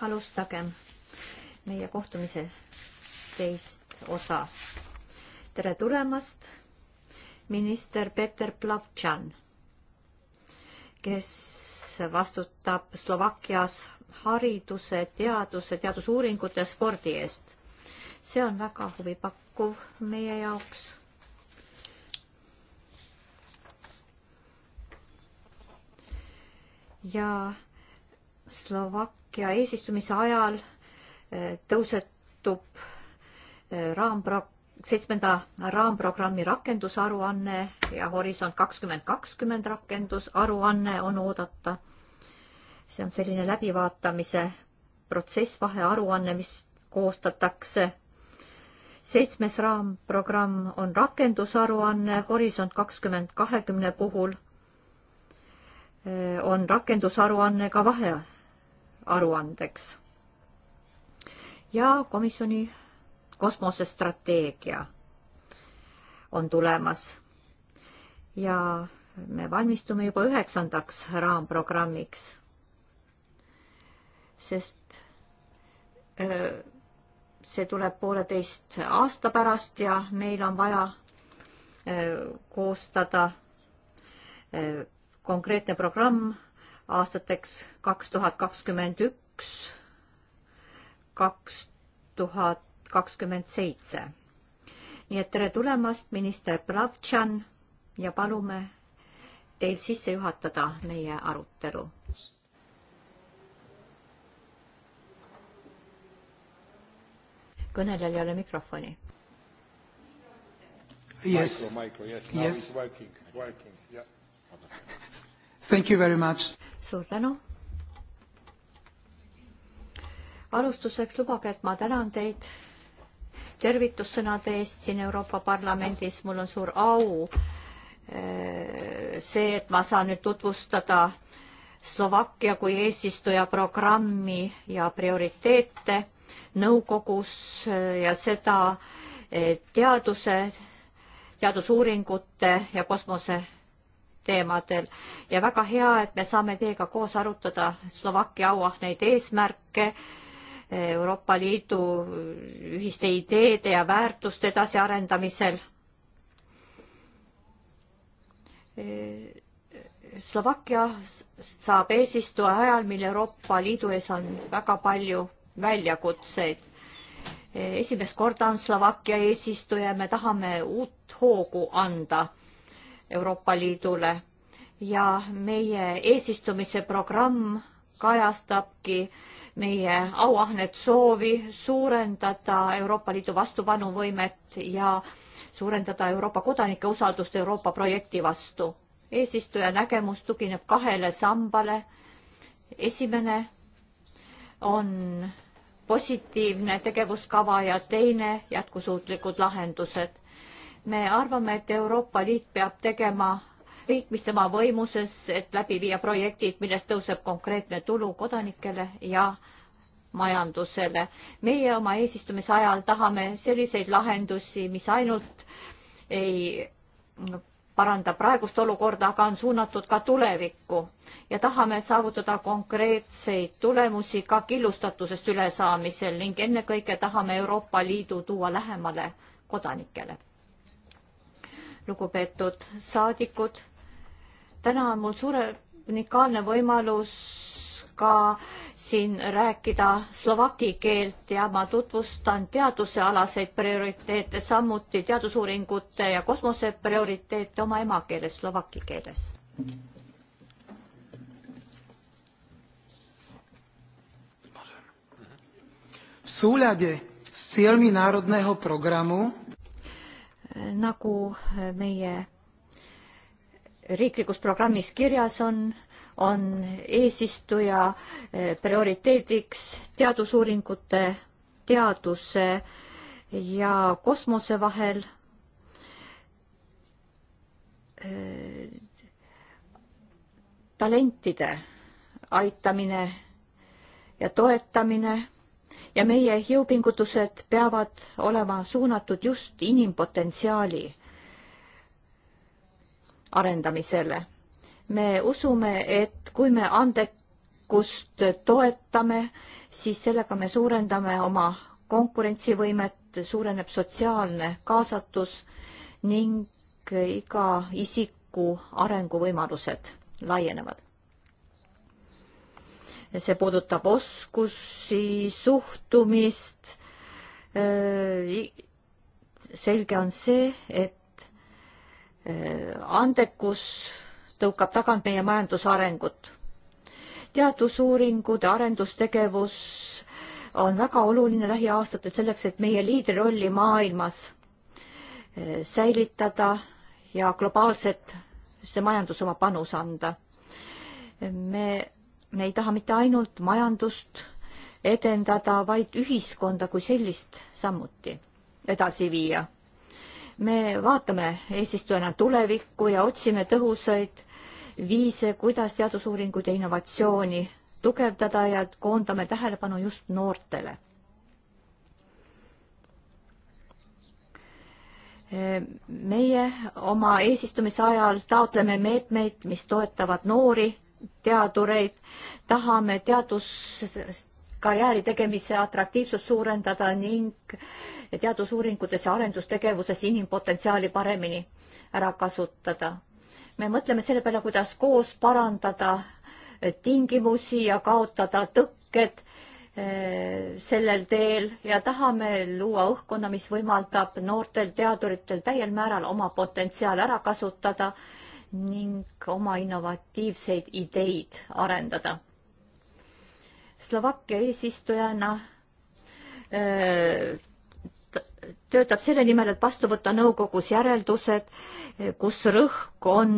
alustagem meie kohtumise teist osa. tere tulemast, minister Peter Plavtšan, kes vastutab Slovakkias hariduse, teaduse, teadusuuringute, spordi eest. see on väga huvipakkuv meie jaoks ja Slovak Slovakkia eesistumise ajal eh, tõusetub eh, raampro-, seitsmenda raamprogrammi rakendusaruanne ja Horisont kakskümmend kakskümmend rakendusaruanne on oodata. see on selline läbivaatamise protsess, vahearuanne, mis koostatakse. seitsmes raamprogramm on rakendusaruanne Horisont kakskümmend kahekümne puhul eh, on rakendusaruanne ka vahe aruandeks. ja komisjoni kosmosestrateegia on tulemas ja me valmistume juba üheksandaks raamprogrammiks, sest äh, see tuleb pooleteist aasta pärast ja meil on vaja äh, koostada äh, konkreetne programm aastateks kaks tuhat kakskümmend üks, kaks tuhat kakskümmend seitse. nii et tere tulemast, minister Plavtšan ja palume teil sisse juhatada meie arutelu kõnelejal ei ole mikrofoni. Yes. Yes. Thank you very much suur tänu. alustuseks lubage, et ma tänan teid tervitussõnade eest siin Euroopa Parlamendis. mul on suur au eh, see, et ma saan nüüd tutvustada Slovakkia kui eesistuja programmi ja prioriteete nõukogus eh, ja seda eh, teaduse, teadusuuringute ja kosmose teemadel ja väga hea, et me saame teiega koos arutada Slovakkia auahneid eesmärke, Euroopa Liidu ühiste ideede ja väärtuste edasiarendamisel. Slovakkia saab eesistuja ajal, mil Euroopa Liidu ees on väga palju väljakutseid. esimest korda on Slovakkia eesistuja, me tahame uut hoogu anda Euroopa Liidule ja meie eesistumise programm kajastabki meie auahnet soovi suurendada Euroopa Liidu vastupanuvõimet ja suurendada Euroopa kodanike usaldust Euroopa projekti vastu. eesistuja nägemus tugineb kahele sambale. esimene on positiivne tegevuskava ja teine jätkusuutlikud lahendused me arvame, et Euroopa Liit peab tegema kõik, mis tema võimuses, et läbi viia projektid, millest tõuseb konkreetne tulu kodanikele ja majandusele. meie oma eesistumise ajal tahame selliseid lahendusi, mis ainult ei paranda praegust olukorda, aga on suunatud ka tulevikku ja tahame saavutada konkreetseid tulemusi ka killustatusest ülesaamisel ning ennekõike tahame Euroopa Liidu tuua lähemale kodanikele lugupeetud saadikud. täna on mul suure unikaalne võimalus ka siin rääkida slovaki keelt ja ma tutvustan teadusealaseid prioriteete, samuti teadusuuringute ja kosmose prioriteete oma emakeeles, slovaki keeles. V súľade s cieľmi národného programu nagu äh, meie riiklikus programmis kirjas on, on eesistuja äh, prioriteediks teadusuuringute, teaduse ja kosmose vahel äh, talentide aitamine ja toetamine ja meie jõupingutused peavad olema suunatud just inimpotentsiaali arendamisele. me usume, et kui me andekust toetame, siis sellega me suurendame oma konkurentsivõimet, suureneb sotsiaalne kaasatus ning iga isiku arenguvõimalused laienevad see puudutab oskusi, suhtumist. Äh, selge on see, et äh, andekus tõukab tagant meie majandusarengut. teadusuuringud, arendustegevus on väga oluline lähiaastatel selleks, et meie liidrirolli maailmas äh, säilitada ja globaalset see majandus oma panus anda. me me ei taha mitte ainult majandust edendada, vaid ühiskonda kui sellist samuti edasi viia. me vaatame eesistujana tulevikku ja otsime tõhusaid viise, kuidas teadusuuringuid ja innovatsiooni tugevdada ja koondame tähelepanu just noortele. meie oma eesistumise ajal taotleme meetmeid, mis toetavad noori teadureid, tahame teaduskarjääri tegemise atraktiivsust suurendada ning teadusuuringutes ja arendustegevuses inimpotentsiaali paremini ära kasutada. me mõtleme selle peale, kuidas koos parandada tingimusi ja kaotada tõkked eh, sellel teel ja tahame luua õhkkonna, mis võimaldab noortel teaduritel täiel määral oma potentsiaali ära kasutada ning oma innovatiivseid ideid arendada. Slovakkia eesistujana äh, töötab selle nimel, et vastu võtta nõukogus järeldused, kus rõhk on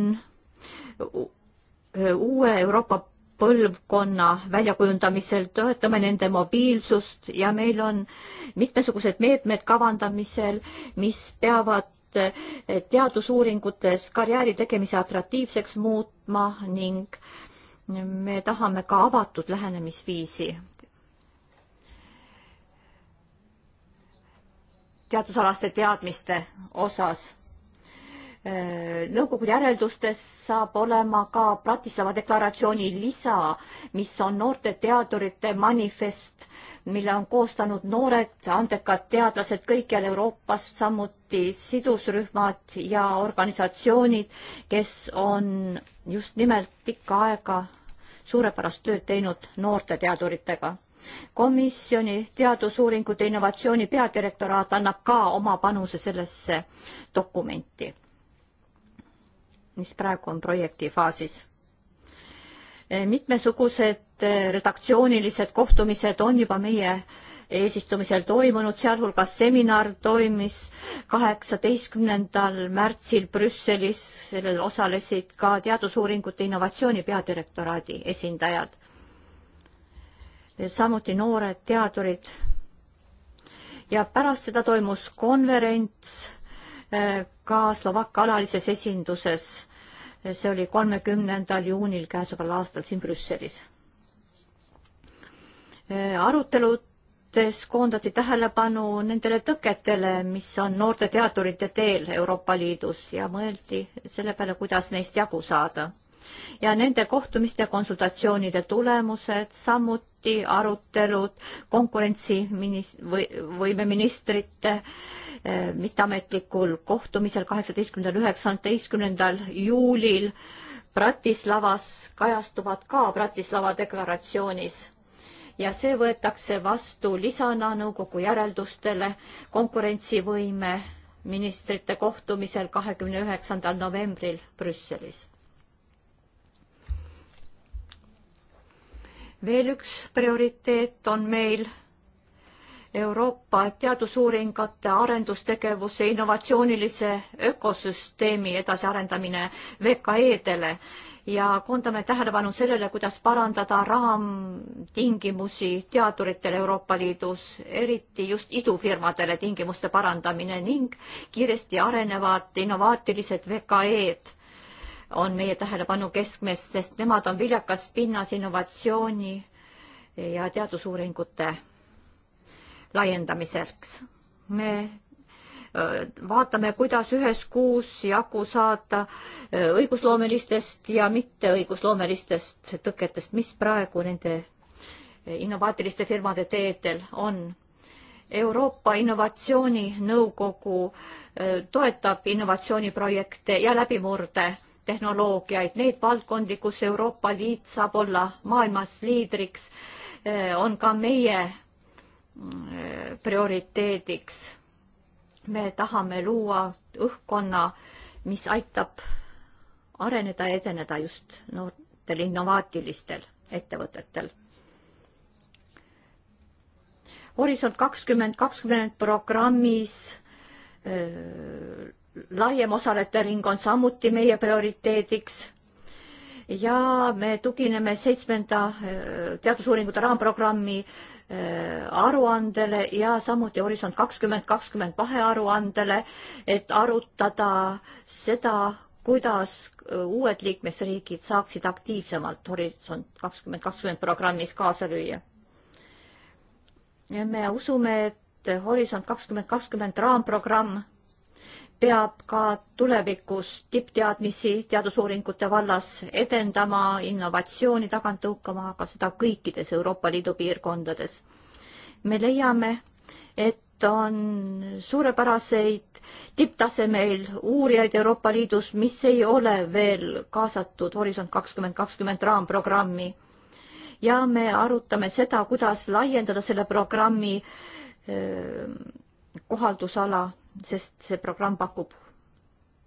uue Euroopa põlvkonna väljakujundamisel, toetame nende mobiilsust ja meil on mitmesugused meetmed kavandamisel, mis peavad teadusuuringutes karjääri tegemise atraktiivseks muutma ning me tahame ka avatud lähenemisviisi. teadusalaste teadmiste osas. Äh, nõukogu järeldustes saab olema ka Bratislava deklaratsiooni lisa, mis on noorte teadurite manifest mille on koostanud noored andekad teadlased kõikjal Euroopast, samuti sidusrühmad ja organisatsioonid, kes on just nimelt pikka aega suurepärast tööd teinud noorte teaduritega. komisjoni teadusuuringute innovatsiooni peadirektoraat annab ka oma panuse sellesse dokumenti, mis praegu on projekti faasis mitmesugused Eh, redaktsioonilised kohtumised on juba meie eesistumisel toimunud, sealhulgas seminar toimis kaheksateistkümnendal märtsil Brüsselis, sellel osalesid ka teadusuuringute innovatsiooni peadirektoraadi esindajad. samuti noored teadurid. ja pärast seda toimus konverents eh, ka Slovakkia alalises esinduses. see oli kolmekümnendal juunil käesoleval aastal siin Brüsselis Äh, aruteludes koondati tähelepanu nendele tõketele, mis on noorte teadurite teel Euroopa Liidus ja mõeldi selle peale, kuidas neist jagu saada. ja nende kohtumiste ja konsultatsioonide tulemused, samuti arutelud konkurentsiministri või võimeministrite äh, mitteametlikul kohtumisel kaheksateistkümnendal, üheksateistkümnendal juulil Bratislavas kajastuvad ka Bratislava deklaratsioonis ja see võetakse vastu lisana nõukogu järeldustele konkurentsivõime ministrite kohtumisel kahekümne üheksandal novembril Brüsselis. veel üks prioriteet on meil Euroopa teadusuuringute arendustegevuse innovatsioonilise ökosüsteemi edasiarendamine VKE-dele ja koondame tähelepanu sellele, kuidas parandada raamtingimusi teaduritele Euroopa Liidus, eriti just idufirmadele tingimuste parandamine ning kiiresti arenevad innovaatilised VKE-d on meie tähelepanu keskmes, sest nemad on viljakas pinnas innovatsiooni ja teadusuuringute laiendamiseks. me Äh, vaatame, kuidas ühes kuus jagu saada äh, õigusloomelistest ja mitteõigusloomelistest tõketest, mis praegu nende äh, innovaatiliste firmade teedel on Euroopa Innovatsiooninõukogu toetab innovatsiooniprojekte ja läbimurde tehnoloogiaid, neid valdkondi, kus Euroopa Liit saab olla maailmas liidriks, on ka meie mm, prioriteediks me tahame luua õhkkonna, mis aitab areneda ja edeneda just noortel innovaatilistel ettevõtetel. Horisont kakskümmend kakskümmend programmis öö, äh, laiem osalejate ring on samuti meie prioriteediks ja me tugineme seitsmenda äh, teadusuuringute raamprogrammi Äh, aruandele ja samuti Horisont kakskümmend kakskümmend vahearuandele, et arutada seda, kuidas äh, uued liikmesriigid saaksid aktiivsemalt Horisont kakskümmend kakskümmend programmis kaasa lüüa. me usume, et Horisont kakskümmend kakskümmend raamprogramm peab ka tulevikus tippteadmisi teadusuuringute vallas edendama, innovatsiooni tagant tõukama, aga seda kõikides Euroopa Liidu piirkondades. me leiame, et on suurepäraseid tipptasemel uurijaid Euroopa Liidus, mis ei ole veel kaasatud Horisont kakskümmend kakskümmend raamprogrammi. ja me arutame seda, kuidas laiendada selle programmi öö, eh, kohaldusala sest see programm pakub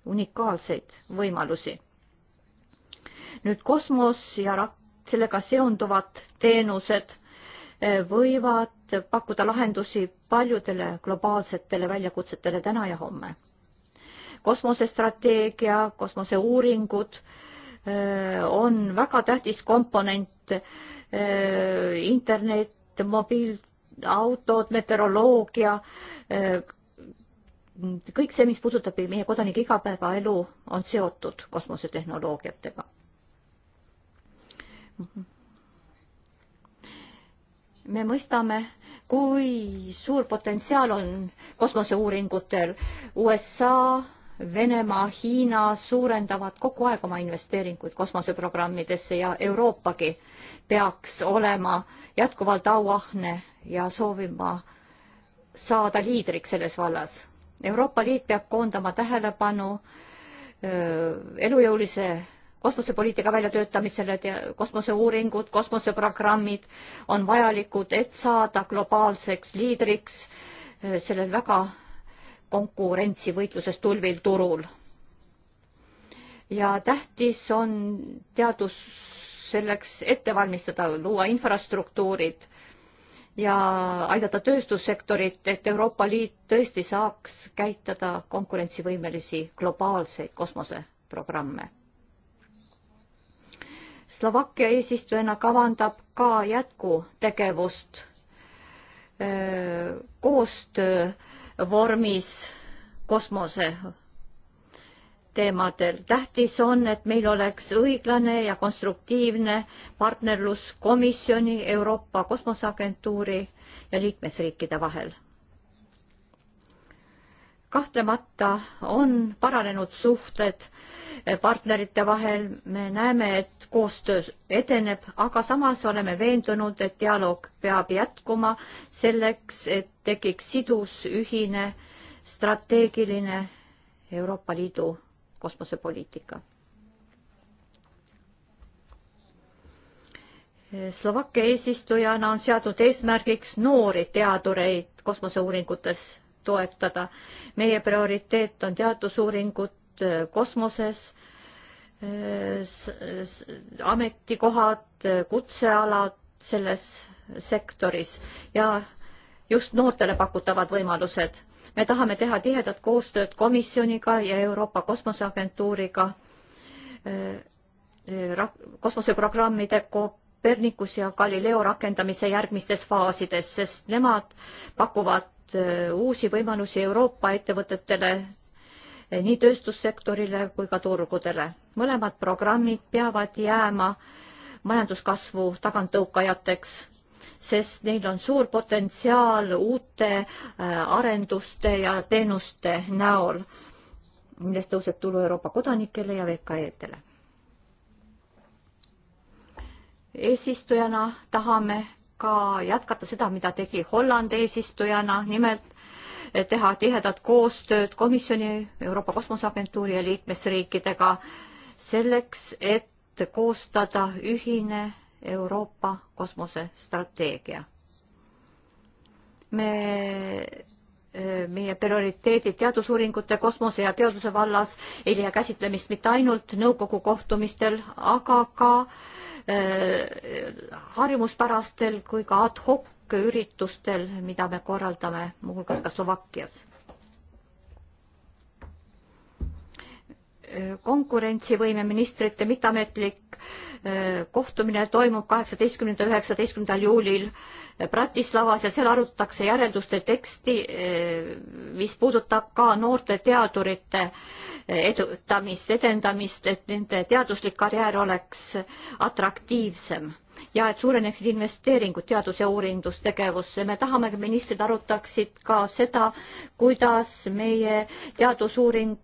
unikaalseid võimalusi. nüüd kosmos ja rak-, sellega seonduvad teenused eh, võivad pakkuda lahendusi paljudele globaalsetele väljakutsetele täna ja homme. kosmosestrateegia, kosmoseuuringud eh, on väga tähtis komponent, eh, internet, mobiilautod, meteoroloogia, kõik see, mis puudutab meie kodanike igapäevaelu, on seotud kosmosetehnoloogiatega. me mõistame, kui suur potentsiaal on kosmoseuuringutel. USA, Venemaa, Hiina suurendavad kogu aeg oma investeeringuid kosmoseprogrammidesse ja Euroopagi peaks olema jätkuvalt auahne ja soovima saada liidriks selles vallas Euroopa Liit peab koondama tähelepanu elujõulise kosmosepoliitika väljatöötamisele, kosmoseuuringud, kosmoseprogrammid on vajalikud, et saada globaalseks liidriks sellel väga konkurentsivõitluses tulvil turul. ja tähtis on teadus selleks ette valmistada, luua infrastruktuurid ja aidata tööstussektorit, et Euroopa Liit tõesti saaks käitada konkurentsivõimelisi globaalseid kosmoseprogramme. Slovakkia eesistujana kavandab ka jätkutegevust koostöö vormis kosmose teemadel. tähtis on, et meil oleks õiglane ja konstruktiivne partnerlus komisjoni, Euroopa Kosmoseagentuuri ja liikmesriikide vahel. kahtlemata on paranenud suhted partnerite vahel, me näeme, et koostöö edeneb, aga samas oleme veendunud, et dialoog peab jätkuma selleks, et tekiks sidus ühine strateegiline Euroopa Liidu kosmosepoliitika. Slovakkia eesistujana on seadnud eesmärgiks noori teadureid kosmoseuuringutes toetada. meie prioriteet on teadusuuringud äh, kosmoses, äh, ametikohad, äh, kutsealad selles sektoris ja just noortele pakutavad võimalused me tahame teha tihedat koostööd komisjoniga ja Euroopa Kosmoseagentuuriga eh, eh, kosmoseprogrammide Copernicus ja Galileo rakendamise järgmistes faasides, sest nemad pakuvad eh, uusi võimalusi Euroopa ettevõtetele, nii tööstussektorile kui ka turgudele. mõlemad programmid peavad jääma majanduskasvu taganttõukajateks sest neil on suur potentsiaal uute äh, arenduste ja teenuste näol, millest tõuseb tulu Euroopa kodanikele ja VKE-dele. eesistujana tahame ka jätkata seda, mida tegi Holland eesistujana, nimelt teha tihedat koostööd komisjoni, Euroopa Kosmoseagentuuri ja liikmesriikidega selleks, et koostada ühine Euroopa kosmosestrateegia. me, meie prioriteedid teadusuuringute, kosmose ja teaduse vallas ei leia käsitlemist mitte ainult nõukogu kohtumistel, aga ka äh, harjumuspärastel kui ka ad hoc üritustel, mida me korraldame muuhulgas ka Slovakkias konkurentsivõime ministrite mitteametlik kohtumine toimub kaheksateistkümnendal, üheksateistkümnendal juulil Bratislavas ja seal arutatakse järelduste teksti, mis puudutab ka noorte teadurite edutamist, edendamist, et nende teaduslik karjäär oleks atraktiivsem ja et suureneksid investeeringud teadus- ja uurindustegevusse. me tahame, et ministrid arutaksid ka seda, kuidas meie teadusuuring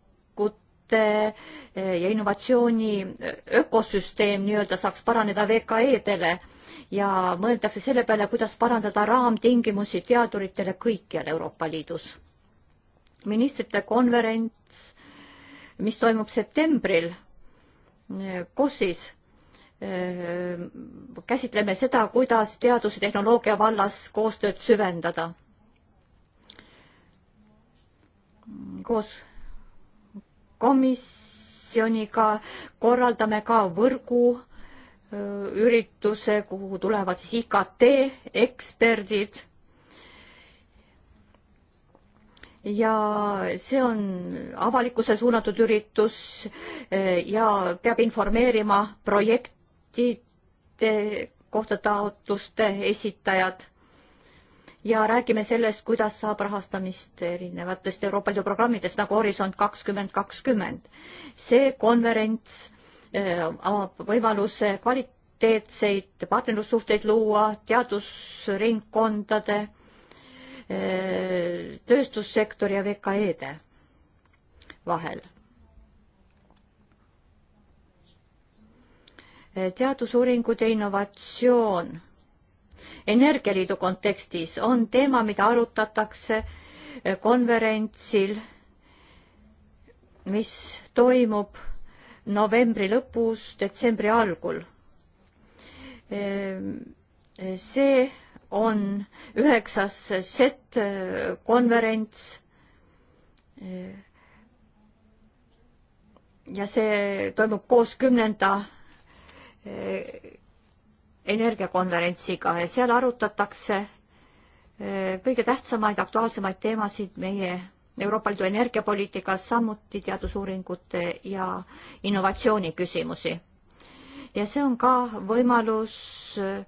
ettevõtete eh, ja innovatsiooni eh, ökosüsteem nii-öelda saaks paraneda VKE-dele ja mõeldakse selle peale, kuidas parandada raamtingimusi teaduritele kõikjal Euroopa Liidus. ministrite konverents, mis toimub septembril eh, KOS-is käsitleme seda, kuidas teaduse tehnoloogia vallas koostööd süvendada. koos komisjoniga korraldame ka võrgu ürituse, kuhu tulevad siis IKT eksperdid. ja see on avalikkusele suunatud üritus ja peab informeerima projektide kohta taotluste esitajad ja räägime sellest, kuidas saab rahastamist erinevatest Euroopa Liidu programmidest nagu Horisont kakskümmend kakskümmend. see konverents äh, avab võimaluse kvaliteetseid partnerlussuhteid luua teadusringkondade, äh, tööstussektori ja VKE-de vahel. Äh, teadusuuringud ja innovatsioon energialiidu kontekstis on teema, mida arutatakse konverentsil, mis toimub novembri lõpus, detsembri algul. see on üheksas set konverents ja see toimub koos kümnenda energiakonverentsiga ja seal arutatakse eh, kõige tähtsamaid, aktuaalsemaid teemasid meie Euroopa Liidu energiapoliitikas, samuti teadusuuringute ja innovatsiooni küsimusi. ja see on ka võimalus eh,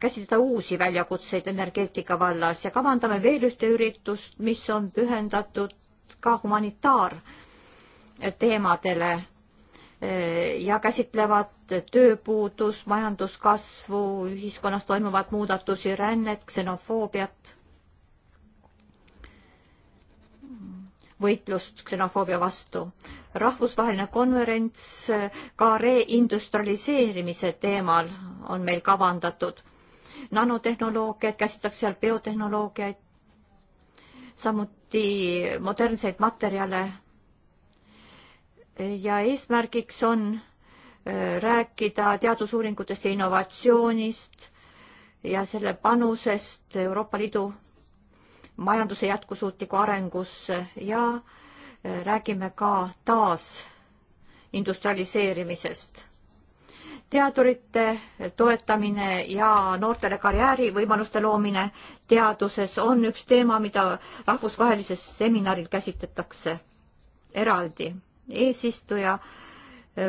käsitleda uusi väljakutseid energeetika vallas ja kavandame veel ühte üritust, mis on pühendatud ka humanitaarteemadele Äh, ja käsitlevad tööpuudus, majanduskasvu, ühiskonnas toimuvat muudatusi, rännet, ksenofoobiat, võitlust ksenofoobia vastu. rahvusvaheline konverents ka reindustrialiseerimise teemal on meil kavandatud. nanotehnoloogiat käsitletakse seal, biotehnoloogiaid, samuti modernseid materjale ja eesmärgiks on äh, rääkida teadusuuringutest ja innovatsioonist ja selle panusest Euroopa Liidu majanduse jätkusuutliku arengusse ja äh, räägime ka taas industrialiseerimisest. teadurite toetamine ja noortele karjäärivõimaluste loomine teaduses on üks teema, mida rahvusvahelisel seminaril käsitletakse eraldi eesistuja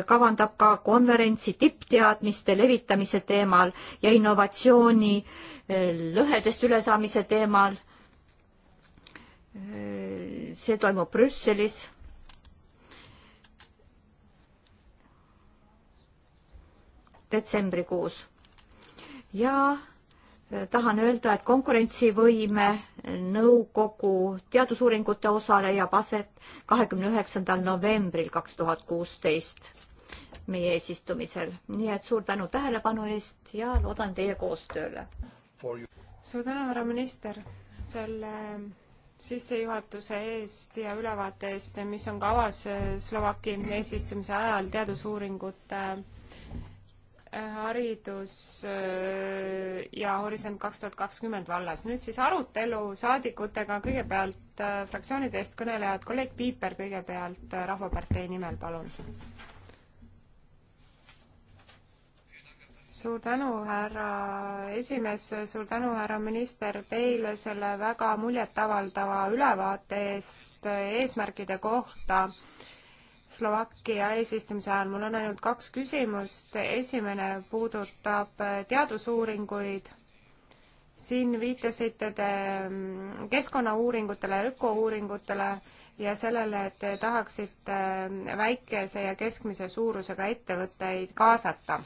kavandab ka konverentsi tippteadmiste levitamise teemal ja innovatsiooni eh, lõhedest ülesaamise teemal. Eh, see toimub Brüsselis detsembrikuus ja tahan öelda, et konkurentsivõime nõukogu teadusuuringute osale jääb aset kahekümne üheksandal novembril kaks tuhat kuusteist meie eesistumisel. nii et suur tänu tähelepanu eest ja loodan teie koostööle. suur tänu, härra minister, selle sissejuhatuse eest ja ülevaate eest, mis on kavas Slovaki eesistumise ajal teadusuuringute äh, haridus äh, ja Horisont kaks tuhat kakskümmend vallas. nüüd siis arutelu saadikutega, kõigepealt äh, fraktsioonide eest kõnelejad, kolleeg Piiper kõigepealt äh, Rahvapartei nimel, palun. suur tänu, härra esimees, suur tänu, härra minister, teile selle väga muljetavaldava ülevaate eest eesmärkide kohta Slovakkia eesistumise ajal. mul on ainult kaks küsimust. esimene puudutab äh, teadusuuringuid. siin viitasite te mm, keskkonnauuringutele, ökouuringutele ja sellele, et te tahaksite mm, väikese ja keskmise suurusega ettevõtteid kaasata.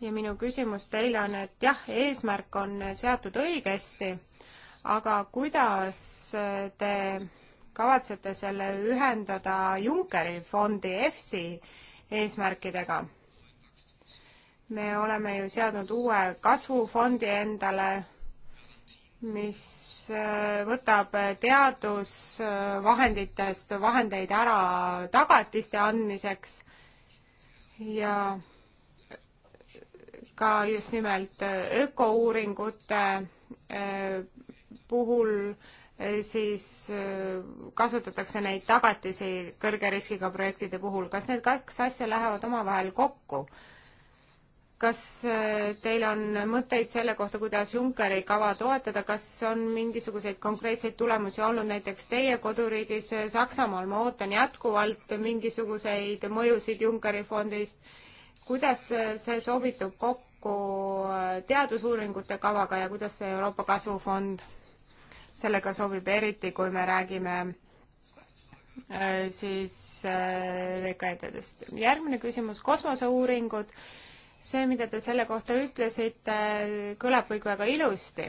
ja minu küsimus teile on, et jah, eesmärk on seatud õigesti, aga kuidas äh, te kavatsete selle ühendada Junckeri fondi EFSI eesmärkidega? me oleme ju seadnud uue kasvufondi endale, mis äh, võtab teadusvahenditest vahendeid ära tagatiste andmiseks ja ka just nimelt äh, ökouuringute äh, puhul Äh, siis äh, kasutatakse neid tagatisi kõrge riskiga projektide puhul. kas need kaks asja lähevad omavahel kokku? kas äh, teil on mõtteid selle kohta, kuidas Junckeri kava toetada, kas on mingisuguseid konkreetseid tulemusi olnud näiteks teie koduriigis Saksamaal, ma ootan jätkuvalt mingisuguseid mõjusid Junckeri fondist. kuidas see sobitub kokku teadusuuringute kavaga ja kuidas see Euroopa Kasvufond sellega sobib eriti, kui me räägime äh, siis äh, VKD-dest. järgmine küsimus, kosmoseuuringud. see, mida te selle kohta ütlesite, kõlab kõik väga ilusti.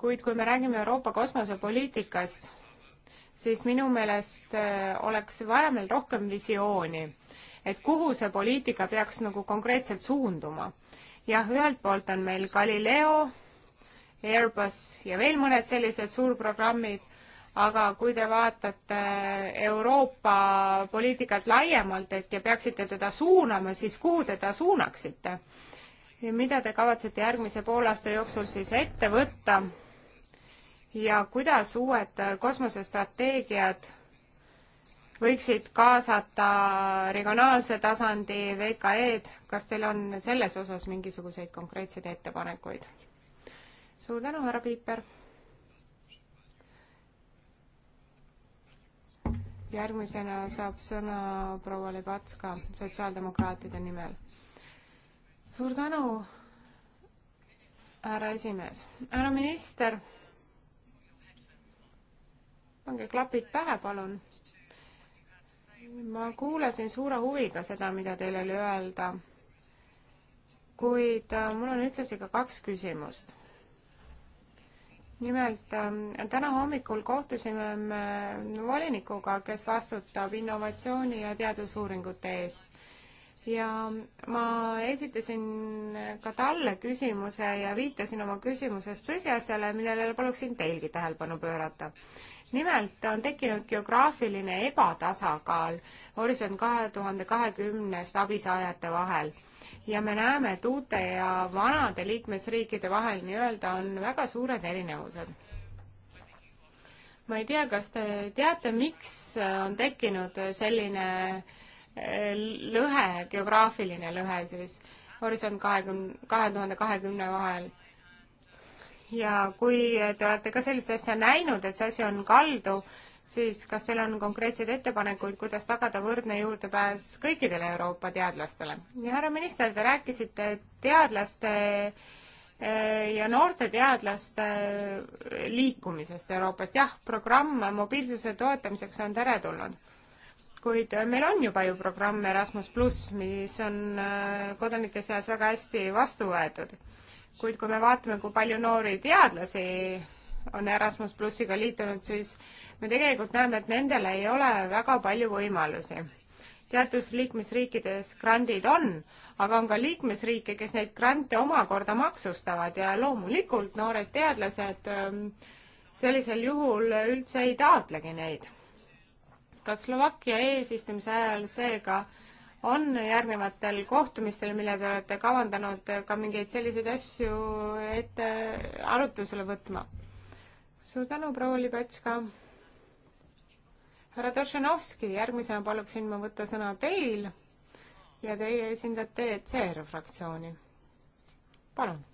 kuid kui me räägime Euroopa kosmosepoliitikast, siis minu meelest äh, oleks vaja meil rohkem visiooni, et kuhu see poliitika peaks nagu konkreetselt suunduma. jah, ühelt poolt on meil Galileo, Airbus ja veel mõned sellised suurprogrammid, aga kui te vaatate Euroopa poliitikat laiemalt, et ja peaksite teda suunama, siis kuhu teda suunaksite? ja mida te kavatsete järgmise poolaasta jooksul siis ette võtta ja kuidas uued kosmosestrateegiad võiksid kaasata regionaalse tasandi VKE-d, kas teil on selles osas mingisuguseid konkreetseid ettepanekuid? suur tänu, härra Piiper. järgmisena saab sõna proua Lebatska sotsiaaldemokraatide nimel. suur tänu, härra esimees. härra minister, pange klapid pähe, palun. ma kuulasin suure huviga seda, mida teil oli öelda, kuid äh, mul on ühtlasi ka kaks küsimust nimelt ähm, täna hommikul kohtusime me volinikuga, kes vastutab innovatsiooni ja teadusuuringute eest. ja ma esitasin ka talle küsimuse ja viitasin oma küsimuses tõsiasjale, millele paluksin teilgi tähelepanu pöörata. nimelt on tekkinud geograafiline ebatasakaal Horisont kahe tuhande kahekümnest abisaajate vahel ja me näeme, et uute ja vanade liikmesriikide vahel nii-öelda on väga suured erinevused. ma ei tea, kas te teate, miks on tekkinud selline eh, lõhe, geograafiline lõhe siis Horisont kahekümne, kahe tuhande kahekümne vahel ja kui te olete ka sellist asja näinud, et see asi on kaldu, siis kas teil on konkreetseid ettepanekuid, kuidas tagada võrdne juurdepääs kõikidele Euroopa teadlastele? ja härra minister, te rääkisite teadlaste eh, ja noorte teadlaste liikumisest Euroopast. jah, programm mobiilsuse toetamiseks on teretulnud, kuid meil on juba ju programm Erasmus pluss, mis on eh, kodanike seas väga hästi vastu võetud kuid kui me vaatame, kui palju noori teadlasi on Erasmus plussiga liitunud, siis me tegelikult näeme, et nendel ei ole väga palju võimalusi. teatud liikmesriikides grandid on, aga on ka liikmesriike, kes neid grante omakorda maksustavad ja loomulikult noored teadlased ähm, sellisel juhul üldse ei taotlegi neid. ka Slovakkia eesistumise ajal seega ka on järgnevatel kohtumistel, mille te olete kavandanud, ka mingeid selliseid asju ette arutusele võtma? suur tänu, proua Libetska. härra Tošenovski, järgmisena paluksin ma võtta sõna teil ja teie esindate ECR fraktsiooni. palun.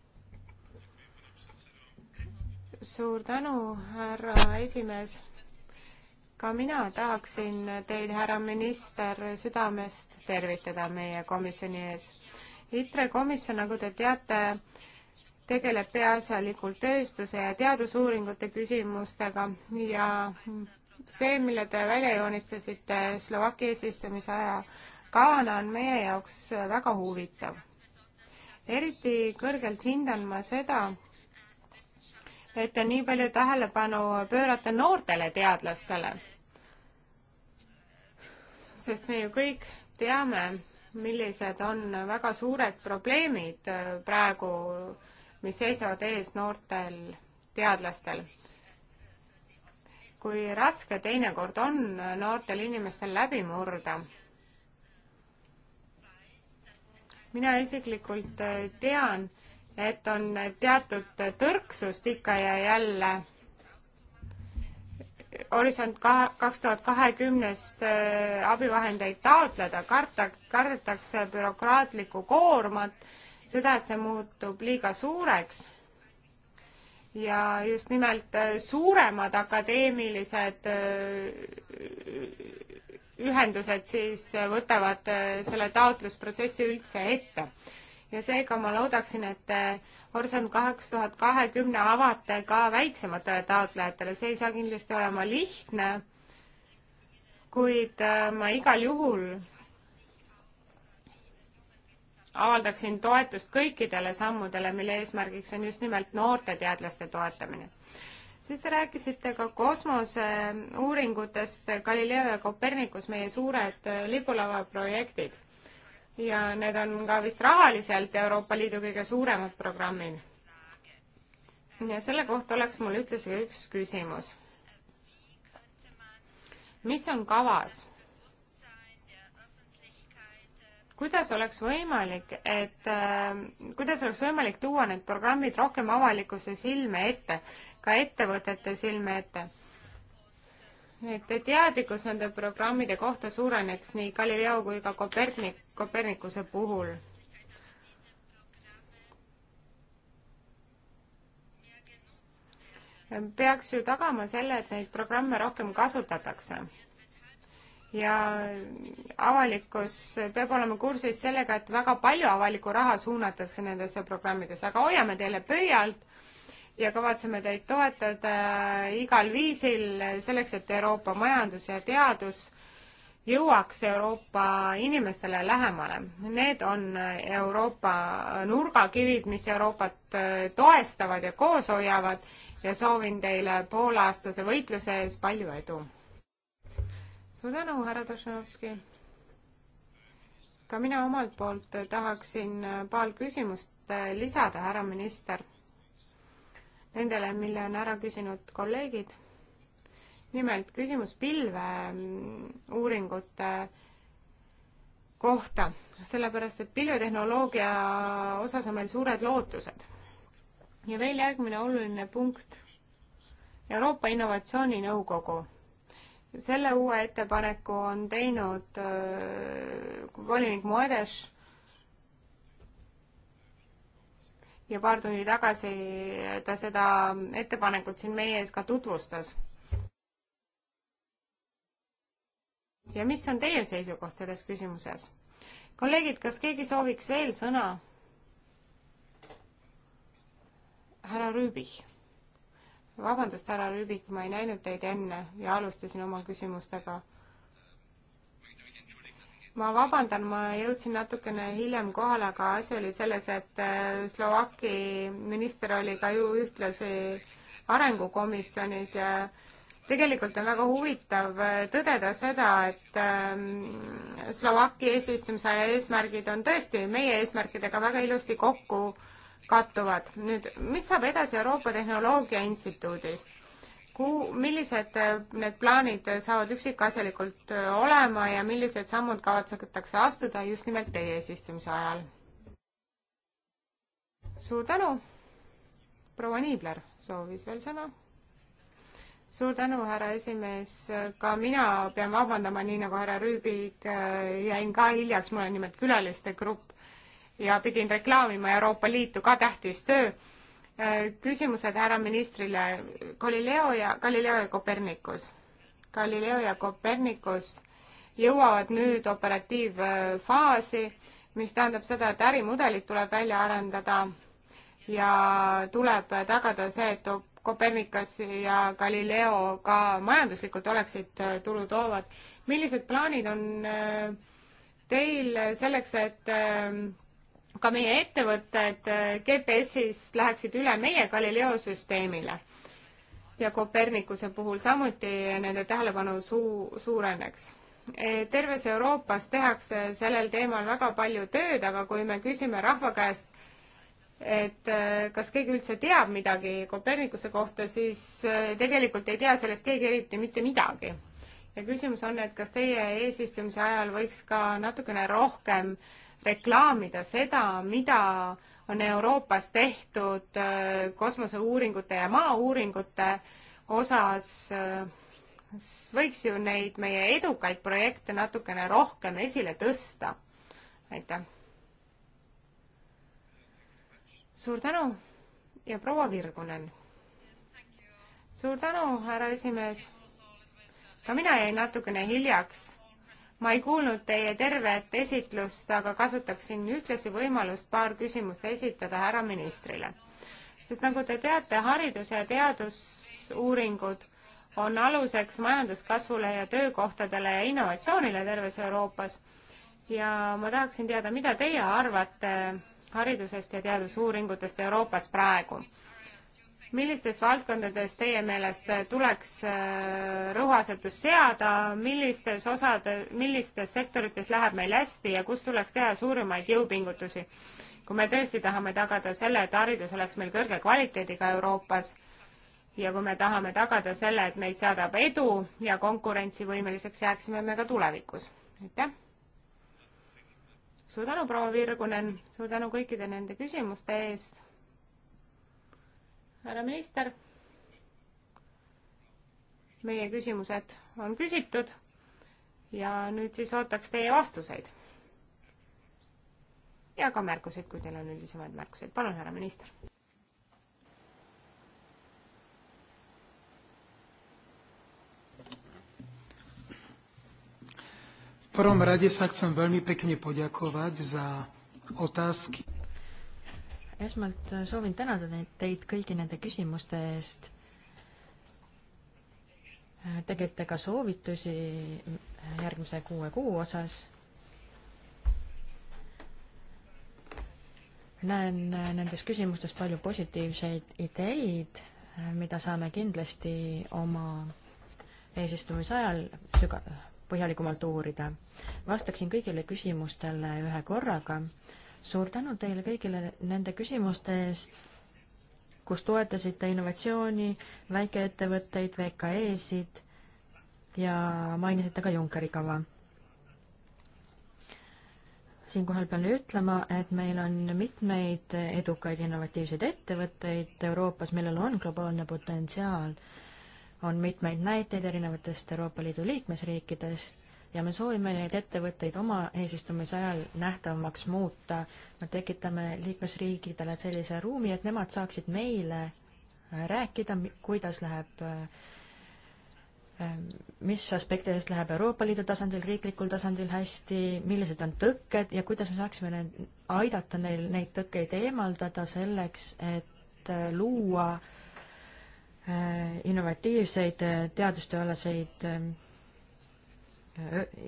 suur tänu, härra esimees ka mina tahaksin teid, härra minister, südamest tervitada meie komisjoni ees. ITRE komisjon, nagu te teate, tegeleb peaasjalikult tööstuse ja teadusuuringute küsimustega ja see, mille te välja joonistasite Slovakkia eesistumise aja kavana, on meie jaoks väga huvitav. eriti kõrgelt hindan ma seda, et te nii palju tähelepanu pöörate noortele teadlastele sest me ju kõik teame, millised on väga suured probleemid äh, praegu, mis seisavad ees noortel teadlastel. kui raske teinekord on noortel inimestel läbi murda. mina isiklikult äh, tean, et on teatud tõrksust ikka ja jälle Horisont kaks tuhat kahekümnest äh, abivahendeid taotleda, karta, kardetakse bürokraatlikku koormat, seda, et see muutub liiga suureks ja just nimelt äh, suuremad akadeemilised äh, ühendused siis võtavad selle taotlusprotsessi üldse ette ja seega ma loodaksin, et te Horisont kaks tuhat kahekümne avate ka väiksematele taotlejatele, see ei saa kindlasti olema lihtne, kuid äh, ma igal juhul avaldaksin toetust kõikidele sammudele, mille eesmärgiks on just nimelt noorte teadlaste toetamine. siis te rääkisite ka kosmoseuuringutest äh, Galileo ja Copernicus, meie suured äh, lipulavaprojektid ja need on ka vist rahaliselt Euroopa Liidu kõige suuremad programmid. ja selle kohta oleks mul ühtlasi üks küsimus. mis on kavas? kuidas oleks võimalik, et äh, kuidas oleks võimalik tuua need programmid rohkem avalikkuse silme ette, ka ettevõtete silme ette? et teadlikkus nende programmide kohta suureneks nii Galileo kui ka Kopernik, Kopernikuse puhul. peaks ju tagama selle, et neid programme rohkem kasutatakse. ja avalikkus peab olema kursis sellega, et väga palju avalikku raha suunatakse nendesse programmidesse, aga hoiame teile pöialt ja kavatseme teid toetada äh, igal viisil selleks, et Euroopa majandus ja teadus jõuaks Euroopa inimestele lähemale. Need on äh, Euroopa nurgakivid, mis Euroopat äh, toestavad ja koos hoiavad ja soovin teile poolaastase võitluse ees palju edu. suur tänu, härra Tošenovski. ka mina omalt poolt tahaksin paar küsimust lisada, härra minister nendele, mille on ära küsinud kolleegid. nimelt küsimus pilveuuringute mm, kohta, sellepärast et pilvetehnoloogia osas on meil suured lootused. ja veel järgmine oluline punkt, Euroopa Innovatsiooninõukogu. selle uue ettepaneku on teinud äh, volinik Moedes ja paar tundi tagasi ta seda ettepanekut siin meie ees ka tutvustas. ja mis on teie seisukoht selles küsimuses? kolleegid, kas keegi sooviks veel sõna? härra Rüübich. vabandust, härra Rüübich, ma ei näinud teid enne ja alustasin oma küsimustega ma vabandan, ma jõudsin natukene hiljem kohale, aga asi oli selles, et äh, Slovaki minister oli ka ju ühtlasi arengukomisjonis ja tegelikult on väga huvitav äh, tõdeda seda, et ähm, Slovaki eesistumise eesmärgid on tõesti meie eesmärkidega väga ilusti kokku kattuvad. nüüd, mis saab edasi Euroopa Tehnoloogia Instituudist? kuhu, millised äh, need plaanid saavad üksikasjalikult äh, olema ja millised sammud kavatsetakse astuda just nimelt teie eesistumise ajal? suur tänu! proua Niibler soovis veel sõna. suur tänu, härra esimees, ka mina pean vabandama, nii nagu härra Rüübik, äh, jäin ka hiljaks, mul on nimelt külaliste grupp ja pidin reklaamima Euroopa Liitu, ka tähtis töö Äh, küsimused härra ministrile. Galileo ja, Galileo ja Kopernikus. Galileo ja Kopernikus jõuavad nüüd operatiivfaasi, mis tähendab seda, et ärimudelid tuleb välja arendada ja tuleb tagada see, et Kopernikas ja Galileo ka majanduslikult oleksid äh, tulu toovad. millised plaanid on äh, teil selleks, et ka meie ettevõtted GPS-ist läheksid üle meie Galileo süsteemile. ja Kopernikuse puhul samuti nende tähelepanu suu-, suureneks. E, terves Euroopas tehakse sellel teemal väga palju tööd, aga kui me küsime rahva käest, et e, kas keegi üldse teab midagi Kopernikuse kohta, siis e, tegelikult ei tea sellest keegi eriti mitte midagi ja küsimus on, et kas teie eesistumise ajal võiks ka natukene rohkem äh, reklaamida seda, mida on Euroopas tehtud äh, kosmoseuuringute ja maauuringute osas, äh, võiks ju neid meie edukaid projekte natukene rohkem esile tõsta. aitäh! suur tänu ja proua Virgunen! suur tänu, härra esimees! ka mina jäin natukene hiljaks ma ei kuulnud teie tervet esitlust, aga kasutaksin ühtlasi võimalust paar küsimust esitada härra ministrile. sest nagu te teate, haridus- ja teadusuuringud on aluseks majanduskasvule ja töökohtadele ja innovatsioonile terves Euroopas. ja ma tahaksin teada, mida teie arvate haridusest ja teadusuuringutest Euroopas praegu millistes valdkondades teie meelest tuleks äh, rõhuasetus seada, millistes osade, millistes sektorites läheb meil hästi ja kus tuleks teha suurimaid jõupingutusi? kui me tõesti tahame tagada selle, et haridus oleks meil kõrge kvaliteediga Euroopas ja kui me tahame tagada selle, et meid saadab edu ja konkurentsivõimeliseks jääksime me ka tulevikus. aitäh! suur tänu, proua Virgunen, suur tänu kõikide nende küsimuste eest härra minister. meie küsimused on küsitud ja nüüd siis ootaks teie vastuseid. ja ka märkuseid, kui teil on üldisemaid märkuseid. palun, härra minister. V prvom rade sa chcem veľmi pekne poďakovať za otázky esmalt äh, soovin tänada teid kõigi nende küsimuste eest. Äh, tegite ka soovitusi äh, järgmise kuue kuu osas. näen nendes küsimustes palju positiivseid ideid, mida saame kindlasti oma eesistumise ajal süga-, põhjalikumalt uurida. vastaksin kõigile küsimustele ühe korraga suur tänu teile kõigile nende küsimuste eest, kus toetasite innovatsiooni, väikeettevõtteid, VKE-sid ja mainisite ka Junckeri kava. siinkohal pean ütlema, et meil on mitmeid edukaid innovatiivseid ettevõtteid Euroopas, millel on globaalne potentsiaal. on mitmeid näiteid erinevatest Euroopa Liidu liikmesriikidest ja me soovime neid ettevõtteid oma eesistumise ajal nähtavamaks muuta. me tekitame liikmesriigidele sellise ruumi, et nemad saaksid meile äh, rääkida, kuidas läheb äh, äh, mis aspektidest läheb Euroopa Liidu tasandil, riiklikul tasandil hästi, millised on tõkked ja kuidas me saaksime neid, aidata neil neid tõkkeid eemaldada selleks, et luua innovatiivseid teadustööalaseid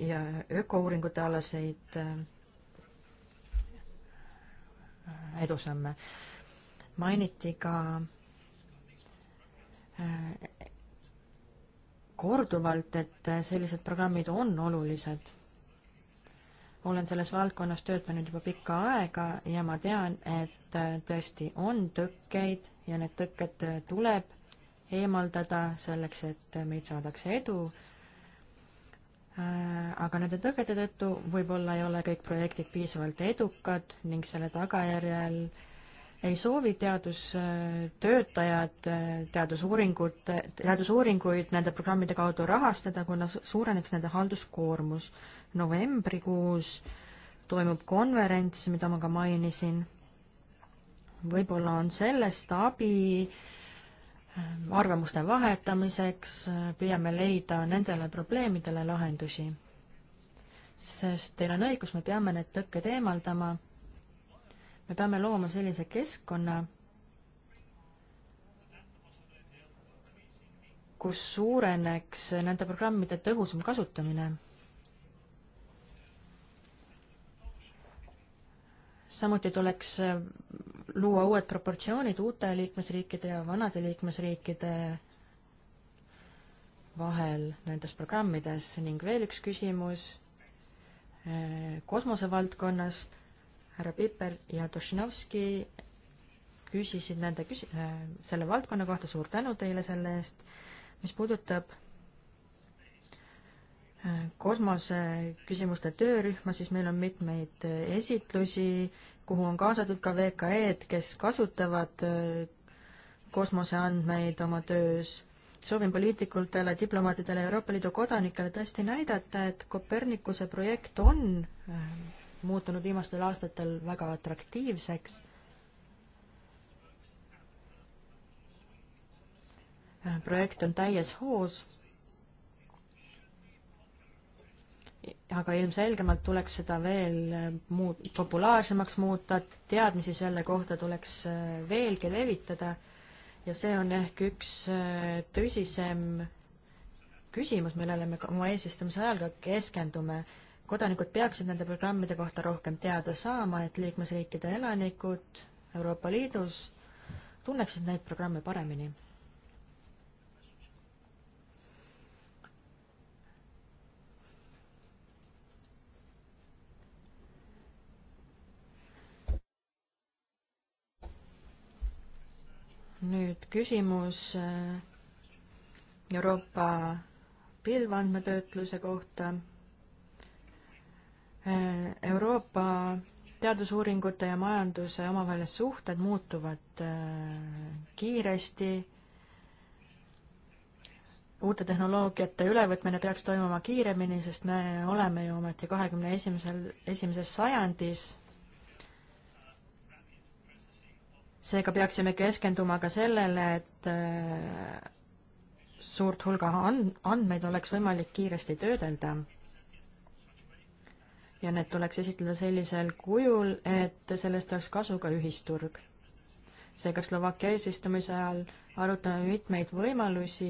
ja ökouuringute alaseid äh, edusamme. mainiti ka äh, korduvalt, et sellised programmid on olulised. olen selles valdkonnas töötanud juba pikka aega ja ma tean, et äh, tõesti on tõkkeid ja need tõkked tuleb eemaldada selleks, et meid saadakse edu Äh, aga nende tõgede tõttu võib-olla ei ole kõik projektid piisavalt edukad ning selle tagajärjel ei soovi teadustöötajad äh, teadusuuringut, teadusuuringuid nende programmide kaudu rahastada, kuna suureneks nende halduskoormus. novembrikuus toimub konverents, mida ma ka mainisin. võib-olla on sellest abi äh, arvamuste vahetamiseks, püüame leida nendele probleemidele lahendusi. sest teil on õigus, me peame need tõkked eemaldama, me peame looma sellise keskkonna, kus suureneks nende programmide tõhusam kasutamine. samuti tuleks luua uued proportsioonid uute liikmesriikide ja vanade liikmesriikide vahel nendes programmides ning veel üks küsimus eh, kosmosevaldkonnas. härra Piper ja Dušinovski küsisid nende küsi-, eh, selle valdkonna kohta, suur tänu teile selle eest. mis puudutab kosmose küsimuste töörühma, siis meil on mitmeid esitlusi, kuhu on kaasatud ka VKE-d, kes kasutavad äh, kosmoseandmeid oma töös. soovin poliitikutele, diplomaatidele, Euroopa Liidu kodanikele tõesti näidata, et Kopernikuse projekt on äh, muutunud viimastel aastatel väga atraktiivseks äh, projekt on täies hoos aga ilmselgemalt tuleks seda veel muud, populaarsemaks muuta, teadmisi selle kohta tuleks äh, veelgi levitada ja see on ehk üks äh, tõsisem küsimus, millele me oma eesistumise ajal ka keskendume. kodanikud peaksid nende programmide kohta rohkem teada saama, et liikmesriikide elanikud Euroopa Liidus tunneksid neid programme paremini nüüd küsimus äh, Euroopa pilvandmetöötluse kohta. Äh, Euroopa teadusuuringute ja majanduse omavahelised suhted muutuvad äh, kiiresti. uute tehnoloogiate ülevõtmine peaks toimuma kiiremini, sest me oleme ju ometi kahekümne esimesel, esimeses sajandis seega peaksime keskenduma ka sellele, et äh, suurt hulga and-, andmeid oleks võimalik kiiresti töödelda. ja need tuleks esitleda sellisel kujul, et sellest saaks kasu ka ühisturg. seega Slovakkia eesistumise ajal arutame mitmeid võimalusi,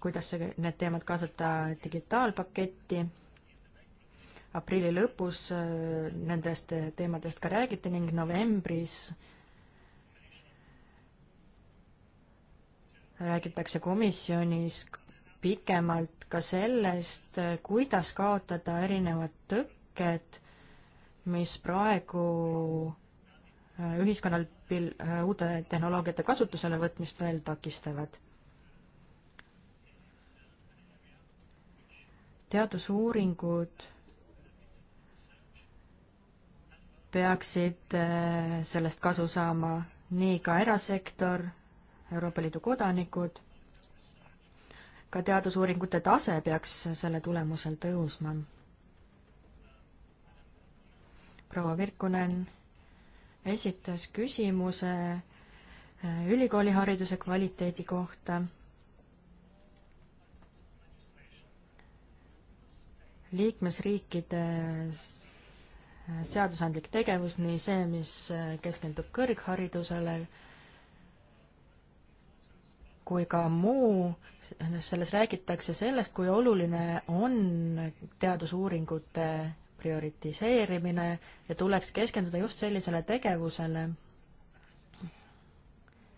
kuidas see, need teemad kaasata digitaalpaketti aprilli lõpus äh, nendest teemadest ka räägiti ning novembris räägitakse komisjonis pikemalt ka sellest, kuidas kaotada erinevad tõkked, mis praegu äh, ühiskonnal pil-, äh, uute tehnoloogiate kasutusele võtmist veel takistavad. teadusuuringud peaksid äh, sellest kasu saama nii ka erasektor Euroopa Liidu kodanikud. ka teadusuuringute tase peaks selle tulemusel tõusma. proua Virkunen esitas küsimuse eh, ülikoolihariduse kvaliteedi kohta. liikmesriikide eh, seadusandlik tegevus, nii see, mis eh, keskendub kõrgharidusele, kui ka muu, selles räägitakse sellest, kui oluline on teadusuuringute prioritiseerimine ja tuleks keskenduda just sellisele tegevusele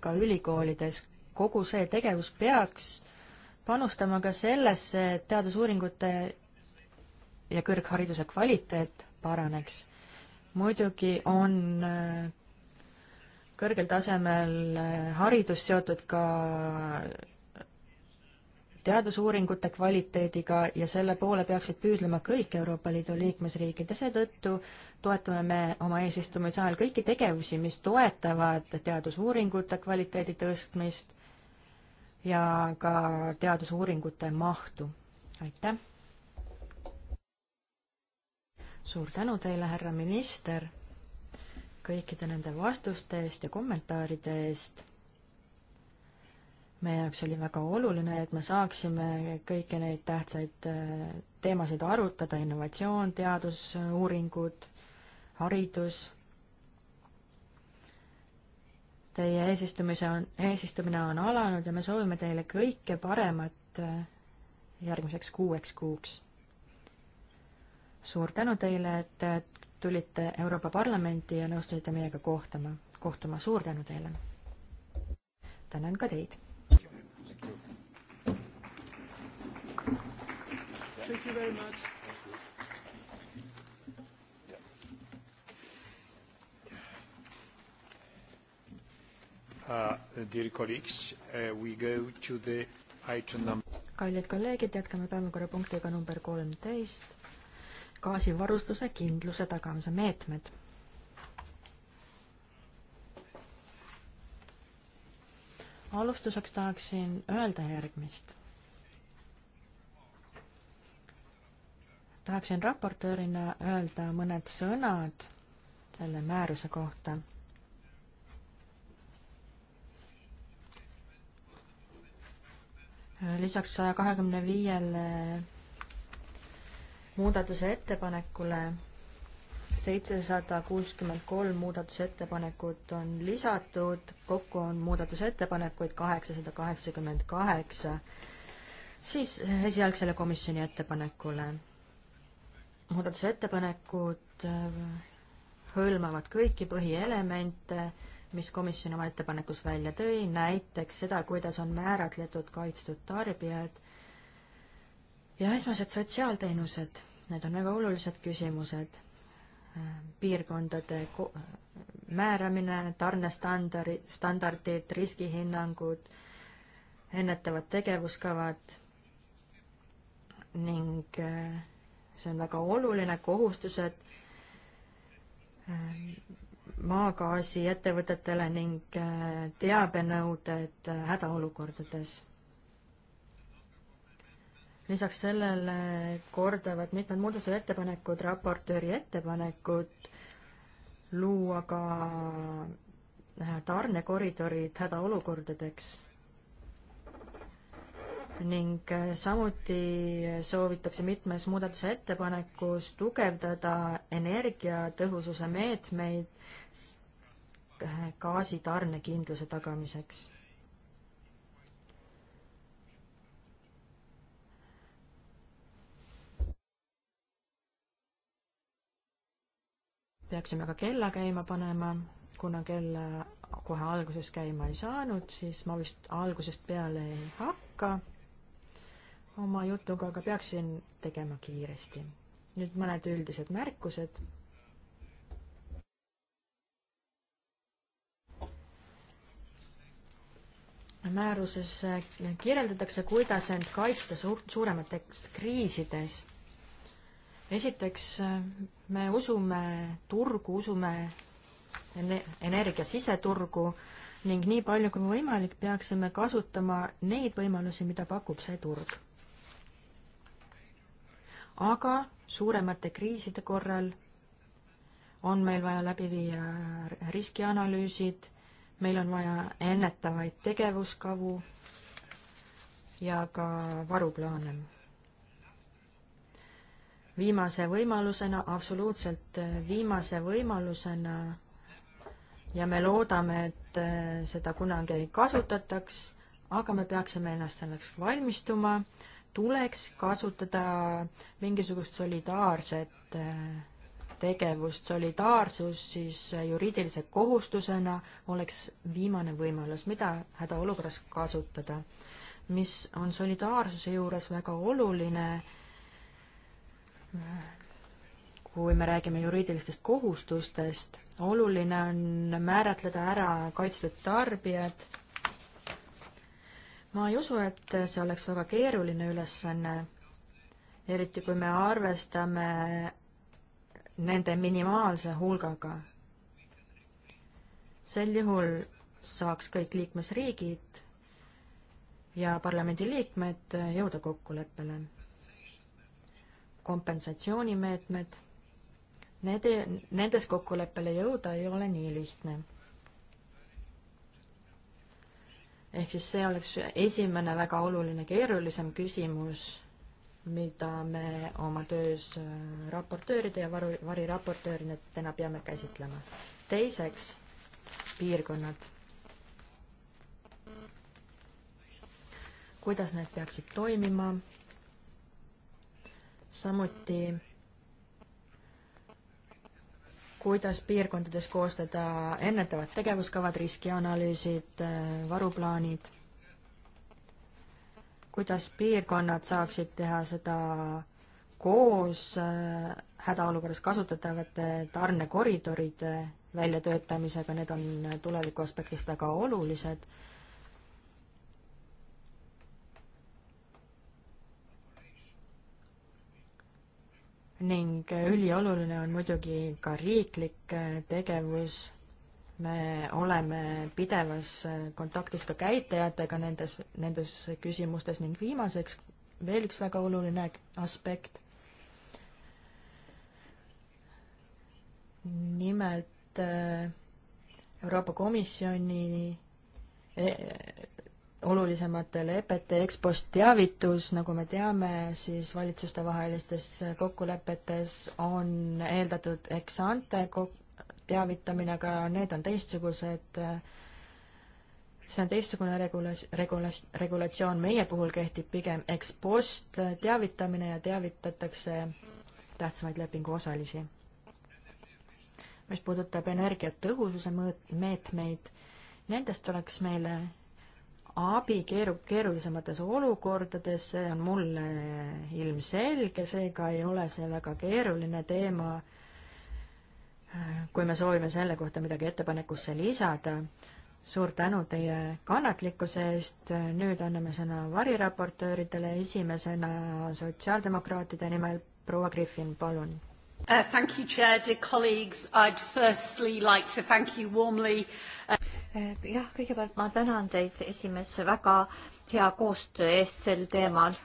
ka ülikoolides. kogu see tegevus peaks panustama ka sellesse, et teadusuuringute ja kõrghariduse kvaliteet paraneks. muidugi on äh, kõrgel tasemel eh, haridus seotud ka teadusuuringute kvaliteediga ja selle poole peaksid püüdlema kõik Euroopa Liidu liikmesriigid ja seetõttu toetame me oma eesistumise ajal kõiki tegevusi, mis toetavad teadusuuringute kvaliteedi tõstmist ja ka teadusuuringute mahtu. aitäh! suur tänu teile, härra minister kõikide nende vastuste eest ja kommentaaride eest. meie jaoks oli väga oluline, et me saaksime kõiki neid tähtsaid äh, teemasid arutada, innovatsioon, teadusuuringud, haridus. Teie eesistumise on, eesistumine on alanud ja me soovime teile kõike paremat äh, järgmiseks kuueks kuuks suur tänu teile, et tulite Euroopa Parlamenti ja nõustusite meiega kohtuma, kohtuma. suur tänu teile! tänan ka teid! Thank you very much. Uh, dear colleagues, uh, we go to the item number kallid kolleegid, jätkame päevakorrapunktiga number kolmteist gaasivarustuse kindluse tagamise meetmed. alustuseks tahaksin öelda järgmist. tahaksin raportöörina öelda mõned sõnad selle määruse kohta lisaks saja kahekümne viiele muudatusettepanekule seitsesada kuuskümmend kolm muudatusettepanekut on lisatud, kokku on muudatusettepanekuid kaheksasada kaheksakümmend kaheksa, siis esialgsele komisjoni ettepanekule. muudatusettepanekud äh, hõlmavad kõiki põhielemente, mis komisjon oma ettepanekus välja tõi, näiteks seda, kuidas on määratletud kaitstud tarbijad ja esmased sotsiaalteenused, need on väga olulised küsimused. Äh, piirkondade ko-, määramine, tarnestandardi, standardid, riskihinnangud, ennetavad tegevuskavad ning äh, see on väga oluline, kohustused äh, maagaasiettevõtetele ning teabenõuded hädaolukordades lisaks sellele kordavad mitmed muudatusettepanekud raportööri ettepanekut luua ka äh, tarnekoridorid hädaolukordadeks ning äh, samuti soovitakse mitmes muudatuse ettepanekus tugevdada energiatõhususe meetmeid äh, gaasi tarnekindluse tagamiseks. peaksime ka kella käima panema, kuna kella kohe alguses käima ei saanud, siis ma vist algusest peale ei hakka oma jutuga, aga peaksin tegema kiiresti. nüüd mõned üldised märkused. määruses kirjeldatakse, kuidas end kaitsta suuremates kriisides esiteks, äh, me usume turgu, usume energia siseturgu ning nii palju kui võimalik, peaksime kasutama neid võimalusi, mida pakub see turg. aga suuremate kriiside korral on meil vaja läbi viia riskianalüüsid, meil on vaja ennetavaid tegevuskavu ja ka varuplaane viimase võimalusena, absoluutselt äh, viimase võimalusena ja me loodame, et äh, seda kunagi ei kasutataks, aga me peaksime ennast selleks valmistuma, tuleks kasutada mingisugust solidaarset äh, tegevust, solidaarsus siis juriidilise kohustusena oleks viimane võimalus, mida hädaolukorras kasutada. mis on solidaarsuse juures väga oluline, kui me räägime juriidilistest kohustustest, oluline on määratleda ära kaitstud tarbijad. ma ei usu, et see oleks väga keeruline ülesanne, eriti kui me arvestame nende minimaalse hulgaga. sel juhul saaks kõik liikmesriigid ja parlamendi liikmed jõuda kokkuleppele kompensatsioonimeetmed, nende, nendes kokkuleppele jõuda ei ole nii lihtne. ehk siis see oleks esimene väga oluline keerulisem küsimus, mida me oma töös äh, raportööride ja varu, variraportööridena peame käsitlema. teiseks, piirkonnad. kuidas need peaksid toimima, samuti kuidas piirkondades koostada ennetavad tegevuskavad, riskianalüüsid, varuplaanid, kuidas piirkonnad saaksid teha seda koos äh, hädaolukorras kasutatavate tarnekoridoride väljatöötamisega, need on tuleviku aspektist väga olulised ning ülioluline on muidugi ka riiklik äh, tegevus, me oleme pidevas äh, kontaktis ka käitajatega nendes, nendes küsimustes ning viimaseks veel üks väga oluline aspekt. nimelt äh, Euroopa Komisjoni olulisemate lepete EXPO-st teavitus, nagu me teame, siis valitsustevahelistes kokkulepetes on eeldatud ex-ante teavitamine, aga need on teistsugused, see on teistsugune regula-, regula-, regulatsioon, meie puhul kehtib pigem ex-post teavitamine ja teavitatakse tähtsamaid lepinguosalisi. mis puudutab energiatõhususe mõõt-, meetmeid, nendest oleks meile abi keeru-, keerulisemates olukordades, see on mulle ilmselge, seega ei ole see väga keeruline teema, kui me soovime selle kohta midagi ettepanekusse lisada. suur tänu teie kannatlikkuse eest, nüüd anname sõna variraportööridele, esimesena sotsiaaldemokraatide nimel proua Griffin, palun Uh, thank you, Chair. Dear colleagues, I'd firstly like to thank you warmly. Uh... Eh, jah, kõigepealt ma tänan teid, esimees, väga hea koostöö eest sel teemal.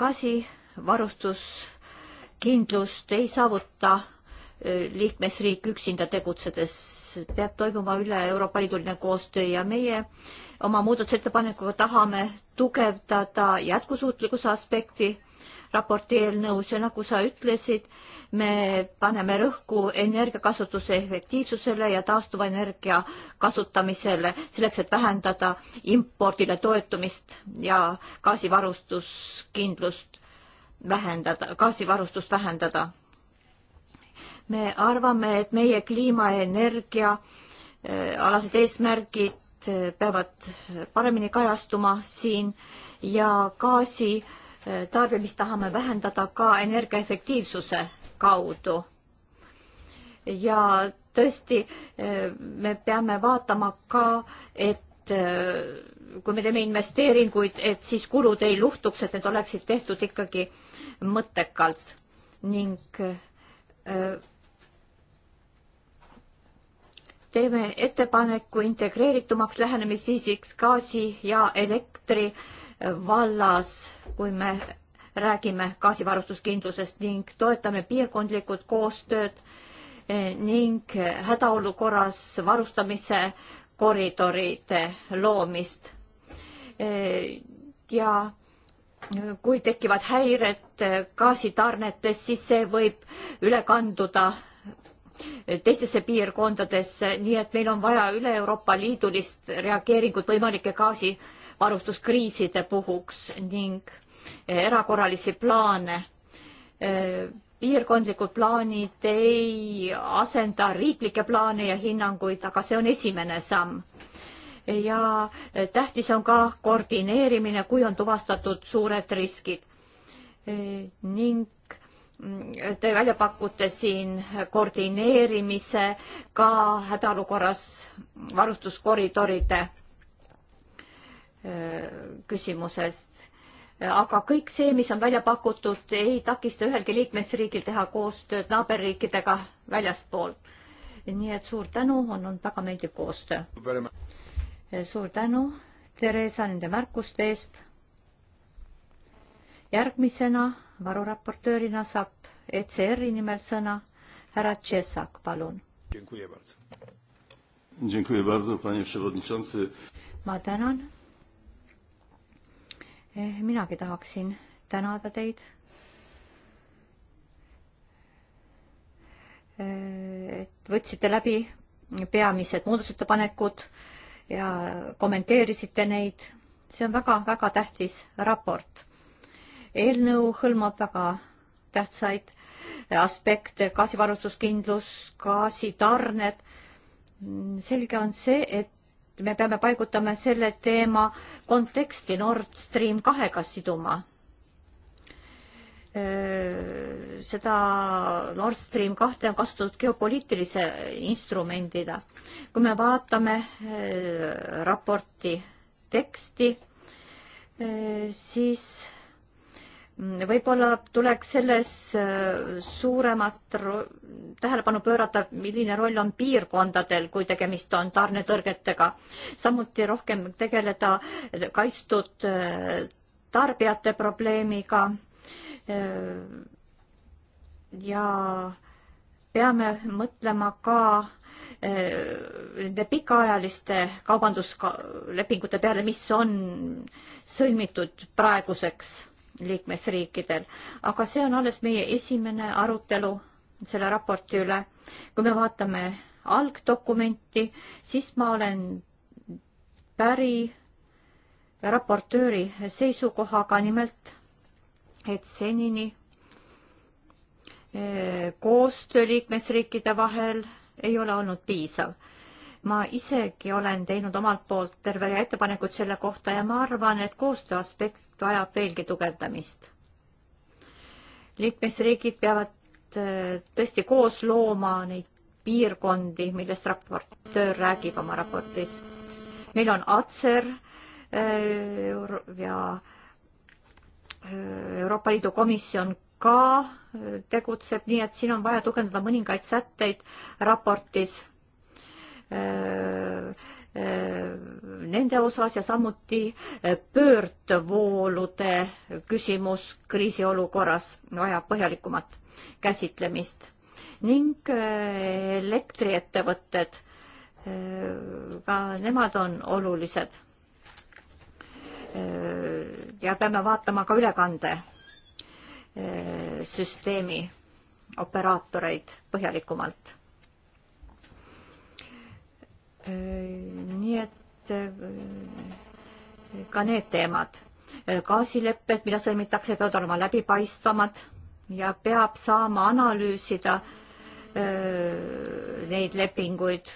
gaasivarustuskindlust ei saavuta eh, liikmesriik üksinda tegutsedes, peab toimuma üle Euroopa Liiduline koostöö ja meie oma muudatusettepanekuga tahame tugevdada jätkusuutlikkuse aspekti raporti eelnõus ja nagu sa ütlesid, me paneme rõhku energiakasutuse efektiivsusele ja taastuva energia kasutamisele selleks, et vähendada impordile toetumist ja gaasivarustuskindlust vähendada, gaasivarustust vähendada. me arvame, et meie kliima ja energia äh, alased eesmärgid äh, peavad paremini kajastuma siin ja gaasi äh, tarbimist tahame vähendada ka energiaefektiivsuse kaudu. ja tõesti, eh, me peame vaatama ka, et eh, kui me teeme investeeringuid, et siis kulud ei luhtuks, et need oleksid tehtud ikkagi mõttekalt ning eh, teeme ettepaneku integreeritumaks lähenemisviisiks gaasi ja elektri vallas kui me räägime gaasivarustuskindlusest ning toetame piirkondlikud koostööd eh, ning hädaolukorras varustamise koridoride loomist. Eh, ja kui tekivad häired eh, gaasitarnetes, siis see võib üle kanduda teistesse piirkondadesse, nii et meil on vaja üle Euroopa Liidulist reageeringut võimalike gaasivarustuskriiside puhuks ning erakorralisi plaane. piirkondlikud plaanid ei asenda riiklikke plaane ja hinnanguid, aga see on esimene samm ja tähtis on ka koordineerimine, kui on tuvastatud suured riskid. ning te välja pakute siin koordineerimise ka hädaolukorras varustuskoridoride küsimusest aga kõik see, mis on välja pakutud, ei takista ühelgi liikmesriigil teha koostööd naaberriikidega väljaspool. nii et suur tänu, on olnud väga meeldiv koostöö. suur tänu, Theresa, nende märkuste eest. järgmisena varuraportöörina saab ECR-i nimel sõna härra Tšesak, palun. ma tänan Eh, minagi tahaksin tänada teid. Eh, et võtsite läbi peamised muudatusettepanekud ja kommenteerisite neid. see on väga-väga tähtis raport. eelnõu hõlmab väga tähtsaid aspekte, gaasivarustuskindlus, gaasitarned. selge on see, et me peame paigutama selle teema konteksti Nord Stream kahega siduma. seda Nord Stream kahte on kasutatud geopoliitilise instrumendina. kui me vaatame raporti teksti, siis Mm, võib-olla tuleks selles äh, suuremat tähelepanu pöörata, milline roll on piirkondadel, kui tegemist on tarnetõrgetega. samuti rohkem tegeleda kaitstud äh, tarbijate probleemiga. Äh, ja peame mõtlema ka nende pikaajaliste kaubanduslepingute peale, mis on sõlmitud praeguseks liikmesriikidel, aga see on alles meie esimene arutelu selle raporti üle. kui me vaatame algdokumenti, siis ma olen päri raportööri seisukohaga nimelt, et senini eh, koostöö liikmesriikide vahel ei ole olnud piisav ma isegi olen teinud omalt poolt terve rea ettepanekuid selle kohta ja ma arvan, et koostöö aspekt vajab veelgi tugevdamist. liikmesriigid peavad äh, tõesti koos looma neid piirkondi, millest raportöör räägib oma raportis. meil on ACER äh, ja äh, Euroopa Liidu komisjon ka tegutseb, nii et siin on vaja tugevdada mõningaid sätteid raportis Äh, äh, nende osas ja samuti äh, pöördvoolude küsimus kriisiolukorras vajab põhjalikumat käsitlemist ning elektriettevõtted, ka nemad on olulised. ja peame vaatama ka ülekandesüsteemi operaatoreid põhjalikumalt nii et eh, ka need teemad, eh, gaasilepped, mida sõlmitakse, peavad olema läbipaistvamad ja peab saama analüüsida eh, neid lepinguid,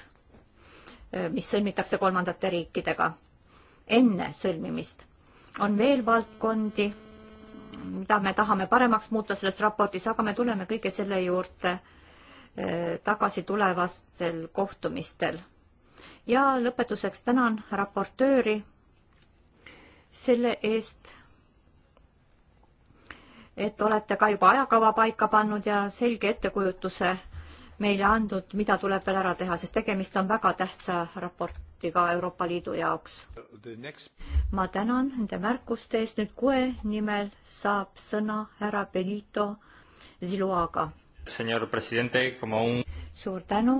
mis sõlmitakse kolmandate riikidega enne sõlmimist. on veel valdkondi, mida me tahame paremaks muuta selles raportis, aga me tuleme kõige selle juurde tagasi tulevastel kohtumistel ja lõpetuseks tänan raportööri selle eest, et olete ka juba ajakava paika pannud ja selge ettekujutuse meile andnud, mida tuleb veel ära teha, sest tegemist on väga tähtsa raportiga Euroopa Liidu jaoks. Next... ma tänan nende märkuste eest, nüüd kohe nimel saab sõna härra Benito Ziluaga. Un... suur tänu,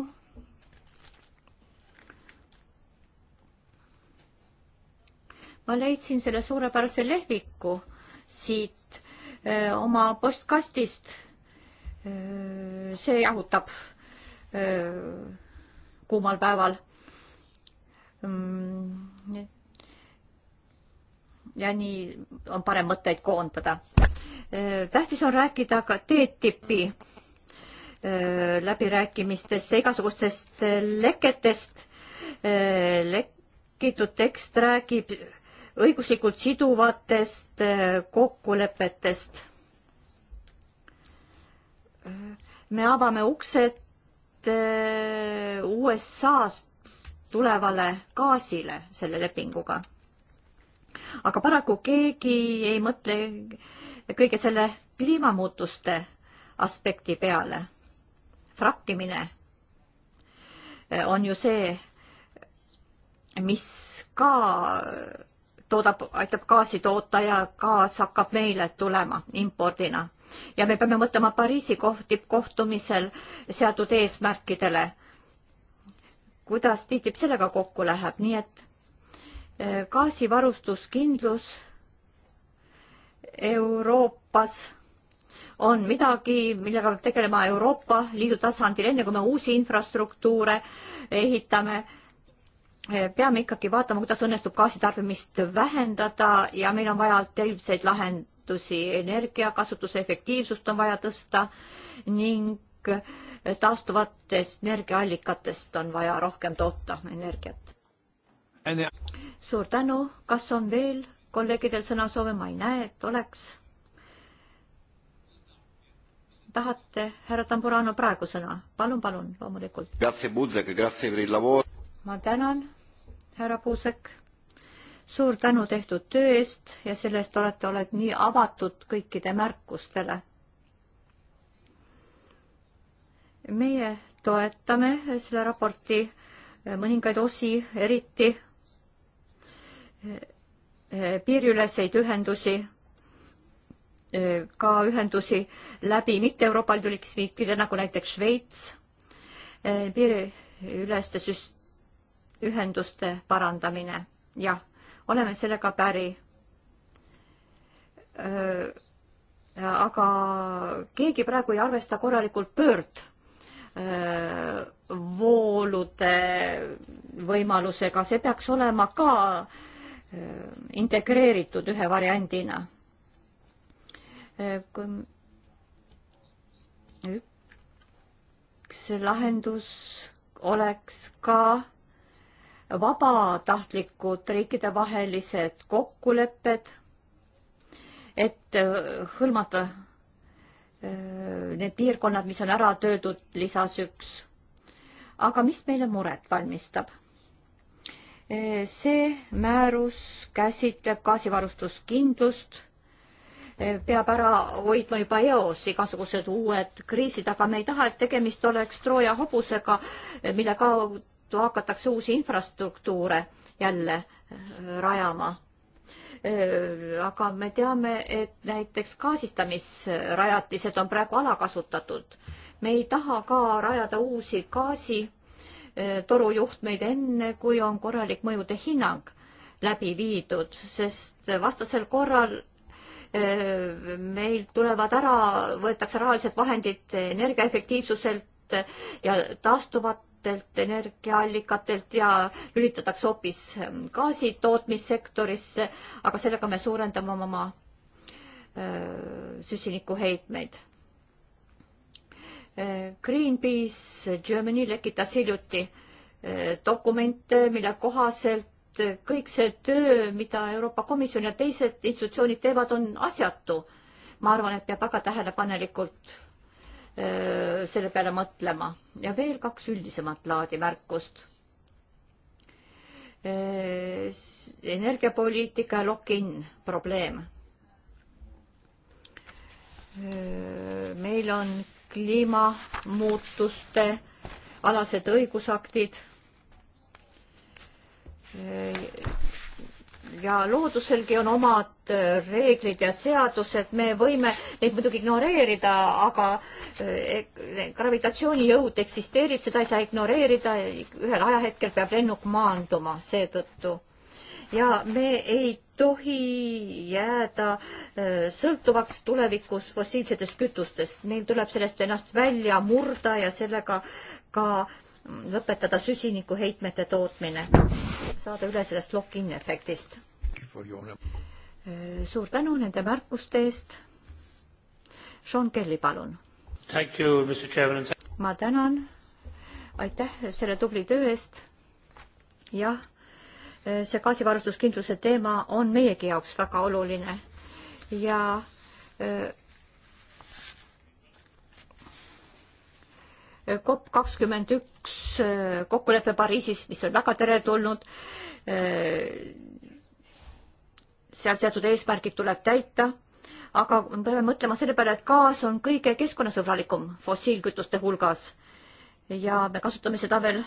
ma leidsin selle suurepärase lehviku siit öö, äh, oma postkastist. Äh, see jahutab öö, äh, kuumal päeval. Mm, ja nii on parem mõtteid koondada. tähtis on rääkida ka TTIP-i läbirääkimistest ja igasugustest leketest. lekitud tekst räägib õiguslikult siduvatest eh, kokkulepetest. me avame uksed eh, USA-st tulevale gaasile selle lepinguga. aga paraku keegi ei mõtle kõige selle kliimamuutuste aspekti peale. frakkimine eh, on ju see, mis ka toodab, aitab gaasi toota ja gaas hakkab meile tulema impordina. ja me peame mõtlema Pariisi koht, tippkohtumisel seatud eesmärkidele. kuidas TTIP sellega kokku läheb, nii et eh, gaasivarustuskindlus Euroopas on midagi, millega peab tegelema Euroopa Liidu tasandil, enne kui me uusi infrastruktuure ehitame peame ikkagi vaatama, kuidas õnnestub gaasitarbimist vähendada ja meil on vaja alternatiivseid lahendusi, energiakasutuse efektiivsust on vaja tõsta ning taastuvatest energiaallikatest on vaja rohkem toota energiat. suur tänu, kas on veel kolleegidel sõnasoove, ma ei näe, et oleks. tahate, härra Tamburano, praegu sõna? palun, palun, loomulikult. ma tänan härra Puusek. suur tänu tehtud töö eest ja selle eest olete olnud nii avatud kõikide märkustele. meie toetame selle raporti eh, mõningaid osi, eriti eh, piiriüleseid ühendusi, eh, ka ühendusi läbi mitte Euroopa Liidu liikmesriikide, nagu näiteks Šveits, piiriüleste süst-, ühenduste parandamine, jah, oleme sellega päri. aga keegi praegu ei arvesta korralikult pöörd voolude võimalusega, see peaks olema ka integreeritud ühe variandina. üks lahendus oleks ka vabatahtlikud riikidevahelised kokkulepped, et äh, hõlmata äh, need piirkonnad, mis on ära töödud lisas üks. aga mis meile muret valmistab? Äh, see määrus käsitleb gaasivarustuskindlust, peab ära hoidma juba eos igasugused uued kriisid, aga me ei taha, et tegemist oleks Trooja hobusega, mille kaudu tõttu hakatakse uusi infrastruktuure jälle äh, rajama. Äh, aga me teame, et näiteks gaasistamisrajatised on praegu alakasutatud. me ei taha ka rajada uusi gaasitorujuhtmeid äh, enne, kui on korralik mõjude hinnang läbi viidud, sest vastasel korral meil tulevad ära, võetakse rahalised vahendid energiaefektiivsuselt ja taastuvat taastuvatelt energiaallikatelt ja lülitatakse hoopis ähm, gaasi tootmissektorisse, aga sellega me suurendame oma süsinikuheitmeid. Greenpeace Germany lekitas hiljuti dokumente, mille kohaselt kõik see töö, mida Euroopa Komisjon ja teised institutsioonid teevad, on asjatu. ma arvan, et peab väga tähelepanelikult selle peale mõtlema. ja veel kaks üldisemat laadi märkust. energiapoliitika lock-in probleem. meil on kliimamuutuste alased õigusaktid ja looduselgi on omad äh, reeglid ja seadused, me võime neid muidugi ignoreerida, aga äh, gravitatsioonijõud eksisteerib, seda ei saa ignoreerida, ühel ajahetkel peab lennuk maanduma seetõttu. ja me ei tohi jääda äh, sõltuvaks tulevikus fossiilsetest kütustest, meil tuleb sellest ennast välja murda ja sellega ka äh, lõpetada süsinikuheitmete tootmine, saada üle sellest lock-in efektist. suur tänu nende märkuste eest. Sean Kelly, palun. ma tänan. aitäh selle tubli töö eest. jah, eh, see gaasivarustuskindluse teema on meiegi jaoks väga oluline ja öö, eh, COP kakskümmend üks äh, kokkulepe Pariisis, mis on väga teretulnud. Äh, seal seatud eesmärgid tuleb täita, aga me peame mõtlema selle peale, et gaas on kõige keskkonnasõbralikum fossiilkütuste hulgas ja me kasutame seda veel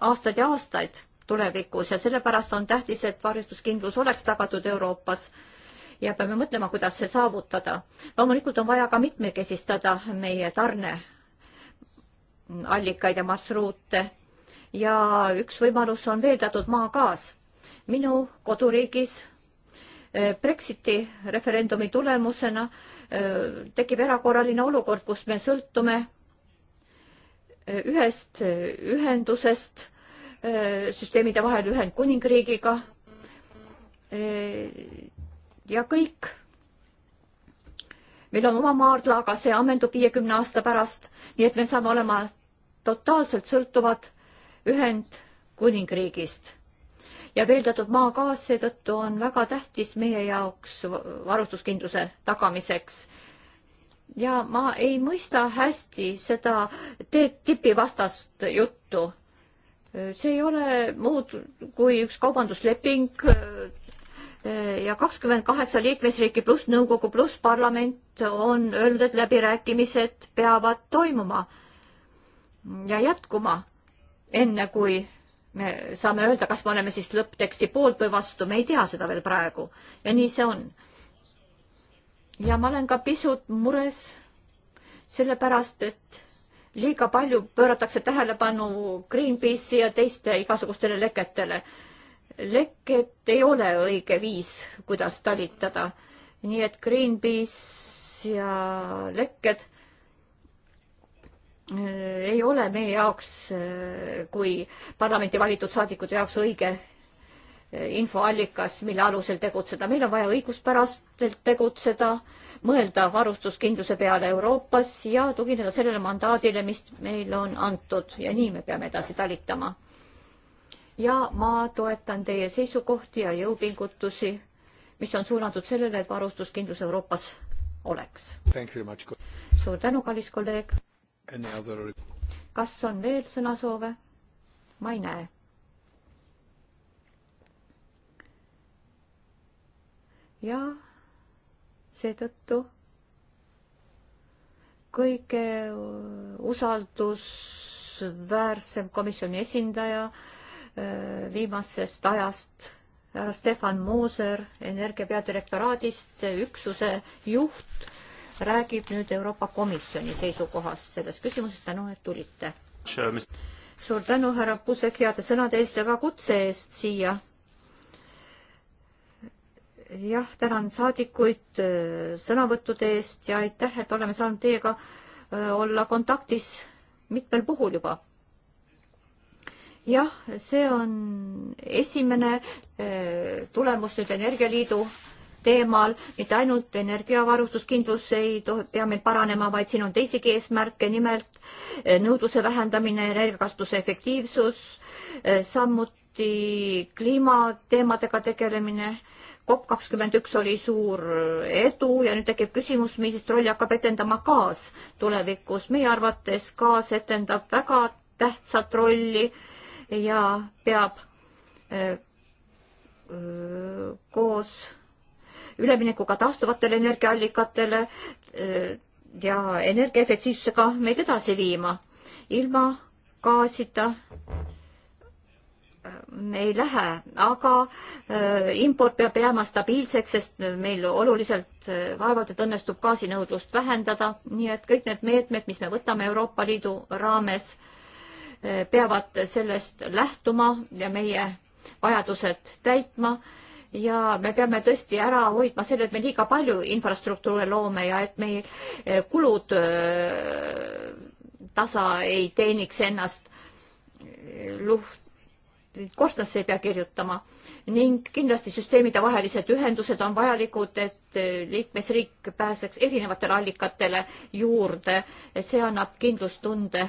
aastaid ja aastaid tulevikus ja sellepärast on tähtis, et varistuskindlus oleks tagatud Euroopas ja peame mõtlema, kuidas see saavutada. loomulikult on vaja ka mitmekesistada meie tarne allikaid ja marsruute ja üks võimalus on veeldatud maagaas. minu koduriigis eh, Brexiti referendumi tulemusena eh, tekib erakorraline olukord, kus me sõltume eh, ühest ühendusest süsteemide vahel Ühendkuningriigiga. ja kõik. meil on oma maardla, aga see ammendub viiekümne aasta pärast, nii et me saame olema totaalselt sõltuvad Ühendkuningriigist ja veeldatud maagaas seetõttu on väga tähtis meie jaoks varustuskindluse tagamiseks. ja ma ei mõista hästi seda Teet Tipi vastast juttu. see ei ole muud kui üks kaubandusleping eh, ja kakskümmend kaheksa liikmesriiki pluss nõukogu pluss parlament on öelnud, et läbirääkimised peavad toimuma ja jätkuma, enne kui me saame öelda, kas me oleme siis lõppteksti poolt või vastu, me ei tea seda veel praegu ja nii see on. ja ma olen ka pisut mures sellepärast, et liiga palju pööratakse tähelepanu Greenpeace'i ja teiste igasugustele leketele. lekket ei ole õige viis, kuidas talitada. nii et Greenpeace ja lekked Äh, ei ole meie jaoks äh, kui parlamenti valitud saadikute jaoks õige äh, infoallikas, mille alusel tegutseda. meil on vaja õiguspärastelt tegutseda, mõelda varustuskindluse peale Euroopas ja tugineda sellele mandaadile, mis meile on antud ja nii me peame edasi talitama. ja ma toetan teie seisukohti ja jõupingutusi, mis on suunatud sellele, et varustuskindlus Euroopas oleks. suur tänu, kallis kolleeg! Other... kas on veel sõnasoove? ma ei näe. ja seetõttu kõige äh, usaldusväärsem komisjoni esindaja äh, viimasest ajast, härra Stefan Mooser Energia peadirektoraadist, üksuse juht räägib nüüd Euroopa Komisjoni seisukohast selles küsimuses, tänu, et tulite. suur tänu, härra Pusek, heade sõnade eest ja ka kutse eest siia. jah, tänan saadikuid äh, sõnavõttude eest ja aitäh, et oleme saanud teiega äh, olla kontaktis mitmel puhul juba jah, see on esimene äh, tulemus nüüd Energialiidu teemal, mitte ainult energiavarustuskindlus ei tohi, pea meil paranema, vaid siin on teisigi eesmärke, nimelt eh, nõudluse vähendamine, energiakasutuse efektiivsus, eh, samuti kliimateemadega tegelemine. COP kakskümmend üks oli suur eh, edu ja nüüd tekib küsimus, millist rolli hakkab etendama gaas tulevikus. meie arvates gaas etendab väga tähtsat rolli ja peab öö, öö, koos üleminekuga taastuvatele energiaallikatele äh, ja energiaefektiivsusega meid edasi viima. ilma gaasita äh, me ei lähe, aga äh, import peab jääma stabiilseks, sest meil oluliselt vaevalt, et õnnestub gaasinõudlust vähendada, nii et kõik need meetmed, mis me võtame Euroopa Liidu raames, peavad sellest lähtuma ja meie vajadused täitma ja me peame tõesti ära hoidma selle, et me liiga palju infrastruktuure loome ja et meil eh, kulud eh, tasa ei teeniks ennast luht-, korstnasse ei pea kirjutama ning kindlasti süsteemide vahelised ühendused on vajalikud, et eh, liikmesriik pääseks erinevatele allikatele juurde. see annab kindlustunde,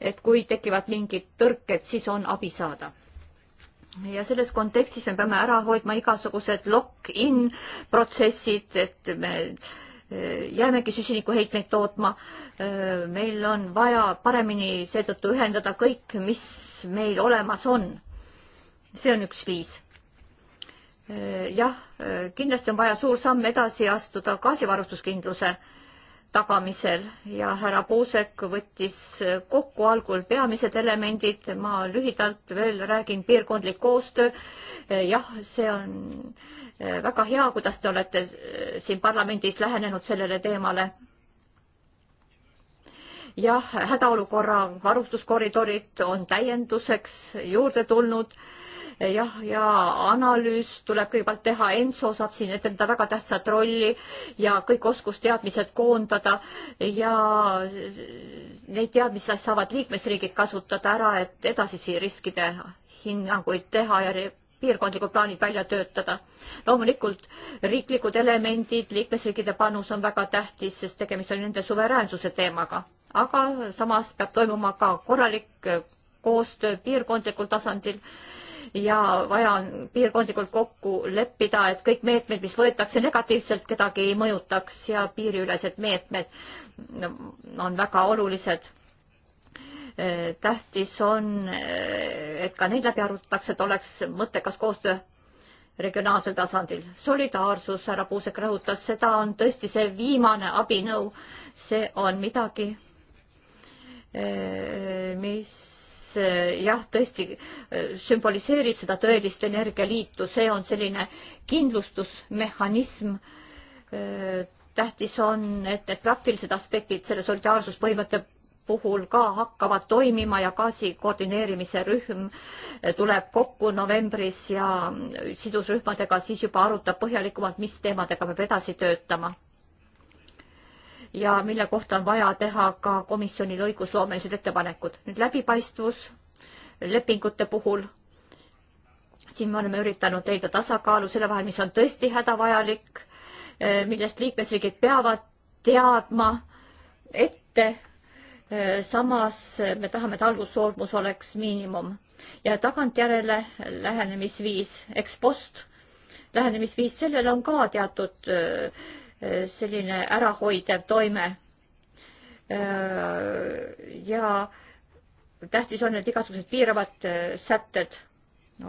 et kui tekivad mingid tõrked, siis on abi saada ja selles kontekstis me peame ära hoidma igasugused lock-in protsessid, et me e, jäämegi süsinikuheitmeid tootma. E, meil on vaja paremini seetõttu ühendada kõik, mis meil olemas on. see on üks viis. E, jah, kindlasti on vaja suur samm edasi astuda gaasivarustuskindluse tagamisel ja härra Puusek võttis kokku algul peamised elemendid, ma lühidalt veel räägin piirkondlik koostöö. jah, see on eh, väga hea, kuidas te olete eh, siin parlamendis lähenenud sellele teemale. jah, hädaolukorra varustuskoridorid on täienduseks juurde tulnud jah, ja analüüs tuleb kõigepealt teha, Enso saab siin etendada väga tähtsat rolli ja kõik oskusteadmised koondada ja neid teadmisi saavad liikmesriigid kasutada ära, et edasisi riskide hinnanguid teha ja piirkondlikud plaanid välja töötada. loomulikult riiklikud elemendid, liikmesriikide panus on väga tähtis, sest tegemist on nende suveräänsuse teemaga. aga samas peab toimuma ka korralik koostöö piirkondlikul tasandil ja vaja on piirkondlikult kokku leppida, et kõik meetmed, mis võetakse negatiivselt, kedagi ei mõjutaks ja piiriülesed meetmed on väga olulised. Eh, tähtis on, eh, et ka neid läbi arutatakse, et oleks mõttekas koostöö regionaalsel tasandil. solidaarsus, härra Puusek rõhutas, seda on tõesti see viimane abinõu, see on midagi, eh, mis see jah, tõesti äh, sümboliseerib seda tõelist energialiitu, see on selline kindlustusmehhanism. Äh, tähtis on, et need praktilised aspektid selle solidaarsuspõhimõtte puhul ka hakkavad toimima ja gaasi koordineerimise rühm äh, tuleb kokku novembris ja sidusrühmadega siis juba arutab põhjalikumalt, mis teemadega peab edasi töötama ja mille kohta on vaja teha ka komisjonil õigusloomelised ettepanekud. nüüd läbipaistvus lepingute puhul. siin me oleme üritanud leida tasakaalu selle vahel, mis on tõesti hädavajalik, eh, millest liikmesriigid peavad teadma ette. Eh, samas eh, me tahame, et algussoormus oleks miinimum ja tagantjärele lähenemisviis, ekspost lähenemisviis, sellel on ka teatud öö, selline ärahoidev toime. Äh, ja tähtis on, et igasugused piiravad äh, sätted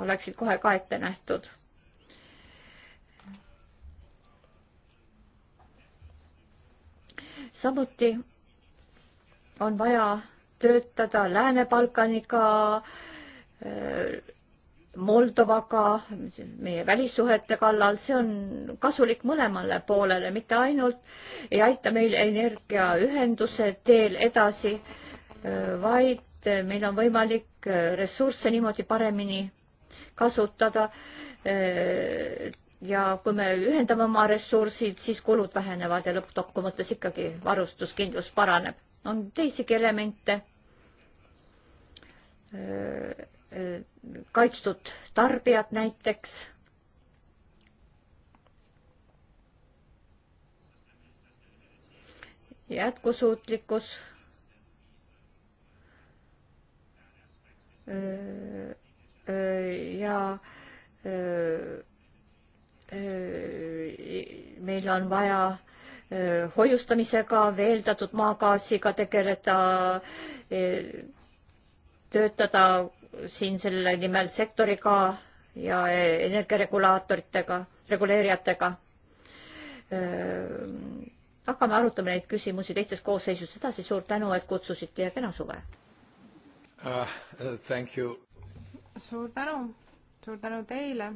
oleksid kohe ka ette nähtud. samuti on vaja töötada Lääne-Balkaniga äh, Moldovaga, meie välissuhete kallal, see on kasulik mõlemale poolele, mitte ainult ei aita meil energiaühenduse teel edasi, vaid meil on võimalik ressursse niimoodi paremini kasutada. ja kui me ühendame oma ressursid, siis kulud vähenevad ja lõppkokkuvõttes ikkagi varustuskindlus paraneb. on teisigi elemente Äh, kaitstud tarbijad näiteks. jätkusuutlikkus. Äh, äh, ja meil on vaja hoiustamisega, veeldatud maagaasiga tegeleda, töötada siin selle nimel sektoriga ja energiaregulaatoritega, reguleerijatega. Äh, hakkame arutama neid küsimusi teistes koosseisus edasi, suur tänu, et kutsusite ja kena suve uh,! Thank you! suur tänu, suur tänu teile!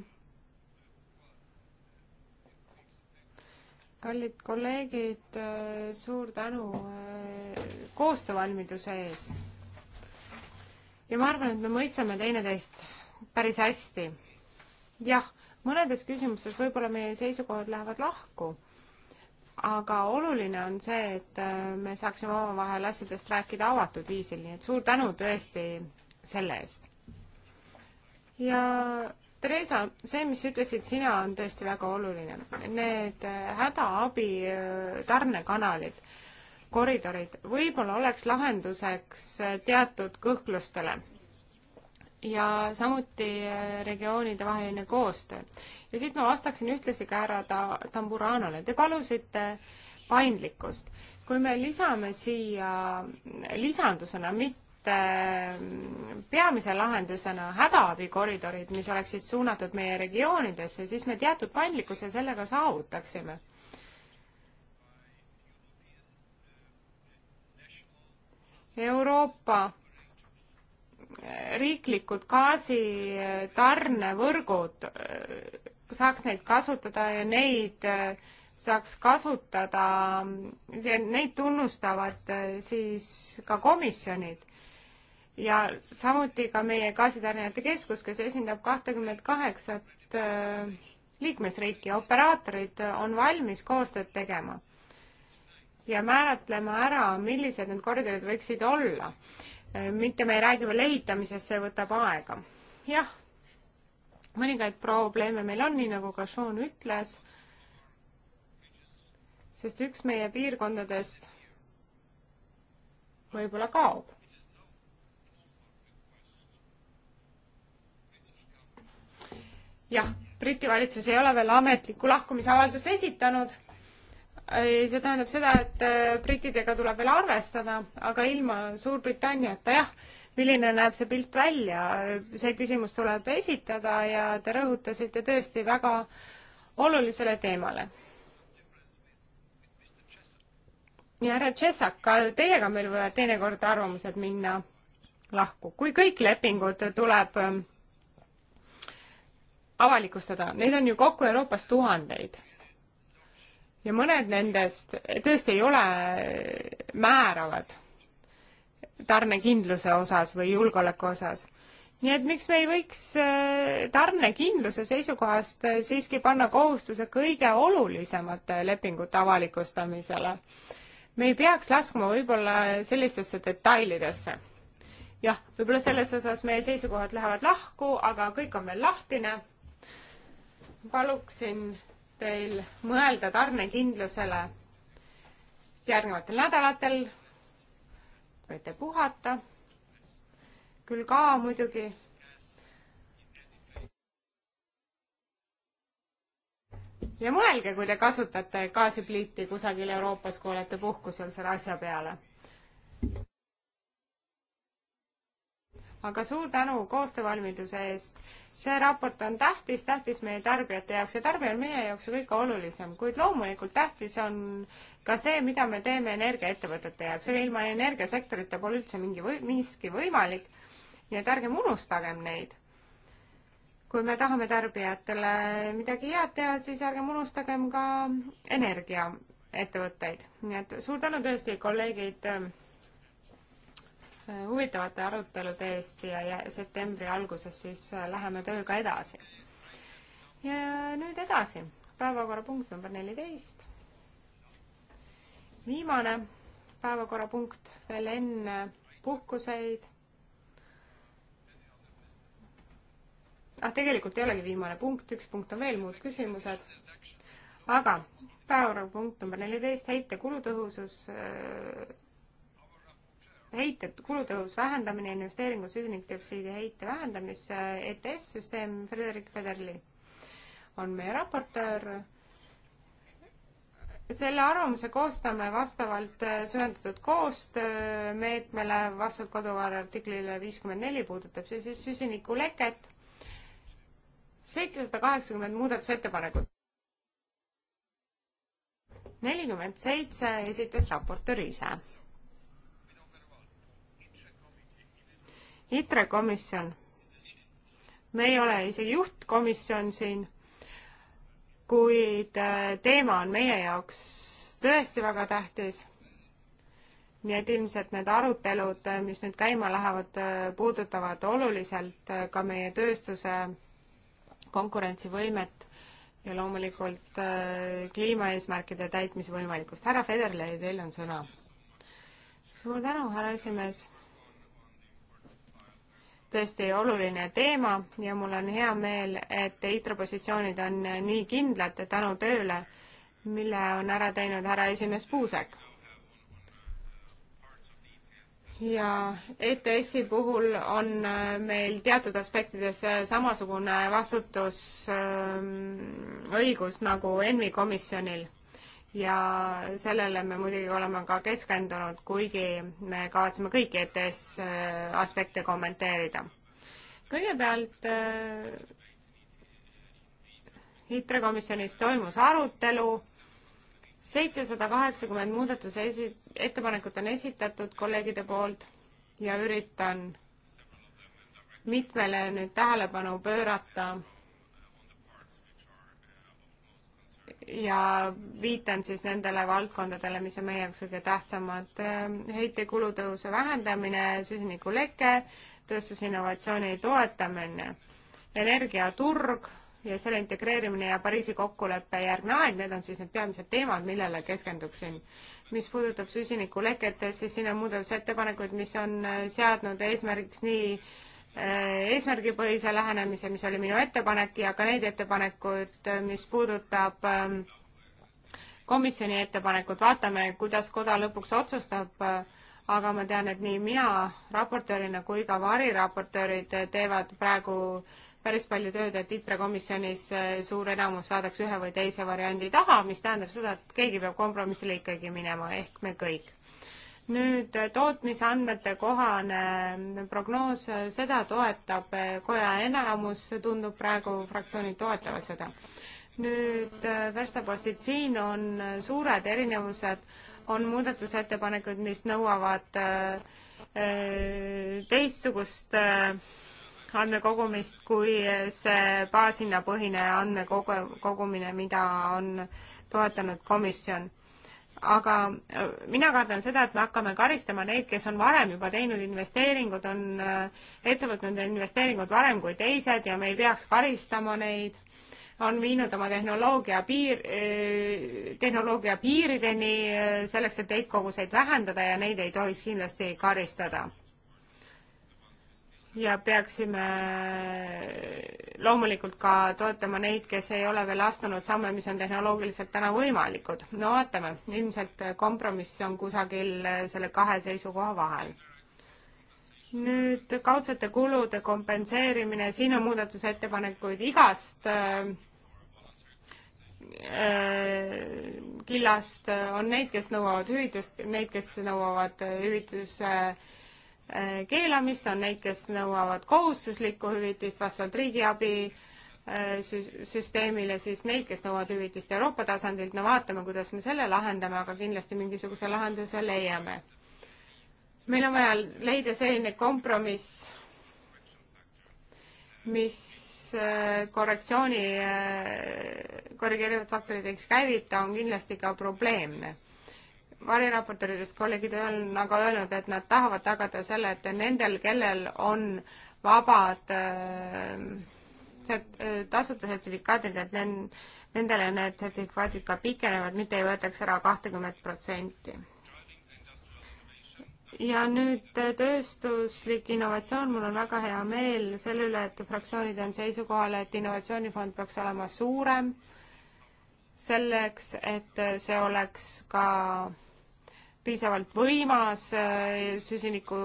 kallid kolleegid, äh, suur tänu äh, koostöövalmiduse eest ja ma arvan, et me mõistame teineteist päris hästi. jah, mõnedes küsimustes võib-olla meie seisukohad lähevad lahku, aga oluline on see, et äh, me saaksime omavahel asjadest rääkida avatud viisil, nii et suur tänu tõesti selle eest. ja Theresa, see, mis ütlesid sina, on tõesti väga oluline. Need äh, hädaabi tarnekanalid koridorid. võib-olla oleks lahenduseks teatud kõhklustele ja samuti eh, regioonide vaheline koostöö. ja siit ma vastaksin ühtlasi ka härra ta-, Tamburanole. Te palusite paindlikkust. kui me lisame siia lisandusena, mitte et mm, peamise lahendusena hädaabikoridorid, mis oleksid suunatud meie regioonidesse, siis me teatud paindlikkuse sellega saavutaksime. Euroopa riiklikud gaasitarnevõrgud, äh, saaks neid kasutada ja neid äh, saaks kasutada, neid tunnustavad äh, siis ka komisjonid ja samuti ka meie gaasitarnijate keskus, kes esindab kahtekümmet kaheksat liikmesriiki ja operaatorid on valmis koostööd tegema ja määratlema ära, millised need koridorid võiksid olla. mitte me ei räägi veel ehitamisest, see võtab aega. jah, mõningaid probleeme meil on, nii nagu ka Sean ütles, sest üks meie piirkondadest võib-olla kaob. jah, Briti valitsus ei ole veel ametlikku lahkumisavaldust esitanud see tähendab seda, et äh, brittidega tuleb veel arvestada, aga ilma Suurbritanniata jah, milline näeb see pilt välja, see küsimus tuleb esitada ja te rõhutasite tõesti väga olulisele teemale. ja härra Tšessak, ka teiega meil võivad teinekord arvamused minna lahku, kui kõik lepingud tuleb ähm, avalikustada, neid on ju kokku Euroopas tuhandeid ja mõned nendest tõesti ei ole määravad tarnekindluse osas või julgeoleku osas. nii et miks me ei võiks äh, tarnekindluse seisukohast äh, siiski panna kohustuse kõige olulisemate lepingute avalikustamisele? me ei peaks laskuma võib-olla sellistesse detailidesse. jah, võib-olla selles osas meie seisukohad lähevad lahku, aga kõik on veel lahtine. paluksin teil mõelda tarnekindlusele järgnevatel nädalatel, võite puhata, küll ka muidugi. ja mõelge, kui te kasutate gaasipliiti kusagil Euroopas, kui olete puhkusel selle asja peale aga suur tänu koostöövalmiduse eest. see raport on tähtis, tähtis meie tarbijate jaoks ja tarbija on meie jaoks ju kõige olulisem, kuid loomulikult tähtis on ka see, mida me teeme energiaettevõtete jaoks, ega ilma energiasektorita pole üldse mingi või, miski võimalik. nii et ärgem unustagem neid. kui me tahame tarbijatele midagi head teha, siis ärgem unustagem ka energiaettevõtteid. nii et suur tänu tõesti, kolleegid huvitavate arutelude eest ja, ja septembri alguses siis äh, läheme tööga edasi. ja nüüd edasi, päevakorrapunkt number neliteist. viimane päevakorrapunkt veel enne puhkuseid. ah, tegelikult ei olegi viimane punkt, üks punkt on veel, muud küsimused. aga päevakorrapunkt number neliteist, heite kulutõhusus äh, heite kulutõhus vähendamine, investeeringud süsinikdioksiidi heite vähendamisse, ETS-süsteem, Frederik Federli on meie raportöör. selle arvamuse koostame vastavalt äh, süvendatud koostöömeetmele, vastavalt kodukorra artiklile viiskümmend neli puudutab see siis süsinikuleket, seitsesada kaheksakümmend muudatusettepanekut. nelikümmend seitse esitas raportöör ise ITRE komisjon, me ei ole isegi juhtkomisjon siin, kuid äh, teema on meie jaoks tõesti väga tähtis. nii et ilmselt need arutelud, äh, mis nüüd käima lähevad, äh, puudutavad oluliselt ka meie tööstuse konkurentsivõimet ja loomulikult äh, kliimaeesmärkide täitmise võimalikkust. härra Federley, teil on sõna. suur tänu, härra esimees tõesti oluline teema ja mul on hea meel, et ITRO positsioonid on nii kindlad tänu tööle, mille on ära teinud härra esimees Puusek. ja ETS-i puhul on äh, meil teatud aspektides äh, samasugune vastutusõigus ähm, nagu ENMi komisjonil ja sellele me muidugi oleme ka keskendunud, kuigi me kavatseme kõiki ETS äh, aspekte kommenteerida. kõigepealt äh, ITRE komisjonis toimus arutelu, seitsesada kaheksakümmend muudatuse esi-, ettepanekut on esitatud kolleegide poolt ja üritan mitmele nüüd tähelepanu pöörata ja viitan siis nendele valdkondadele, mis on meie jaoks kõige tähtsamad. heitekulutõuse vähendamine, süsinikuleke, tööstusinnovatsiooni toetamine, energiaturg ja selle integreerimine ja Pariisi kokkuleppe järgne aeg, need on siis need peamised teemad, millele keskenduksin. mis puudutab süsinikuleket, siis siin on muudatusettepanekuid, mis on seadnud eesmärgiks nii äh, Äh, eesmärgipõhise lähenemise, mis oli minu ettepanek ja ka neid ettepanekuid, mis puudutab ähm, komisjoni ettepanekut, vaatame, kuidas koda lõpuks otsustab, äh, aga ma tean, et nii mina raportöörina kui ka variraportöörid teevad praegu päris palju tööd, et ITRE komisjonis äh, suur enamus saadaks ühe või teise variandi taha, mis tähendab seda, et keegi peab kompromissile ikkagi minema, ehk me kõik nüüd tootmisandmete kohane prognoos, seda toetab koja enamus, tundub praegu, fraktsioonid toetavad seda. nüüd verstapostid, siin on suured erinevused, on muudatusettepanekud, mis nõuavad eh, teistsugust eh, andmekogumist kui see baasinnapõhine andmekogumine, mida on toetanud komisjon aga äh, mina kardan seda, et me hakkame karistama neid, kes on varem juba teinud investeeringud, on äh, ette võtnud investeeringud varem kui teised ja me ei peaks karistama neid, on viinud oma tehnoloogia piir, äh, tehnoloogia piirideni selleks, et heitkoguseid vähendada ja neid ei tohiks kindlasti karistada ja peaksime loomulikult ka toetama neid, kes ei ole veel astunud samme, mis on tehnoloogiliselt täna võimalikud. no vaatame, ilmselt kompromiss on kusagil selle kahe seisukoha vahel. nüüd kaudsete kulude kompenseerimine, siin on muudatusettepanekuid igast äh, äh killast, on neid, kes nõuavad hüvitust, neid, kes nõuavad hüvituse äh, Äh, keelamist, on neid, kes nõuavad kohustuslikku hüvitist vastavalt riigiabi äh, süsteemile, siis neid, kes nõuavad hüvitist Euroopa tasandilt, no vaatame, kuidas me selle lahendame, aga kindlasti mingisuguse lahenduse leiame. meil on vaja leida selline kompromiss, mis äh, korrektsiooni, korrigeerivad faktorid, eks käivita, on kindlasti ka probleemne variraportööridest kolleegid on aga öelnud, et nad tahavad tagada selle, et nendel, kellel on vabad äh, äh, tasuta sertifikaadid, et nendele need sertifikaadid ka pikenevad, mitte ei võetaks ära kahtekümmet protsenti. ja nüüd äh, tööstuslik innovatsioon, mul on väga hea meel selle üle, et fraktsioonid on seisukohal, et innovatsioonifond peaks olema suurem selleks, et see oleks ka piisavalt võimas äh, süsiniku,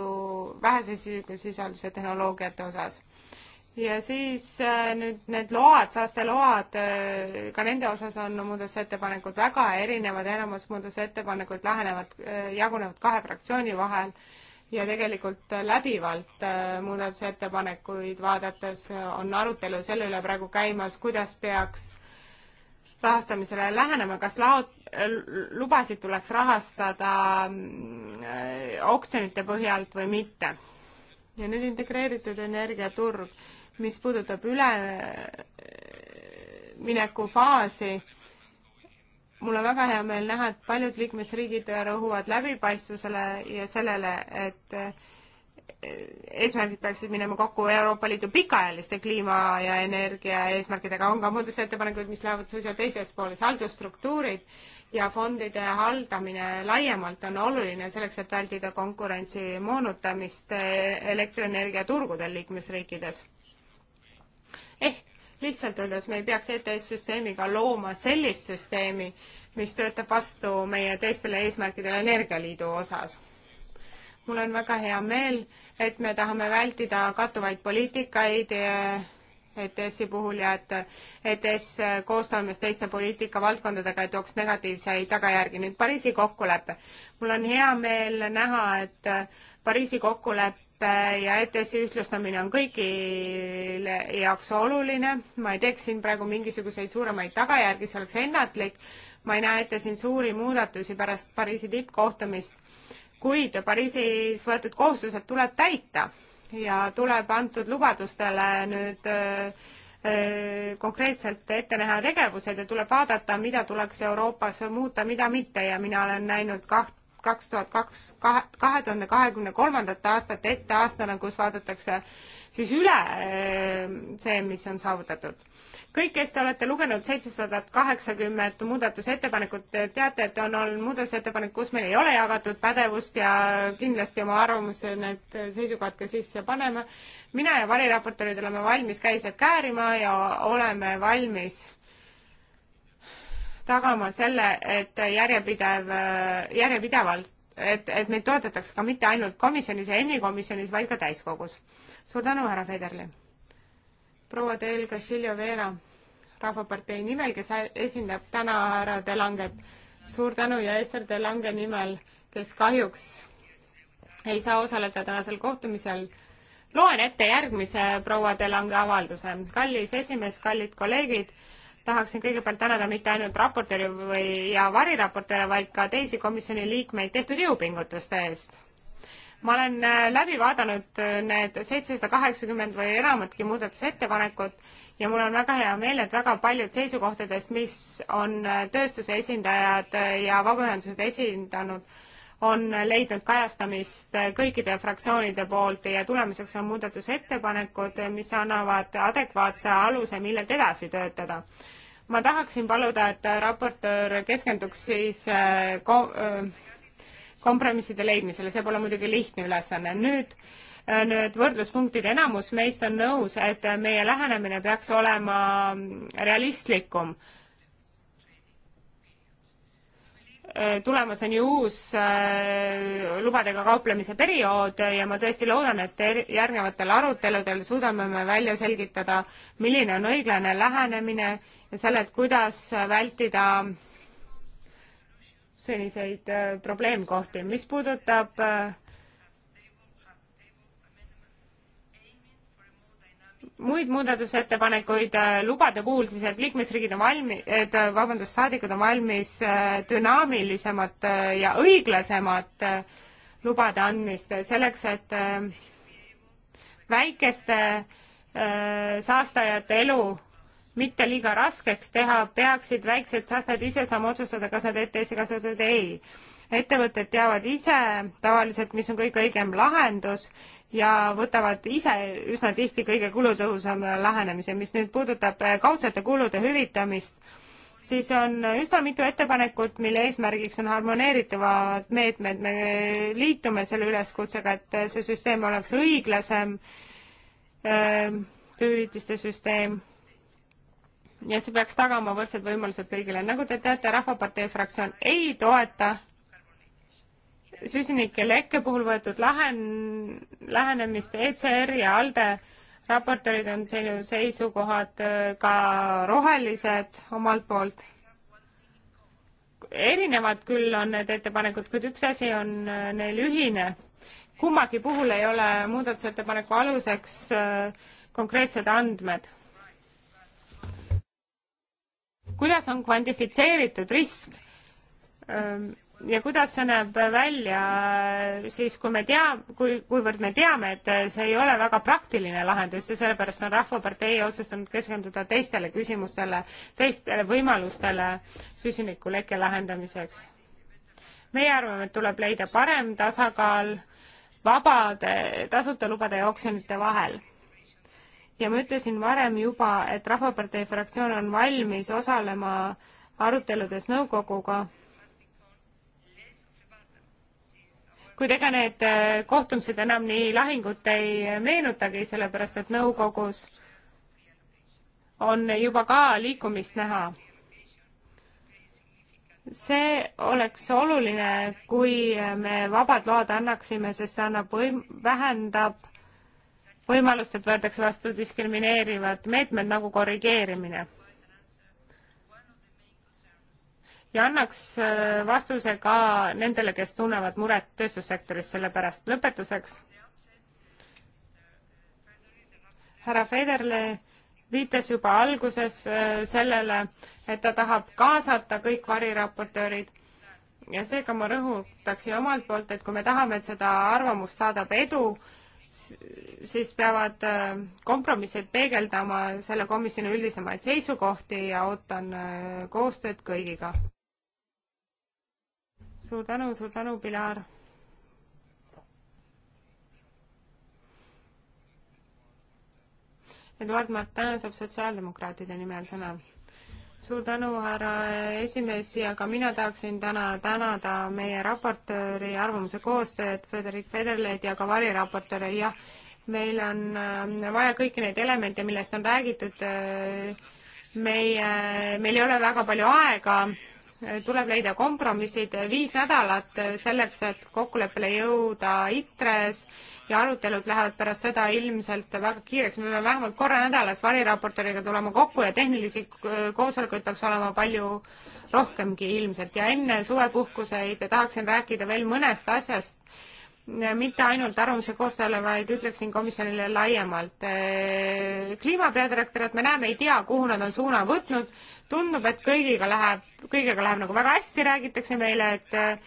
vähese süsinikusisalduse tehnoloogiate osas. ja siis äh, nüüd need load, saasteload, äh, ka nende osas on muudatusettepanekud väga erinevad, enamus muudatusettepanekuid lähenevad, jagunevad kahe fraktsiooni vahel ja tegelikult läbivalt muudatusettepanekuid vaadates on arutelu selle üle praegu käimas, kuidas peaks rahastamisele lähenema, kas laod, lubasid tuleks rahastada mm, oksjonite põhjalt või mitte. ja nüüd integreeritud energiaturg, mis puudutab üleminekufaasi, mul on väga hea meel näha, et paljud liikmesriigid rõhuvad läbipaistvusele ja sellele, et eesmärgid peaksid minema kokku Euroopa Liidu pikaajaliste kliima ja energia eesmärkidega, on ka muudatusettepanekuid, mis lähevad suisa teises pooles, haldusstruktuurid ja fondide haldamine laiemalt on oluline selleks, et vältida konkurentsi moonutamist elektrienergia turgudel liikmesriikides. ehk lihtsalt öeldes, me ei peaks ETS-süsteemiga looma sellist süsteemi, mis töötab vastu meie teistele eesmärkidele Energialiidu osas mul on väga hea meel, et me tahame vältida kattuvaid poliitikaid eh, ETS-i puhul ja et ETS koostoimes teiste poliitikavaldkondadega ei tooks negatiivseid tagajärgi. nüüd Pariisi kokkulepe. mul on hea meel näha, et Pariisi kokkulepe ja ETS-i ühtlustamine on kõigile jaoks oluline. ma ei teeks siin praegu mingisuguseid suuremaid tagajärgi, see oleks ennatlik. ma ei näe ette siin suuri muudatusi pärast Pariisi tippkohtumist kuid Pariisis võetud kohustused tuleb täita ja tuleb antud lubadustele nüüd öö, äh, äh, konkreetselt ette näha tegevused ja tuleb vaadata, mida tuleks Euroopas muuta, mida mitte ja mina olen näinud kaht kaks tuhat kaks, kahe tuhande kahekümne kolmandat aastat ette aastana, kus vaadatakse siis üle ehm, see, mis on saavutatud. kõik, kes te olete lugenud seitsesadat kaheksakümmet muudatusettepanekut, teate, et on olnud muudatusettepanek, kus meil ei ole jagatud pädevust ja kindlasti oma arvamuse need seisukohad ka sisse paneme. mina ja variraportöörid oleme valmis käised käärima ja oleme valmis tagama selle, et järjepidev, järjepidevalt, et, et meid toetatakse ka mitte ainult komisjonis ja ENMi komisjonis, vaid ka täiskogus. suur tänu, härra Federli! proua Teel Castillo Vera Rahvapartei nimel, kes esindab täna härra De Langet. suur tänu ja Ester De Lange nimel, kes kahjuks ei saa osaleda tänasel kohtumisel. loen ette järgmise proua De Lange avalduse. kallis esimees, kallid kolleegid tahaksin kõigepealt tänada mitte ainult raportööri või, ja variraportööre, vaid ka teisi komisjoni liikmeid tehtud jõupingutuste eest. ma olen äh, läbi vaadanud äh, need seitsesada kaheksakümmend või enamatki muudatusettepanekut ja mul on väga hea meel, et väga paljud seisukohtadest, mis on äh, tööstuse esindajad ja vabaühendused esindanud, on leidnud kajastamist kõikide fraktsioonide poolt ja tulemuseks on muudatusettepanekud, mis annavad adekvaatse aluse, millelt edasi töötada ma tahaksin paluda, et raportöör keskenduks siis äh, ko-, äh, kompromisside leidmisele, see pole muidugi lihtne ülesanne. nüüd äh, need võrdluspunktid, enamus meist on nõus, et meie lähenemine peaks olema realistlikum Äh, tulemas on ju uus äh, lubadega kauplemise periood ja ma tõesti loodan, et er-, järgnevatel aruteludel suudame me välja selgitada, milline on õiglane lähenemine ja selle, et kuidas vältida selliseid äh, probleemkohti. mis puudutab äh, muid muudatusettepanekuid äh, lubade puhul siis, et liikmesriigid on valmi-, et äh, vabandust, saadikud on valmis äh, dünaamilisemat ja õiglasemat lubade andmist selleks, et väikeste saastajate elu mitte liiga raskeks teha, peaksid väiksed saastajad ise saama otsustada, kas nad ETS-i kasutavad või ei ettevõtted teavad ise tavaliselt, mis on kõige õigem lahendus ja võtavad ise üsna tihti kõige kulutõhusama lähenemise. mis nüüd puudutab eh, kaudsete kulude hüvitamist, siis on üsna mitu ettepanekut, mille eesmärgiks on harmoneeritavad meetmed. me liitume selle üleskutsega, et see süsteem oleks õiglasem, eh, tööhüvitiste süsteem, ja see peaks tagama võrdsed võimalused kõigile. nagu te teate, Rahvapartei fraktsioon ei toeta süsinikekke puhul võetud lähen-, lähenemist ECR ja ALDE raportöörid on sinu seisukohad äh, ka rohelised omalt poolt. erinevad küll on need ettepanekud, kuid üks asi on äh, neil ühine. kummagi puhul ei ole muudatusettepaneku aluseks äh, konkreetsed andmed. kuidas on kvantifitseeritud risk? ja kuidas see näeb välja siis, kui me tea-, kui, kuivõrd me teame, et see ei ole väga praktiline lahendus ja sellepärast on Rahvapartei otsustanud keskenduda teistele küsimustele, teistele võimalustele süsinikuleke lahendamiseks. meie arvame, et tuleb leida parem tasakaal vabade tasuta lubade ja oksjonite vahel ja ma ütlesin varem juba, et Rahvapartei fraktsioon on valmis osalema aruteludes nõukoguga kuid ega need äh, kohtumised enam nii lahingut ei meenutagi, sellepärast et nõukogus on juba ka liikumist näha. see oleks oluline, kui me vabad load annaksime, sest see annab võim-, vähendab võimalust, et võetakse vastu diskrimineerivad meetmed nagu korrigeerimine ja annaks äh, vastuse ka nendele, kes tunnevad muret tööstussektoris selle pärast. lõpetuseks. härra Federle viitas juba alguses äh, sellele, et ta tahab kaasata kõik variraportöörid ja seega ma rõhutaksin omalt poolt, et kui me tahame, et seda arvamust saadab edu, siis peavad äh, kompromissid peegeldama selle komisjoni üldisemaid seisukohti ja ootan koostööd kõigiga suur tänu, suur tänu, Pilar. Eduard Martin saab sotsiaaldemokraatide nimel sõna. suur tänu, härra esimees ja ka mina tahaksin täna tänada meie raportööri arvamuse koostööd, Frederik Federleid ja ka variraportööre, jah, meil on äh, vaja kõiki neid elemente, millest on räägitud, äh, meie, meil ei ole väga palju aega tuleb leida kompromissid, viis nädalat selleks, et kokkuleppele jõuda ITRE-s ja arutelud lähevad pärast seda ilmselt väga kiireks, me peame vähemalt korra nädalas variraportoriga tulema kokku ja tehnilisi äh, koosolekuid peaks olema palju rohkemgi ilmselt ja enne suvepuhkuseid tahaksin rääkida veel mõnest asjast mitte ainult arvamuse koostajale, vaid ütleksin komisjonile laiemalt. Äh, kliima peadirektorit me näeme, ei tea, kuhu nad on suuna võtnud. tundub, et kõigiga läheb, kõigega läheb nagu väga hästi, räägitakse meile, et äh,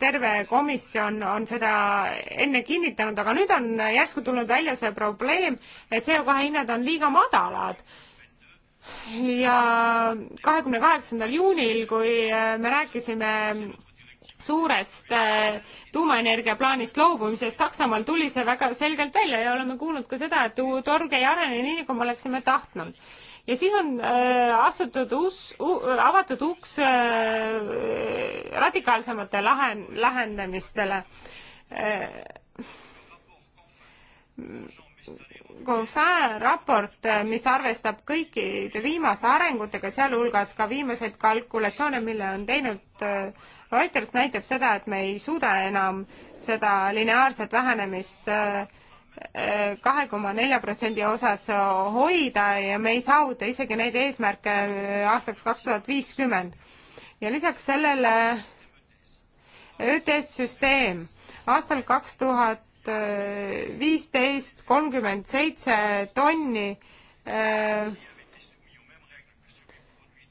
terve komisjon on seda enne kinnitanud, aga nüüd on järsku tulnud välja see probleem, et CO2 hinnad on liiga madalad ja kahekümne kaheksandal juunil, kui äh, me rääkisime suurest äh, tuumaenergia plaanist loobumisest Saksamaal tuli see väga selgelt välja ja oleme kuulnud ka seda, et turg ei arene nii, nagu me oleksime tahtnud. ja siis on äh, astutud uus uh,, avatud uks äh, radikaalsemate lahen-, lähendamistele äh, Confin raport, mis arvestab kõikide viimaste arengutega, sealhulgas ka viimaseid kalkulatsioone, mille on teinud äh, Reuters, näitab seda, et me ei suuda enam seda lineaarset vähenemist äh, kahe koma nelja protsendi osas hoida ja me ei saavuta isegi neid eesmärke äh, aastaks kaks tuhat viiskümmend. ja lisaks sellele ÖTS-süsteem aastal kaks tuhat tuhat äh, viisteist kolmkümmend seitse tonni äh,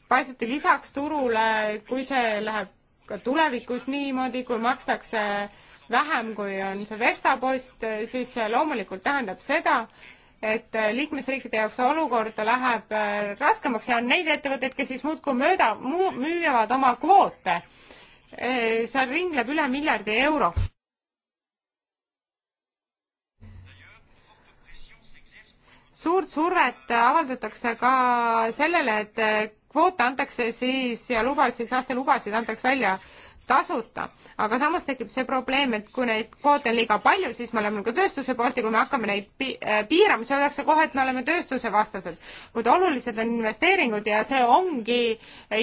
paisati lisaks turule, kui see läheb ka tulevikus niimoodi, kui makstakse vähem, kui on see verstapost, siis see loomulikult tähendab seda, et äh, liikmesriikide jaoks olukord läheb raskemaks ja on neid ettevõtteid, kes siis muudkui mööda, müüvad oma kvoote. seal ringleb üle miljardi euro suurt survet avaldatakse ka sellele, et kvoote antakse siis ja lubasid, saastelubasid antakse välja tasuta, aga samas tekib see probleem, et kui neid kvoote on liiga palju, siis me oleme ka tööstuse poolt ja kui me hakkame neid pi äh, piirama, siis öeldakse kohe, et me oleme tööstuse vastased. kuid olulised on investeeringud ja see ongi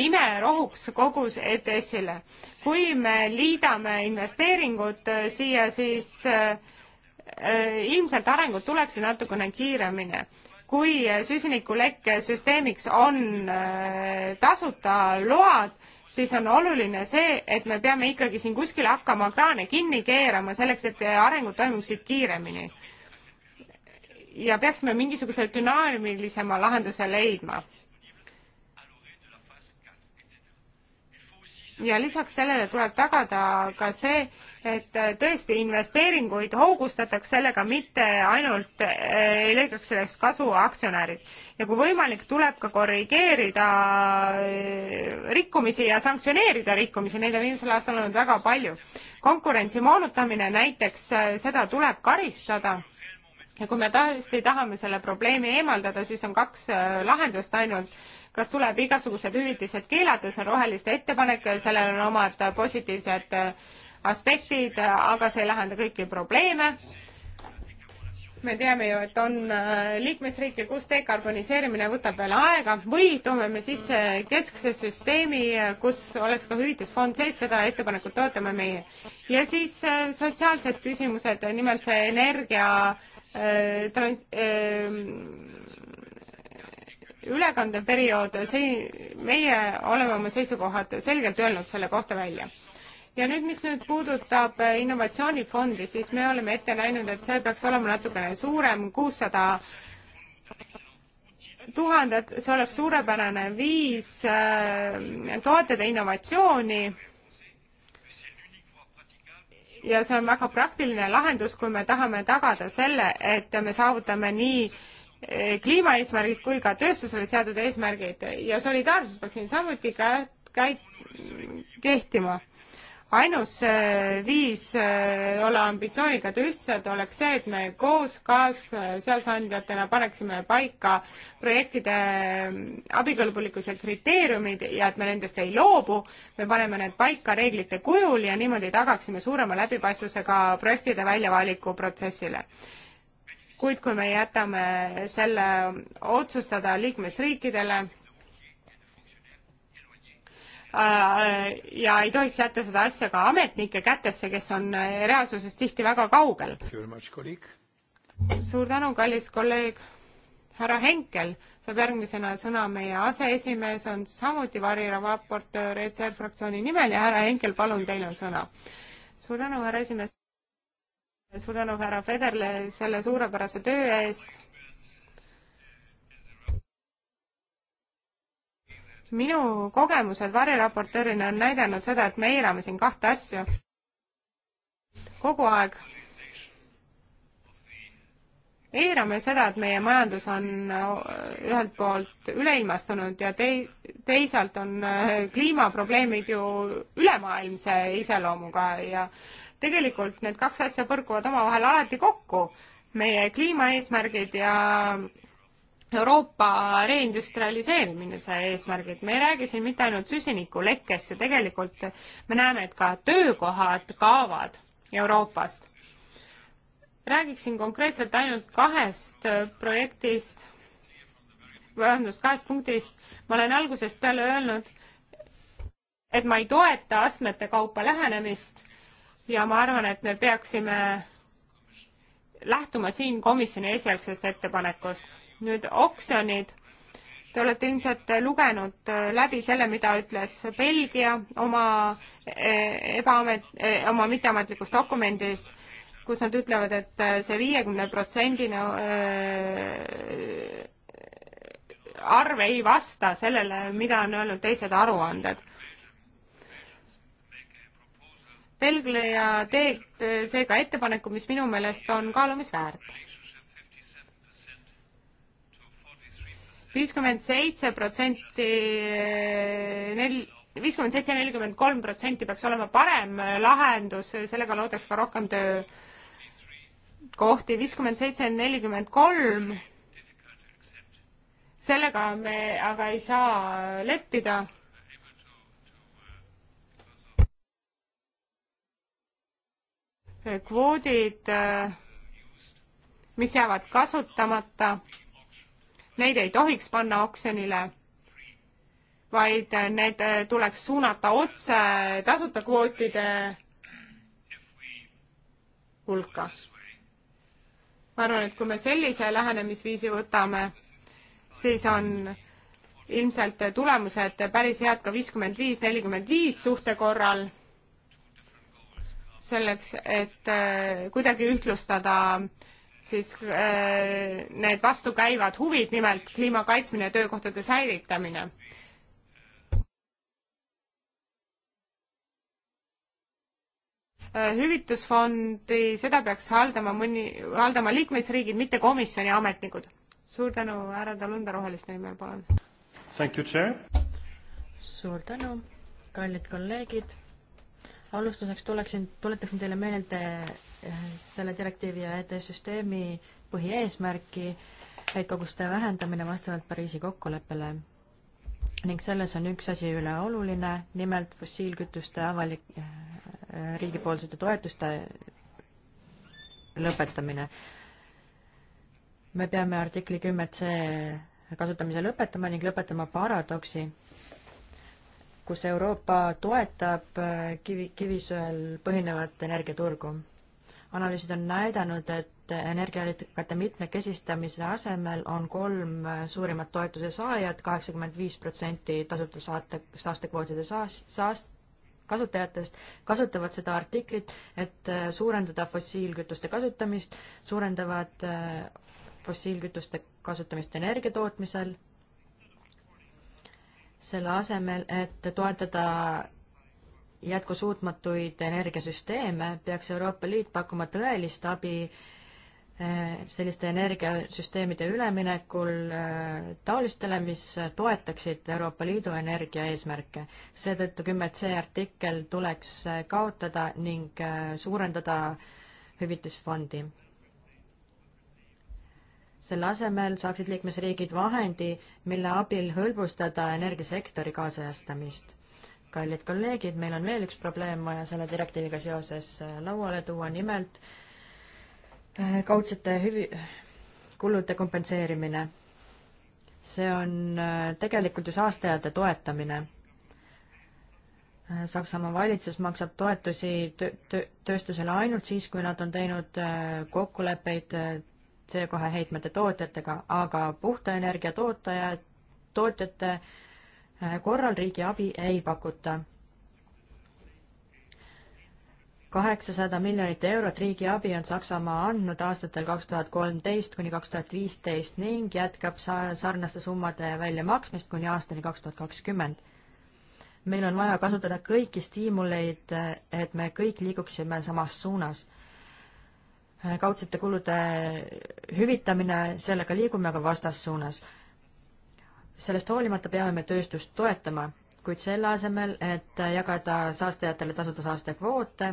imerohuks kogu ETS-ile. kui me liidame investeeringud siia, siis äh, Äh, ilmselt arengud tuleksid natukene kiiremini. kui äh, süsinikulekke süsteemiks on äh, tasuta load, siis on oluline see, et me peame ikkagi siin kuskil hakkama kraane kinni keerama selleks, et arengud toimuksid kiiremini. ja peaksime mingisuguse dünaamilisema lahenduse leidma ja lisaks sellele tuleb tagada ka see, et tõesti investeeringuid hoogustataks sellega, mitte ainult eh, ei lõigaks sellest kasu aktsionärid. ja kui võimalik, tuleb ka korrigeerida eh, rikkumisi ja sanktsioneerida rikkumisi, neid on viimasel aastal olnud väga palju. konkurentsi moonutamine näiteks, eh, seda tuleb karistada ja kui me tõesti tahame selle probleemi eemaldada, siis on kaks äh, lahendust ainult. kas tuleb igasugused hüvitised keelata, see on roheliste ettepanek, sellel on omad positiivsed äh, aspektid, aga see ei lahenda kõiki probleeme me teame ju, et on äh, liikmesriike, kus dekarboniseerimine võtab veel aega või toome me sisse keskse süsteemi, kus oleks ka hüvitusfond sees, seda ettepanekut toetame meie. ja siis sotsiaalsed küsimused, nimelt see energia Äh, trans-, ähm, ülekandeperiood, see, meie oleme oma seisukohad selgelt öelnud selle kohta välja. ja nüüd, mis nüüd puudutab äh, innovatsioonifondi, siis me oleme ette näinud, et see peaks olema natukene suurem, kuussada tuhandet, see oleks suurepärane viis äh, toetada innovatsiooni ja see on väga praktiline lahendus, kui me tahame tagada selle, et me saavutame nii eh, kliimaeesmärgid kui ka tööstusele seatud eesmärgid ja solidaarsus peaks siin samuti ka, ka kehtima ainus äh, viis äh, olla ambitsioonikad ühtsed oleks see, et me koos kaasseadusandjatena paneksime paika projektide äh, abikõlbulikkuse kriteeriumid ja et me nendest ei loobu. me paneme need paika reeglite kujul ja niimoodi tagaksime suurema läbipaistvuse ka projektide väljavaliku protsessile kuid kui me jätame selle otsustada liikmesriikidele Äh, äh, ja ei tohiks jätta seda asja ka ametnike kätesse, kes on äh, reaalsuses tihti väga kaugel. suur tänu, kallis kolleeg. härra Henkel saab järgmisena sõna, meie aseesimees on samuti variraportöör ECR fraktsiooni nimel ja härra Henkel, palun, teil on sõna. suur tänu, härra esimees. suur tänu, härra Federle selle suurepärase töö eest minu kogemused variraportöörina on näidanud seda, et me eirame siin kahte asja kogu aeg. eirame seda, et meie majandus on äh, ühelt poolt üleilmastunud ja tei-, teisalt on äh, kliimaprobleemid ju ülemaailmse iseloomuga ja tegelikult need kaks asja põrkuvad omavahel alati kokku meie kliimaeesmärgid ja Euroopa reindustrialiseerimise eesmärgid, me ei räägi siin mitte ainult süsinikulekkest ju tegelikult me näeme, et ka töökohad kaovad Euroopast. räägiksin konkreetselt ainult kahest projektist, vabandust, kahest punktist. ma olen algusest peale öelnud, et ma ei toeta astmete kaupa lähenemist ja ma arvan, et me peaksime lähtuma siin komisjoni esialgsest ettepanekust nüüd oksjonid. Te olete ilmselt lugenud äh, läbi selle, mida ütles Belgia oma äh, ebaamet, äh, oma mitteametlikus dokumendis, kus nad ütlevad, et see viiekümne protsendine arv ei vasta sellele, mida on öelnud teised aruanded. Belgia teeb seega ettepaneku, mis minu meelest on kaalumist väärt viiskümmend seitse protsenti nel-, viiskümmend seitse, nelikümmend kolm protsenti peaks olema parem lahendus, sellega loodaks ka rohkem töökohti, viiskümmend seitse, nelikümmend kolm, sellega me aga ei saa leppida kvoodid, mis jäävad kasutamata neid ei tohiks panna oksjonile, vaid need äh, tuleks suunata otse tasuta kvootide hulka. ma arvan, et kui me sellise lähenemisviisi võtame, siis on ilmselt tulemused päris head ka viiskümmend viis, nelikümmend viis suhte korral, selleks et äh, kuidagi ühtlustada äh, siis äh, need vastukäivad huvid, nimelt kliima kaitsmine ja töökohtade säilitamine. Äh, hüvitusfondi, seda peaks haldama mõni, haldama liikmesriigid, mitte komisjoni ametnikud. suur tänu, härra Talunda Roheliste nimel, palun. suur tänu, kallid kolleegid alustuseks tuleksin, tuletaksin teile meelde eh, selle direktiivi ja ETS-süsteemi põhieesmärki, heitkoguste vähendamine vastavalt Pariisi kokkuleppele. ning selles on üks asi üle oluline, nimelt fossiilkütuste avalik, eh, riigipoolsete toetuste lõpetamine. me peame artikli kümme C kasutamise lõpetama ning lõpetama paradoksi, kus Euroopa toetab äh, kivi, kivisöel põhinevat energiaturgu. analüüsid on näidanud, et energiaallikate mitmekesistamise asemel on kolm äh, suurimat toetuse saajat, kaheksakümmend viis protsenti tasuta saate, saastekvootide saas-, saast-, kasutajatest kasutavad seda artiklit, et äh, suurendada fossiilkütuste kasutamist, suurendavad fossiilkütuste kasutamist energia tootmisel selle asemel, et toetada jätkusuutmatuid energiasüsteeme, peaks Euroopa Liit pakkuma tõelist abi eh, selliste energiasüsteemide üleminekul eh, taolistele, mis toetaksid Euroopa Liidu energiaeesmärke. seetõttu kümme C artikkel tuleks eh, kaotada ning suurendada hüvitisfondi selle asemel saaksid liikmesriigid vahendi, mille abil hõlbustada energiasektori kaasajastamist. kallid kolleegid, meil on veel üks probleem vaja selle direktiiviga seoses äh, lauale tuua, nimelt äh, kaudsete hüvi-, kulude kompenseerimine. see on äh, tegelikult ju saastajate toetamine. Saksamaa valitsus maksab toetusi tö-, tö-, tööstusele ainult siis, kui nad on teinud kokkuleppeid CO2 heitmete tootjatega, aga puhta energia tootaja, tootjate äh, korral riigi abi ei pakuta. kaheksasada miljonit eurot riigi abi on Saksamaa andnud aastatel kaks tuhat kolmteist kuni kaks tuhat viisteist ning jätkab sa-, sarnaste summade väljamaksmist kuni aastani kaks tuhat kakskümmend meil on vaja kasutada kõiki stiimuleid, et me kõik liiguksime samas suunas kaudsete kulude hüvitamine, sellega liigume aga vastassuunas. sellest hoolimata peame me tööstust toetama, kuid selle asemel, et jagada saastajatele tasuta saastekvoote,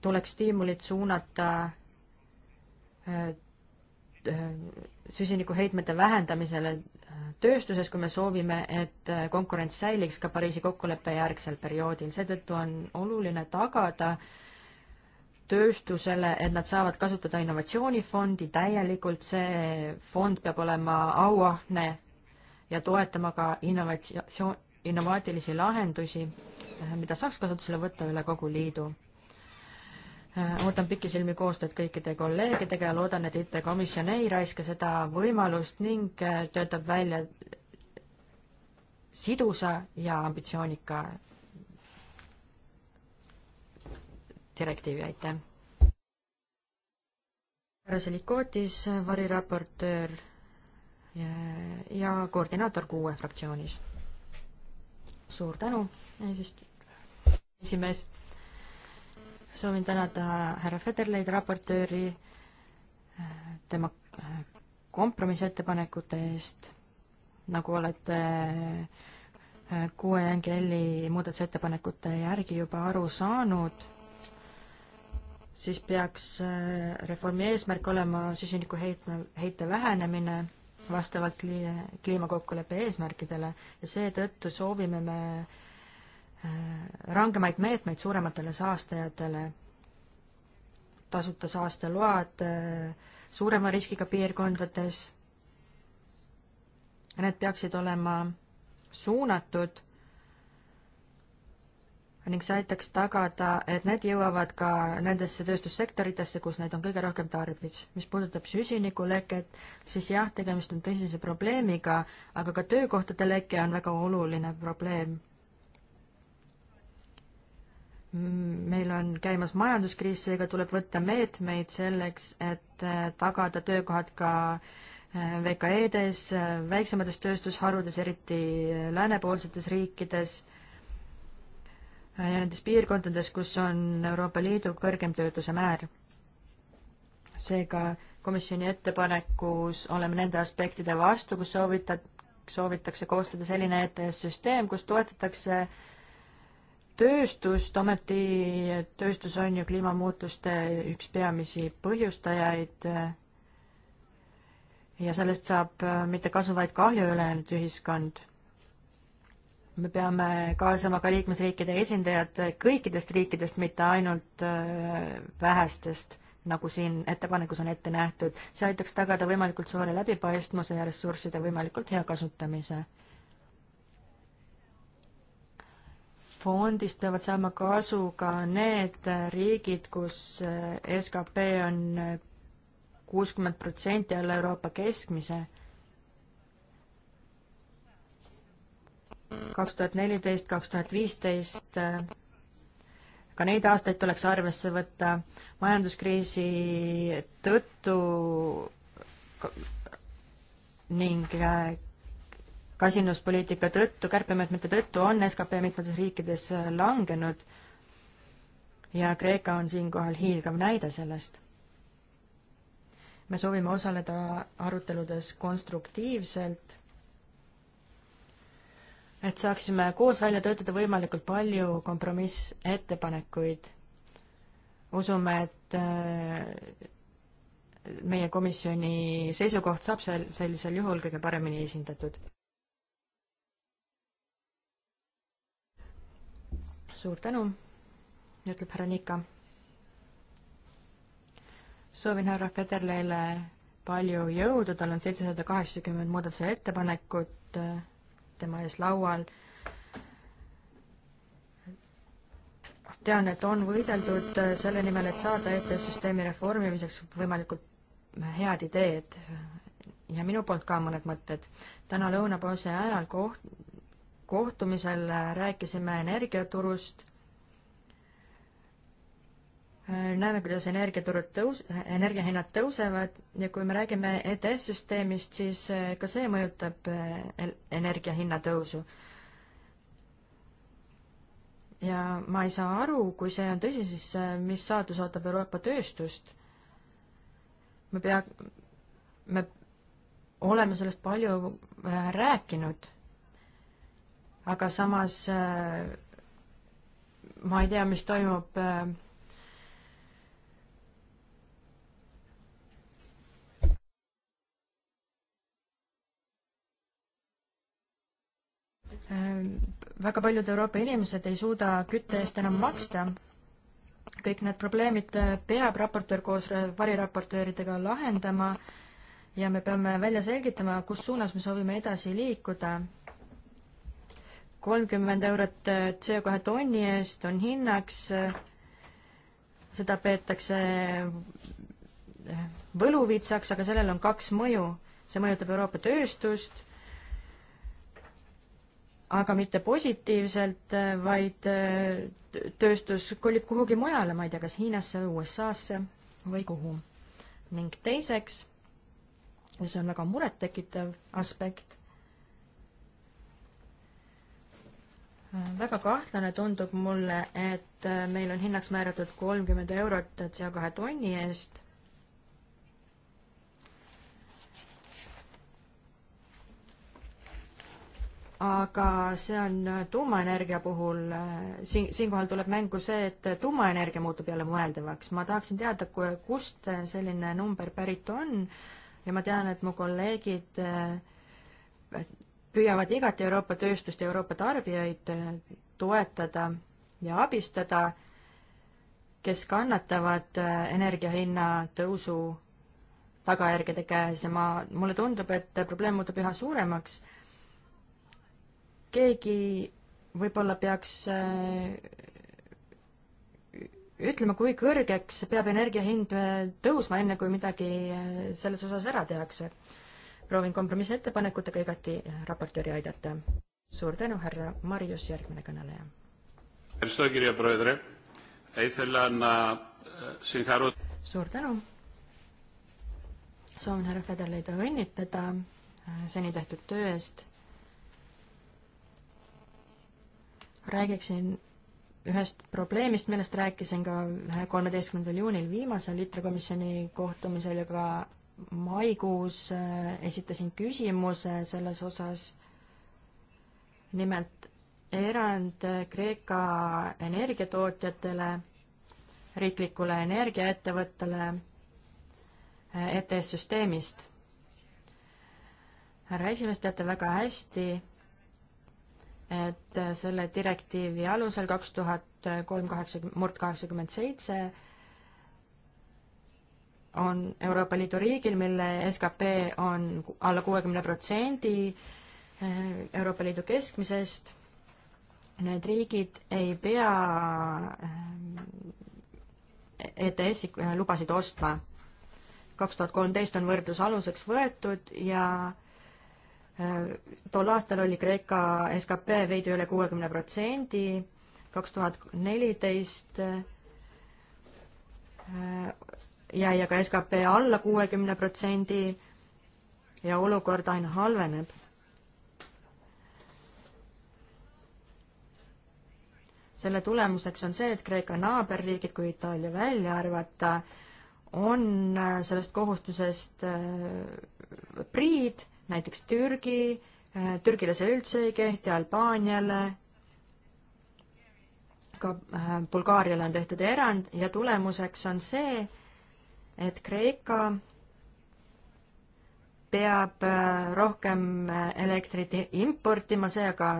tuleks stiimulid suunata äh, süsinikuheitmete vähendamisele tööstuses, kui me soovime, et konkurents säiliks ka Pariisi kokkuleppe järgsel perioodil. seetõttu on oluline tagada äh, tööstusele, et nad saavad kasutada innovatsioonifondi täielikult, see fond peab olema auahne ja toetama ka innovatsioon, innovaatilisi lahendusi, mida saaks kasutusele võtta üle kogu liidu. ootan pikisilmi koostööd kõikide kolleegidega ja loodan, et IT komisjon ei raiska seda võimalust ning töötab välja sidusa ja ambitsioonika direktiivi, aitäh! härra Selikotis, variraportöör ja, ja koordinaator kuue fraktsioonis. suur tänu, eesist-, esimees. soovin tänada härra Federleid, raportööri, tema kompromissettepanekute eest, nagu olete kuue NGL-i muudatusettepanekute järgi juba aru saanud siis peaks äh, reformi eesmärk olema süsiniku heitme, heite vähenemine vastavalt kli-, kliimakokkuleppe eesmärkidele ja seetõttu soovime me äh, rangemaid meetmeid suurematele saastajatele, tasuta saasteload äh, suurema riskiga piirkondades, need peaksid olema suunatud ning see aitaks tagada, et need jõuavad ka nendesse tööstussektoritesse, kus neid on kõige rohkem tarvis. mis puudutab süsinikuleket, siis jah, tegemist on tõsise probleemiga, aga ka töökohtade leke on väga oluline probleem. meil on käimas majanduskriis, seega tuleb võtta meetmeid selleks, et äh, tagada töökohad ka äh, VKE-des, äh, väiksemates tööstusharudes, eriti läänepoolsetes riikides ja äh, nendes piirkondades, kus on Euroopa Liidu kõrgem töötuse määr. seega komisjoni ettepanekus oleme nende aspektide vastu, kus soovitad, soovitakse koostada selline ETS-süsteem, kus toetatakse tööstust, ometi tööstus on ju kliimamuutuste üks peamisi põhjustajaid ja sellest saab mitte kasu, vaid kahju ülejäänud ühiskond me peame kaasama ka liikmesriikide esindajad kõikidest riikidest, mitte ainult äh, vähestest, nagu siin ettepanekus on ette nähtud. see aitaks tagada võimalikult suure läbipaistvuse ja ressursside võimalikult hea kasutamise. fondist peavad saama kasu ka need riigid, kus äh, SKP on äh, kuuskümmend protsenti alla Euroopa keskmise kaks tuhat neliteist, kaks tuhat viisteist, äh, ka neid aastaid tuleks arvesse võtta. majanduskriisi tõttu ning äh, kasinuspoliitika tõttu, kärpemeetmete tõttu on skp mitmetes riikides äh, langenud ja Kreeka on siinkohal hiilgav näide sellest. me soovime osaleda aruteludes konstruktiivselt et saaksime koos välja töötada võimalikult palju kompromissettepanekuid. usume, et äh, meie komisjoni seisukoht saab sel, sellisel juhul kõige paremini esindatud. suur tänu, ütleb härra Nika. soovin härra Federleile palju jõudu, tal on seitsesada kaheksakümmend muudatusettepanekut äh, tema ees laual. tean, et on võideldud selle nimel, et saada ETS-süsteemi reformimiseks võimalikult head ideed ja minu poolt ka mõned mõtted. täna lõunapausi ajal koht-, kohtumisel rääkisime energiaturust näeme, kuidas energiaturud tõus-, energiahinnad tõusevad ja kui me räägime ETS-süsteemist, siis äh, ka see mõjutab äh, energiahinna tõusu. ja ma ei saa aru, kui see on tõsi, siis äh, mis saatus ootab Euroopa tööstust? me pea, me oleme sellest palju rääkinud, aga samas ma ei tea, mis toimub äh, väga paljud Euroopa inimesed ei suuda kütte eest enam maksta. kõik need probleemid äh, peab raportöör koos äh, variraportööridega lahendama ja me peame välja selgitama, kus suunas me soovime edasi liikuda. kolmkümmend eurot äh, CO2 tonni eest on hinnaks, seda peetakse võluvitsaks, aga sellel on kaks mõju. see mõjutab Euroopa tööstust aga mitte positiivselt, äh, vaid äh, tööstus kolib kuhugi mujale, ma ei tea, kas Hiinasse, USA-sse või kuhu. ning teiseks, ja see on väga murettekitav aspekt, äh, väga kahtlane tundub mulle, et meil on hinnaks määratud kolmkümmend eurot CO2 tonni eest aga see on tuumaenergia puhul, siin, siinkohal tuleb mängu see, et tuumaenergia muutub jälle mõeldavaks. ma tahaksin teada, kust selline number pärit on ja ma tean, et mu kolleegid äh, püüavad igati Euroopa tööstust ja Euroopa tarbijaid äh, toetada ja abistada, kes kannatavad äh, energiahinna tõusu tagajärgede käes ja ma, mulle tundub, et probleem muutub üha suuremaks keegi võib-olla peaks äh, ütlema, kui kõrgeks peab energia hind äh, tõusma, enne kui midagi äh, selles osas ära tehakse. proovin kompromissettepanekutega igati raportööri aidata. suur tänu, härra Marius, järgmine kõneleja. suur tänu. soovin härra Federleid õnnitleda seni tehtud töö eest räägiksin ühest probleemist, millest rääkisin ka kolmeteistkümnendal juunil viimasel ITRE komisjoni kohtumisel ja ka maikuus äh, esitasin küsimuse selles osas, nimelt erand Kreeka energiatootjatele, riiklikule energiaettevõttele äh, ETS-süsteemist. härra esimees, teate väga hästi, et äh, selle direktiivi alusel kaks tuhat kolm kaheksakümmend, murd kaheksakümmend seitse on Euroopa Liidu riigil, mille skp on alla kuuekümne protsendi äh, Euroopa Liidu keskmisest, need riigid ei pea äh, ETS-i lubasid ostma. kaks tuhat kolmteist on võrdlus aluseks võetud ja Äh, tol aastal oli Kreeka skp veidi üle kuuekümne protsendi, kaks tuhat neliteist äh, jäi aga skp alla kuuekümne protsendi ja olukord aina halveneb. selle tulemuseks on see, et Kreeka naaberriigid, kui Itaalia välja arvata, on äh, sellest kohustusest priid näiteks Türgi, äh, Türgile see üldse ei kehti, Albaaniale, ka äh, Bulgaariale on tehtud erand ja tulemuseks on see, et Kreeka peab äh, rohkem elektrit importima, see aga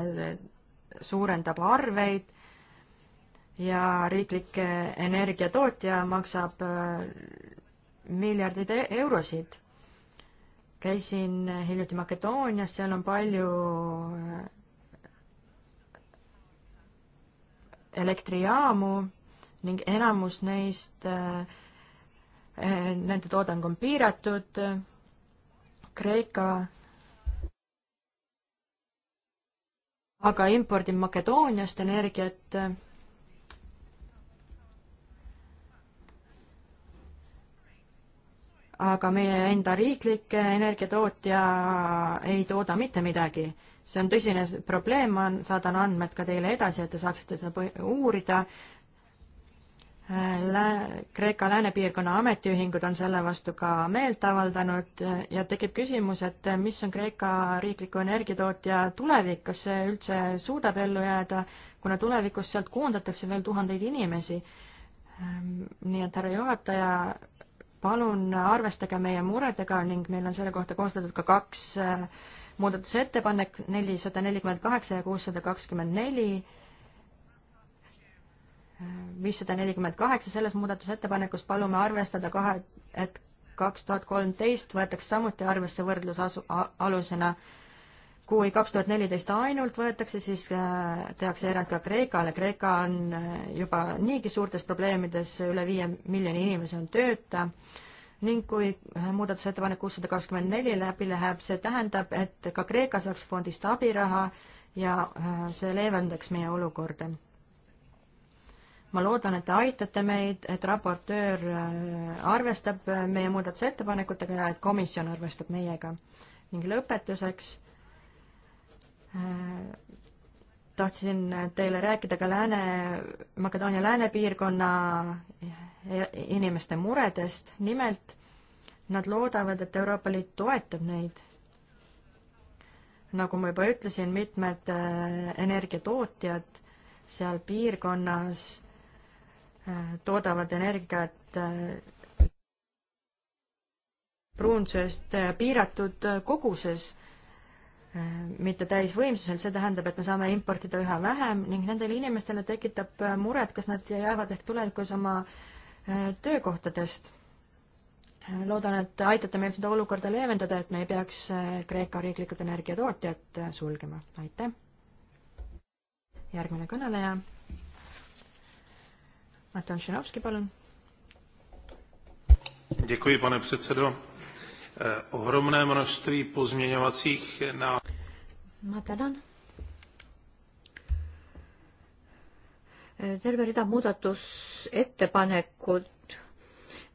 suurendab arveid ja riiklik energiatootja maksab miljardeid e-, eurosid käisin hiljuti Makedoonias, seal on palju äh, elektrijaamu ning enamus neist, äh, äh, nende toodang on piiratud. Kreeka aga impordib Makedooniast energiat aga meie enda riiklik energiatootja ei tooda mitte midagi. see on tõsine probleem, ma saadan andmed ka teile edasi, et te saaksite seda uurida. Lää-, Kreeka läänepiirkonna ametiühingud on selle vastu ka meelt avaldanud ja tekib küsimus, et mis on Kreeka riikliku energiatootja tulevik, kas see üldse suudab ellu jääda, kuna tulevikus sealt koondatakse veel tuhandeid inimesi. Ehm, nii et härra juhataja, palun arvestage meie muredega ning meil on selle kohta koostatud ka kaks äh, muudatusettepanek, nelisada nelikümmend kaheksa ja kuussada kakskümmend neli, viissada nelikümmend kaheksa, selles muudatusettepanekus palume arvestada kahe, et kaks tuhat kolmteist võetakse samuti arvesse võrdlusasu, alusena kui kaks tuhat neliteist ainult võetakse, siis äh, tehakse erand ka Kreekale. Kreeka on äh, juba niigi suurtes probleemides, üle viie miljoni inimese on tööta ning kui äh, muudatusettepanek kuussada kakskümmend neli läbi läheb, see tähendab, et ka Kreeka saaks fondist abiraha ja see leevendaks meie olukorda. ma loodan, et te aitate meid, et raportöör arvestab meie muudatusettepanekutega ja et komisjon arvestab meiega. ning lõpetuseks tahtsin teile rääkida ka Lääne, Makedoonia läänepiirkonna inimeste muredest, nimelt nad loodavad, et Euroopa Liit toetab neid. nagu ma juba ütlesin, mitmed äh, energiatootjad seal piirkonnas äh, toodavad energiat äh, pruunsööst piiratud koguses mitte täisvõimsusel, see tähendab, et me saame importida üha vähem ning nendele inimestele tekitab äh, muret, kas nad jäävad ehk tulevikus oma äh, töökohtadest. loodan, et aitate meil seda olukorda leevendada, et me ei peaks äh, Kreeka riiklikud energiatootjad sulgema, aitäh. järgmine kõneleja. Anton Šinovski, palun. Děkuji, pane předsedo Eh, ohromné množství pozměňovacích na... ma tänan. Eh, terve rida muudatusettepanekud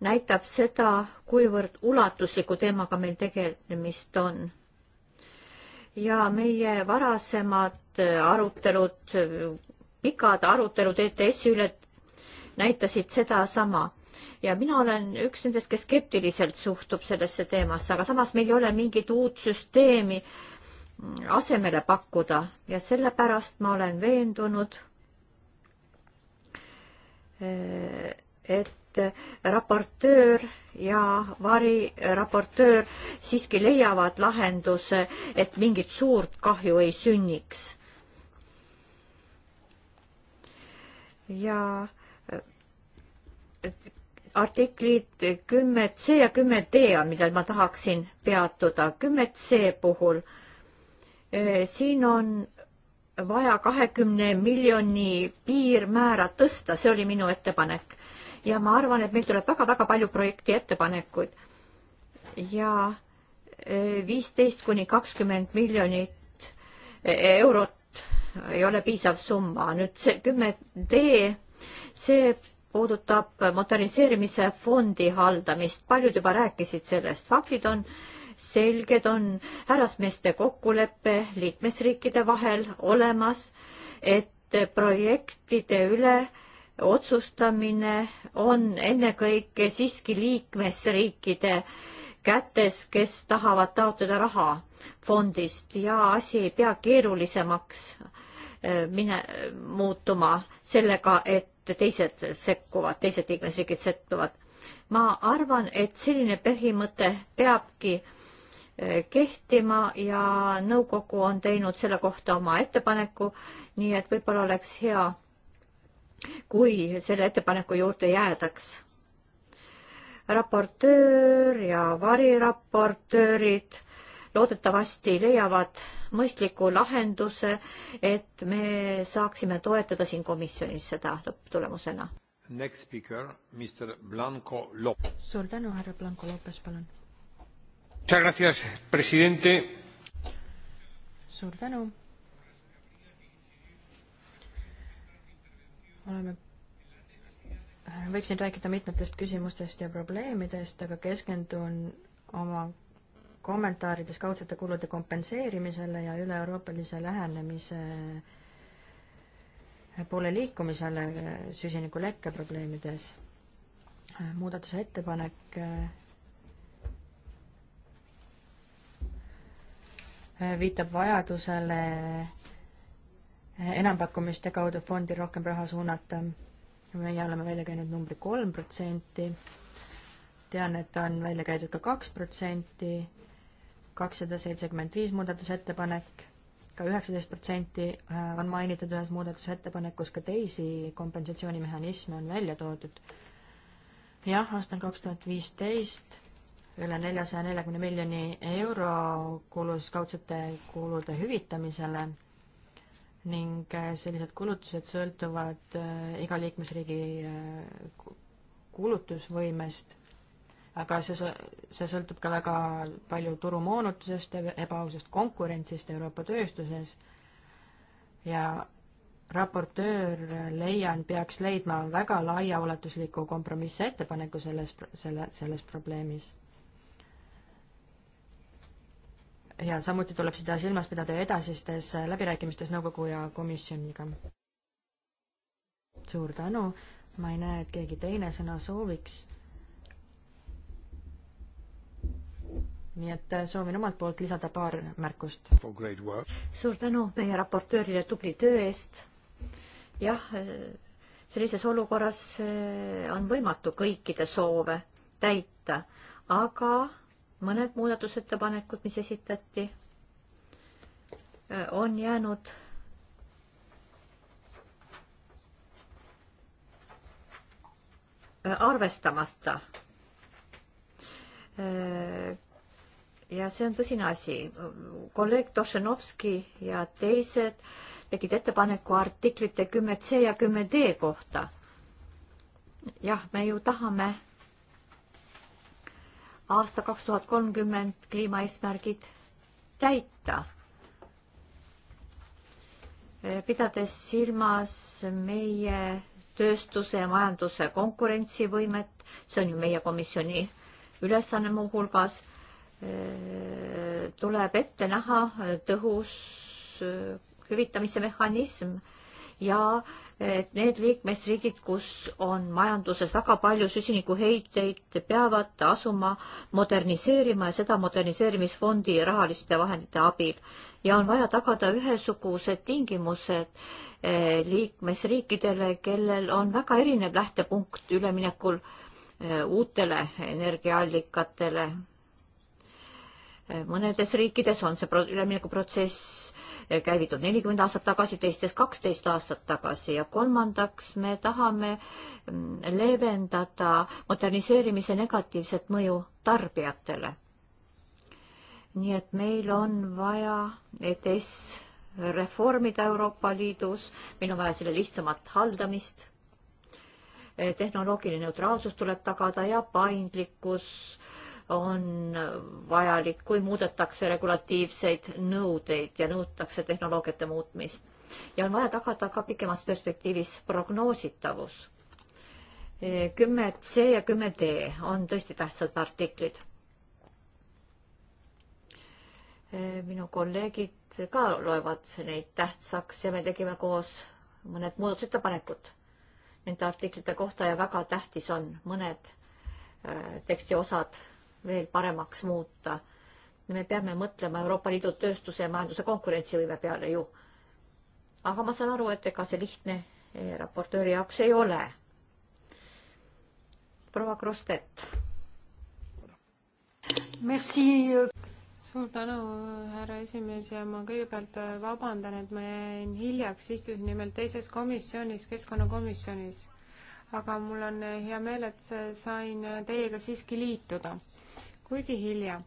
näitab seda, kuivõrd ulatusliku teemaga meil tegemist on. ja meie varasemad eh, arutelud, pikad arutelud ETS-i üle näitasid sedasama ja mina olen üks nendest, kes skeptiliselt suhtub sellesse teemasse, aga samas meil ei ole mingit uut süsteemi asemele pakkuda ja sellepärast ma olen veendunud, et raportöör ja variraportöör siiski leiavad lahenduse, et mingit suurt kahju ei sünniks. ja artiklid kümme C ja kümme D on, millel ma tahaksin peatuda. kümme C puhul eh, siin on vaja kahekümne miljoni piirmäära tõsta, see oli minu ettepanek. ja ma arvan, et meil tuleb väga-väga palju projekti ettepanekuid. ja eh, viisteist kuni kakskümmend miljonit eh, eurot ei ole piisav summa. nüüd see kümme D, see puudutab moderniseerimise fondi haldamist, paljud juba rääkisid sellest, faktid on selged, on härrasmeeste kokkulepe liikmesriikide vahel olemas, et projektide üle otsustamine on ennekõike siiski liikmesriikide kätes, kes tahavad taotleda raha fondist ja asi ei pea keerulisemaks eh, mine, muutuma sellega, et teised sekkuvad, teised liikmesriigid sekkuvad. ma arvan, et selline põhimõte peabki eh, kehtima ja nõukogu on teinud selle kohta oma ettepaneku, nii et võib-olla oleks hea, kui selle ettepaneku juurde jäädaks. raportöör ja variraportöörid loodetavasti leiavad mõistliku lahenduse, et me saaksime toetada siin komisjonis seda lõpptulemusena. Next speaker, Mr Blanco Lop-. suur tänu, härra Blanco Lopes, palun. suur tänu. oleme võiksin rääkida mitmetest küsimustest ja probleemidest, aga keskendun oma kommentaarides kaudsete kulude kompenseerimisele ja üle-euroopalise lähenemise poole liikumisele süsinikulekke probleemides. muudatuse ettepanek äh, viitab vajadusele enampakkumiste kaudu fondi rohkem raha suunata. meie oleme välja käinud numbri kolm protsenti. tean, et on välja käidud ka kaks protsenti kakssada seitsekümmend viis muudatusettepanek, ka üheksateist protsenti äh, on mainitud ühes muudatusettepanekus, ka teisi kompensatsioonimehhanisme on välja toodud. jah, aastal kaks tuhat viisteist üle neljasaja neljakümne miljoni euro kulus kaudsete kulude hüvitamisele ning äh, sellised kulutused sõltuvad äh, iga liikmesriigi kulutusvõimest aga see, see sõltub ka väga palju turumoonutusest ja ebaausast konkurentsist Euroopa tööstuses ja raportöör, leian, peaks leidma väga laiaulatusliku kompromissettepaneku selles, selle, selles probleemis. ja samuti tuleb seda silmas pidada edasistes läbirääkimistes nõukogu ja komisjoniga. suur tänu, ma ei näe, et keegi teine sõna sooviks nii et äh, soovin omalt poolt lisada paar märkust. suur tänu meie raportöörile tubli töö eest. jah, äh, sellises olukorras äh, on võimatu kõikide soove täita, aga mõned muudatusettepanekud, mis esitati, on jäänud arvestamata ja see on tõsine asi. kolleeg Tošenovski ja teised tegid ettepaneku artiklite kümme C ja kümme D kohta. jah, me ju tahame aasta kaks tuhat kolmkümmend kliimaeesmärgid täita pidades silmas meie tööstuse ja majanduse konkurentsivõimet, see on ju meie komisjoni ülesanne muuhulgas tuleb ette näha tõhus hüvitamise mehhanism ja et need liikmesriigid, kus on majanduses väga palju süsinikuheiteid, peavad asuma moderniseerima ja seda moderniseerimisfondi rahaliste vahendite abil. ja on vaja tagada ühesugused tingimused eh, liikmesriikidele, kellel on väga erinev lähtepunkt üleminekul eh, uutele energiaallikatele mõnedes riikides on see üleminekuprotsess eh, käivitud nelikümmend aastat tagasi, teistes kaksteist aastat tagasi ja kolmandaks me tahame mm, leevendada moderniseerimise negatiivset mõju tarbijatele. nii et meil on vaja ETS reformida Euroopa Liidus, meil on vaja selle lihtsamat haldamist, eh, tehnoloogiline neutraalsus tuleb tagada ja paindlikkus äh, on vajalik, kui muudetakse regulatiivseid nõudeid ja nõutakse tehnoloogiate muutmist. ja on vaja tagada ka pikemas perspektiivis prognoositavus. kümme C ja kümme D on tõesti tähtsad artiklid. minu kolleegid ka loevad neid tähtsaks ja me tegime koos mõned muudatusettepanekud nende artiklite kohta ja väga tähtis on mõned äh, tekstiosad veel paremaks muuta. me peame mõtlema Euroopa Liidu tööstuse ja majanduse konkurentsivõime peale ju. aga ma saan aru, et ega see lihtne eh, raportööri jaoks ei ole. proua Krustet. Merci euh. suur tänu, härra esimees ja ma kõigepealt äh, vabandan, et ma jäin hiljaks, istusin nimelt teises komisjonis, keskkonnakomisjonis. aga mul on äh, hea meel, et äh, sain teiega siiski liituda kuigi hilja.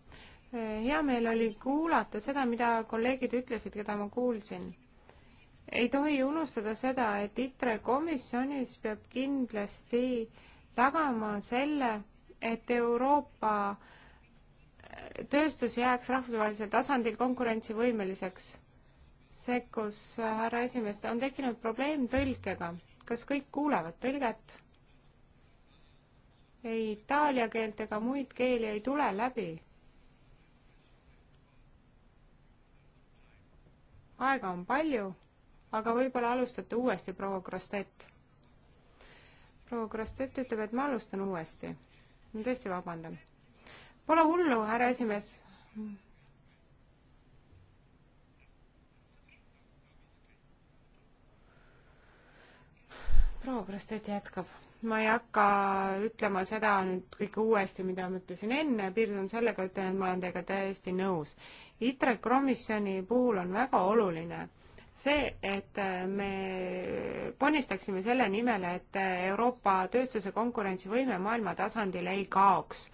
Eh, hea meel oli kuulata seda, mida kolleegid ütlesid, keda ma kuulsin. ei tohi unustada seda, et ITRE komisjonis peab kindlasti tagama selle, et Euroopa eh, tööstus jääks rahvusvahelisel tasandil konkurentsivõimeliseks, sekkus eh, härra esimees, on tekkinud probleem tõlkega. kas kõik kuulevad tõlget? ei itaalia keelt ega muid keeli ei tule läbi. aega on palju, aga võib-olla alustate uuesti, proua Krostet. proua Krostet ütleb, et ma alustan uuesti. ma tõesti vabandan. Pole hullu, härra esimees. proua Krostet jätkab ma ei hakka ütlema seda nüüd kõike uuesti, mida ma ütlesin enne, piirdun sellega, ütlen, et ma olen teiega täiesti nõus. ITRE komisjoni puhul on väga oluline see, et me ponnistaksime selle nimel, et Euroopa tööstuse konkurentsivõime maailma tasandil ei kaoks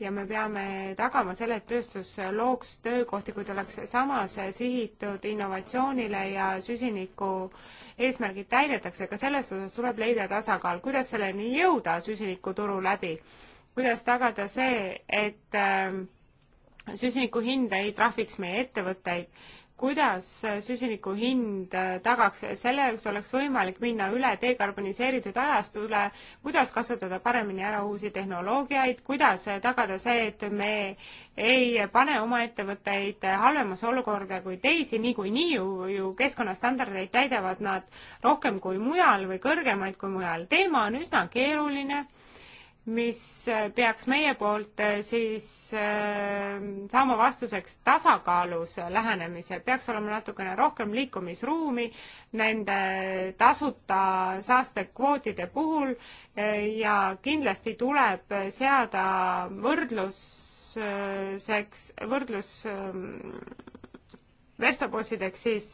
ja me peame tagama selle, et tööstus looks töökohti, kuid oleks samas sihitud innovatsioonile ja süsiniku eesmärgid täidetakse, ka selles osas tuleb leida tasakaal, kuidas selleni jõuda süsinikuturu läbi, kuidas tagada see, et ähm, süsiniku hind ei trahviks meie ettevõtteid kuidas süsiniku hind äh, tagaks, selleks oleks võimalik minna üle dekarboniseeritud ajastule, kuidas kasutada paremini ära uusi tehnoloogiaid, kuidas äh, tagada see, et me ei pane oma ettevõtteid äh, halvemasse olukorda kui teisi, niikuinii ju, ju keskkonnastandardeid täidavad nad rohkem kui mujal või kõrgemaid kui mujal. teema on üsna keeruline mis äh, peaks meie poolt äh, siis äh, saama vastuseks tasakaalus lähenemise, peaks olema natukene rohkem liikumisruumi nende tasuta saastekvootide puhul ja kindlasti tuleb seada võrdluseks, võrdlus ähm, verstapostideks siis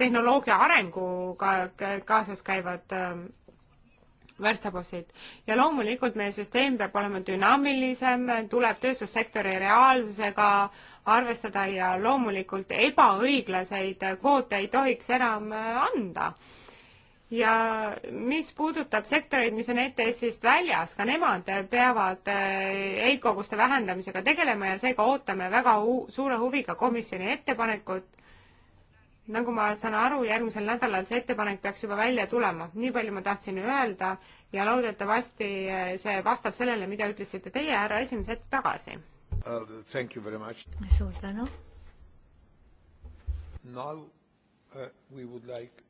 tehnoloogia arenguga kaasas käivad ähm, verstaposid. ja loomulikult meie süsteem peab olema dünaamilisem, tuleb tööstussektori reaalsusega arvestada ja loomulikult ebaõiglaseid kvoote ei tohiks enam äh, anda ja mis puudutab sektoreid, mis on ETS-ist väljas, ka nemad peavad äh, heitkoguste vähendamisega tegelema ja seega ootame väga hu suure huviga komisjoni ettepanekut nagu ma saan aru, järgmisel nädalal see ettepanek peaks juba välja tulema, nii palju ma tahtsin öelda ja loodetavasti eh, see vastab sellele, mida ütlesite teie, härra esimees, hetk tagasi uh,. suur tänu. Now uh, we would like.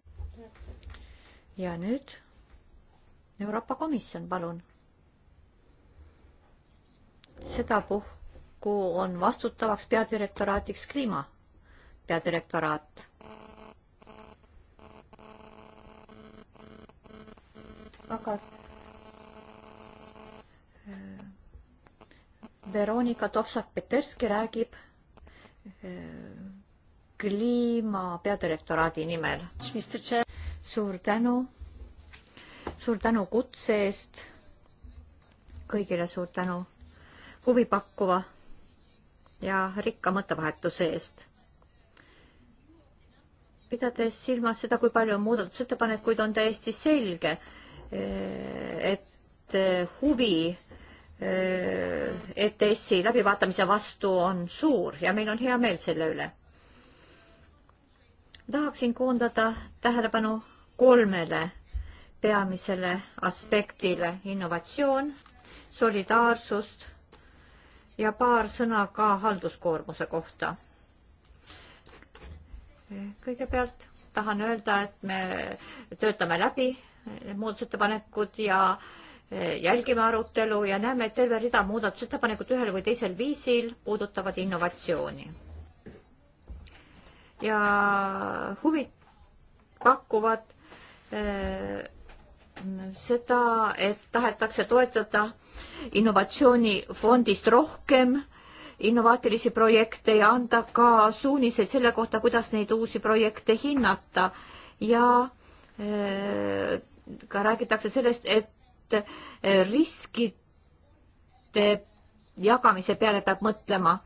ja nüüd Euroopa Komisjon, palun. sedapuhku on vastutavaks peadirektoraatiks kliima peadirektoraat aga äh, Veronika Tovšak-Peterski räägib äh, kliima peadirektoraadi nimel. suur tänu, suur tänu kutse eest. kõigile suur tänu huvipakkuva ja rikka mõttevahetuse eest. pidades silmas seda, kui palju muudatusettepanekuid on täiesti selge, et eh, huvi eh, ETS-i läbivaatamise vastu on suur ja meil on hea meel selle üle. tahaksin koondada tähelepanu kolmele peamisele aspektile innovatsioon, solidaarsust ja paar sõna ka halduskoormuse kohta. kõigepealt tahan öelda, et me töötame läbi muudatusettepanekud ja eh, jälgime arutelu ja näeme, et terve rida muudatusettepanekut ühel või teisel viisil puudutavad innovatsiooni. ja huvi pakuvad äh, eh, seda, et tahetakse toetada innovatsioonifondist rohkem innovaatilisi projekte ja anda ka suuniseid selle kohta, kuidas neid uusi projekte hinnata ja äh, ka räägitakse sellest, et eh, riskide jagamise peale peab mõtlema.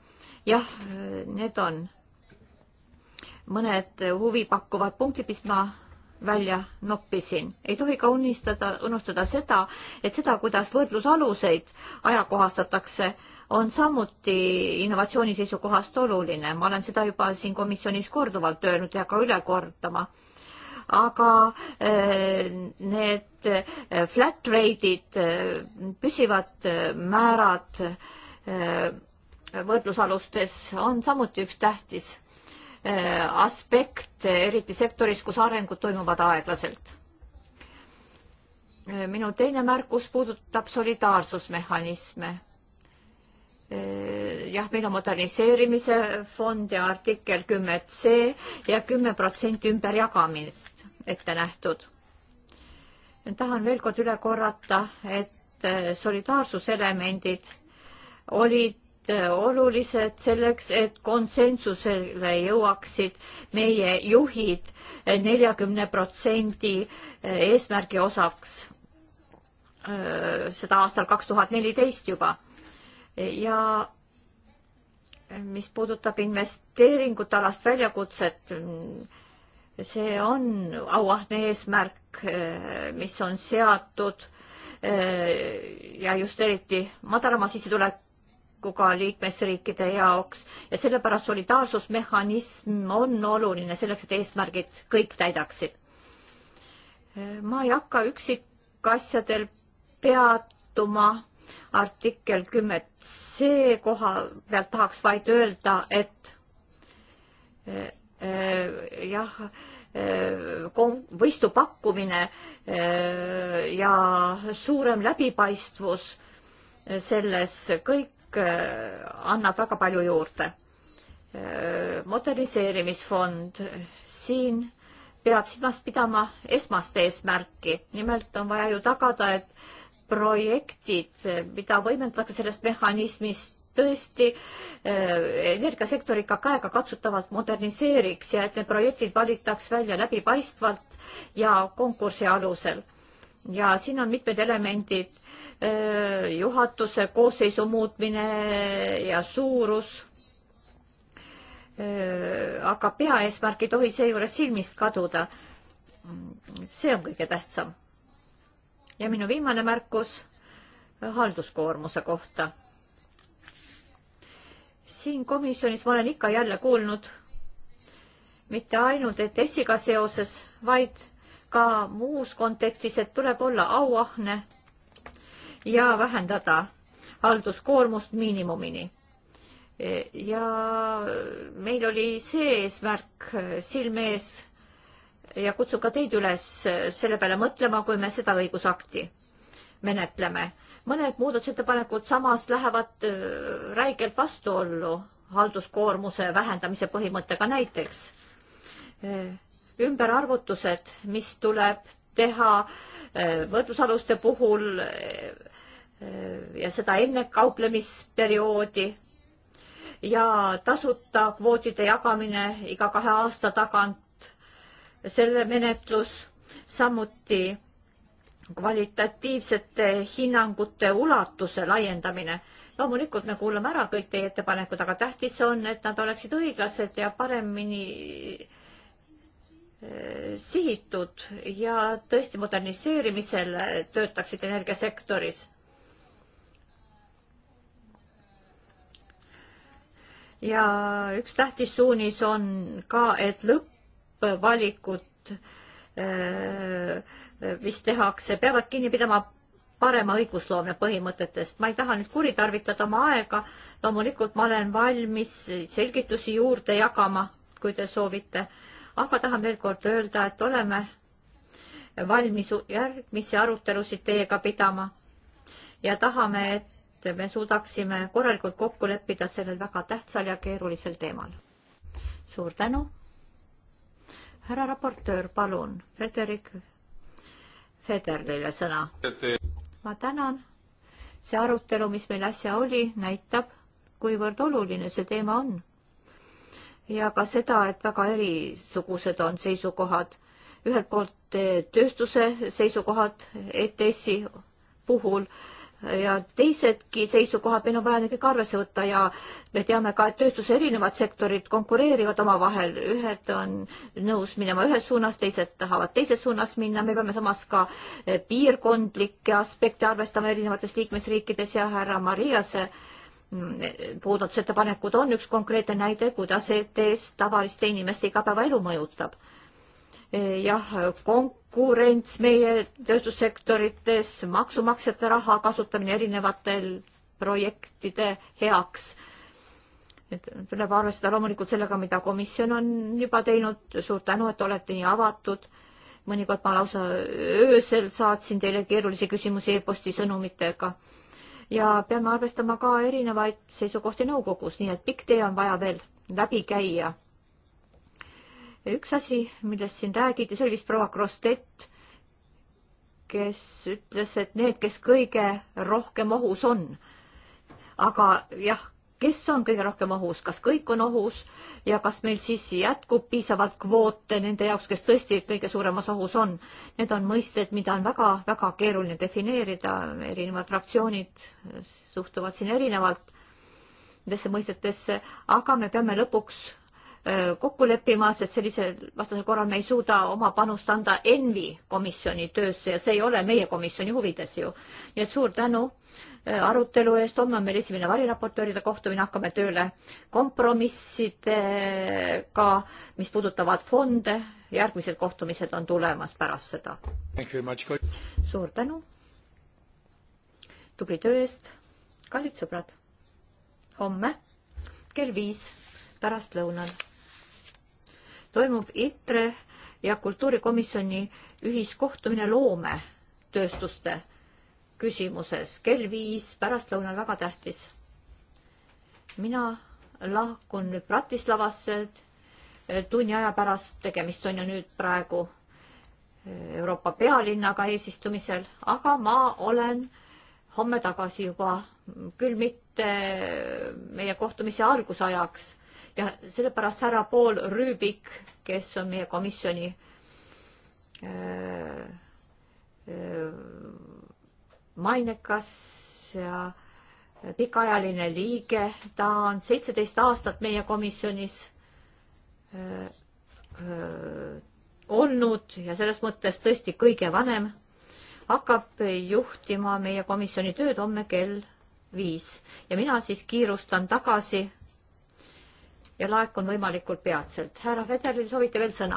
jah, need on mõned huvipakkuvad punktid, mis ma välja noppisin. ei tohi ka unistada, unustada seda, et seda, kuidas võrdlusaluseid ajakohastatakse, on samuti innovatsiooni seisukohast oluline. ma olen seda juba siin komisjonis korduvalt öelnud ja ka üle kordama aga eh, need eh, flat rate'id, eh, püsivad määrad võrdlusalustes on samuti üks tähtis aspekt, eriti sektoris, kus arengud toimuvad aeglaselt. minu teine märkus puudutab solidaarsusmehhanisme Eh, jah, meil on moderniseerimise fond ja artikkel kümme C ja kümme protsenti ümberjagamist ette nähtud. tahan veel kord üle korrata, et eh, solidaarsuselemendid olid eh, olulised selleks, et konsensusele jõuaksid meie juhid neljakümne protsendi eesmärgi osaks seda aastal kaks tuhat neliteist juba ja mis puudutab investeeringute alast väljakutset, see on auahne eesmärk, mis on seatud ja just eriti madalama sissetulekuga liikmesriikide jaoks ja sellepärast solidaarsusmehhanism on oluline selleks, et eesmärgid kõik täidaksid. ma ei hakka üksikasjadel peatuma artikkel kümmet C koha pealt tahaks vaid öelda, et äh, äh, jah eh, võistu pakkumine ja suurem läbipaistvus selles kõik annab väga palju juurde. moderniseerimisfond, siin peab silmas pidama esmast eesmärki, nimelt on vaja ju tagada, et projektid, mida võimendatakse sellest mehhanismist, tõesti eh, energiasektorit ka käegakatsutavalt moderniseeriks ja et need projektid valitaks välja läbipaistvalt ja konkursi alusel. ja siin on mitmed elemendid, eh, juhatuse koosseisu muutmine ja suurus eh, aga peaeesmärk ei tohi seejuures silmist kaduda. see on kõige tähtsam ja minu viimane märkus halduskoormuse kohta. siin komisjonis ma olen ikka jälle kuulnud mitte ainult ETS-iga seoses, vaid ka muus kontekstis, et tuleb olla auahne ja vähendada halduskoormust miinimumini. ja meil oli see eesmärk silme ees ja kutsun ka teid üles selle peale mõtlema, kui me seda õigusakti menetleme. mõned muudatusettepanekud samas lähevad äh, räigelt vastuollu halduskoormuse vähendamise põhimõttega näiteks. Äh, ümberarvutused, mis tuleb teha äh, võrdlusaluste puhul ja seda enne kauplemisperioodi ja tasuta kvootide jagamine iga kahe aasta tagant selle menetlus, samuti kvalitatiivsete hinnangute ulatuse laiendamine. loomulikult me kuulame ära kõik teie ettepanekud, aga tähtis on, et nad oleksid õiglased ja paremini eh, sihitud ja tõesti moderniseerimisel töötaksid energiasektoris ja üks tähtis suunis on ka, et lõpp valikut, äh, mis tehakse, peavad kinni pidama parema õigusloome põhimõtetest. ma ei taha nüüd kuritarvitada oma aega, loomulikult ma olen valmis selgitusi juurde jagama, kui te soovite, aga tahan veel kord öelda, et oleme valmis järgmisi arutelusid teiega pidama ja tahame, et me suudaksime korralikult kokku leppida sellel väga tähtsal ja keerulisel teemal. suur tänu härra raportöör, palun, Frederik Federlile sõna. ma tänan. see arutelu, mis meil äsja oli, näitab, kuivõrd oluline see teema on. ja ka seda, et väga erisugused on seisukohad. ühelt poolt eh, tööstuse seisukohad ETS-i puhul ja teisedki seisukohad meil on vaja nendega arvesse võtta ja me teame ka, et tööstuse erinevad sektorid konkureerivad omavahel, ühed on nõus minema ühes suunas, teised tahavad teises suunas minna, me peame samas ka eh, piirkondlikke aspekte arvestama erinevates liikmesriikides ja härra Mariase eh, muudatusettepanekud on üks konkreetne näide, kuidas ETS tavaliste inimeste igapäevaelu mõjutab. Eh, jah, konk-, konkurents meie tööstussektorites, maksumaksjate raha kasutamine erinevatel projektide heaks. et tuleb arvestada loomulikult sellega, mida komisjon on juba teinud, suur tänu, et olete nii avatud. mõnikord ma lausa öösel saatsin teile keerulisi küsimusi e-posti sõnumitega. ja peame arvestama ka erinevaid seisukohti nõukogus, nii et pikk tee on vaja veel läbi käia üks asi, millest siin räägiti, see oli vist proua Krostet, kes ütles, et need, kes kõige rohkem ohus on. aga jah, kes on kõige rohkem ohus, kas kõik on ohus ja kas meil siis jätkub piisavalt kvoote nende jaoks, kes tõesti kõige suuremas ohus on? Need on mõisted, mida on väga-väga keeruline defineerida, erinevad fraktsioonid suhtuvad siin erinevalt nendesse mõistetesse, aga me peame lõpuks Äh, kokku leppima, sest sellisel vastasel korral me ei suuda oma panust anda ENVI komisjoni töösse ja see ei ole meie komisjoni huvides ju. nii et suur tänu äh, arutelu eest, homme on meil esimene variraportööride kohtumine, hakkame tööle kompromissidega, mis puudutavad fonde, järgmised kohtumised on tulemas pärast seda. suur tänu tubli töö eest, kallid sõbrad, homme kell viis pärastlõunal toimub ITRE ja kultuurikomisjoni ühiskohtumine loometööstuste küsimuses kell viis pärastlõunal väga tähtis. mina lahkun nüüd Bratislavasse tunni aja pärast, tegemist on ju nüüd praegu e, Euroopa pealinnaga eesistumisel, aga ma olen homme tagasi juba, küll mitte e, meie kohtumise algusajaks, ja sellepärast härra Paul Rüübik, kes on meie komisjoni äh, äh, mainekas ja pikaajaline liige, ta on seitseteist aastat meie komisjonis äh, äh olnud ja selles mõttes tõesti kõige vanem, hakkab juhtima meie komisjoni tööd homme kell viis ja mina siis kiirustan tagasi ja laek on võimalikult peatselt. härra Federil soovite veel sõna?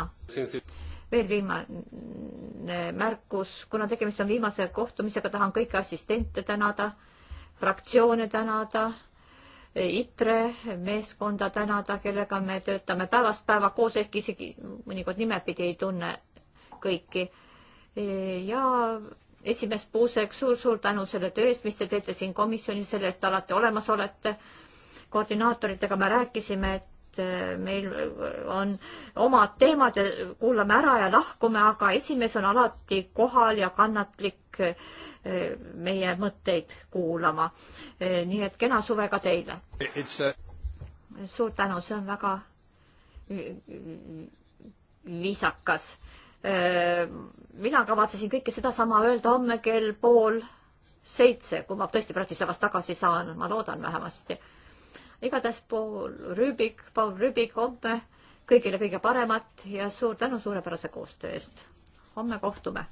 veel viimane märkus, kuna tegemist on viimase kohtumisega, tahan kõiki assistente tänada, fraktsioone tänada, ITRE meeskonda tänada, kellega me töötame päevast päeva koos, ehkki isegi mõnikord nimepidi ei tunne kõiki. ja esimees Puusek suur,, suur-suur tänu selle töö eest, mis te teete siin komisjonis, selle eest alati olemas olete koordinaatoritega me rääkisime, et äh, meil äh, on omad teemad ja kuulame ära ja lahkume, aga esimees on alati kohal ja kannatlik äh, meie mõtteid kuulama. nii et kena suve ka teile. A... suur tänu, see on väga viisakas. mina kavatsesin kõike sedasama öelda homme kell pool seitse, kui ma tõesti Bratislavast tagasi saan, ma loodan vähemasti igatahes Paul Rüübik, Paul Rüübik homme kõigile kõige paremat ja suur tänu suurepärase koostöö eest. homme kohtume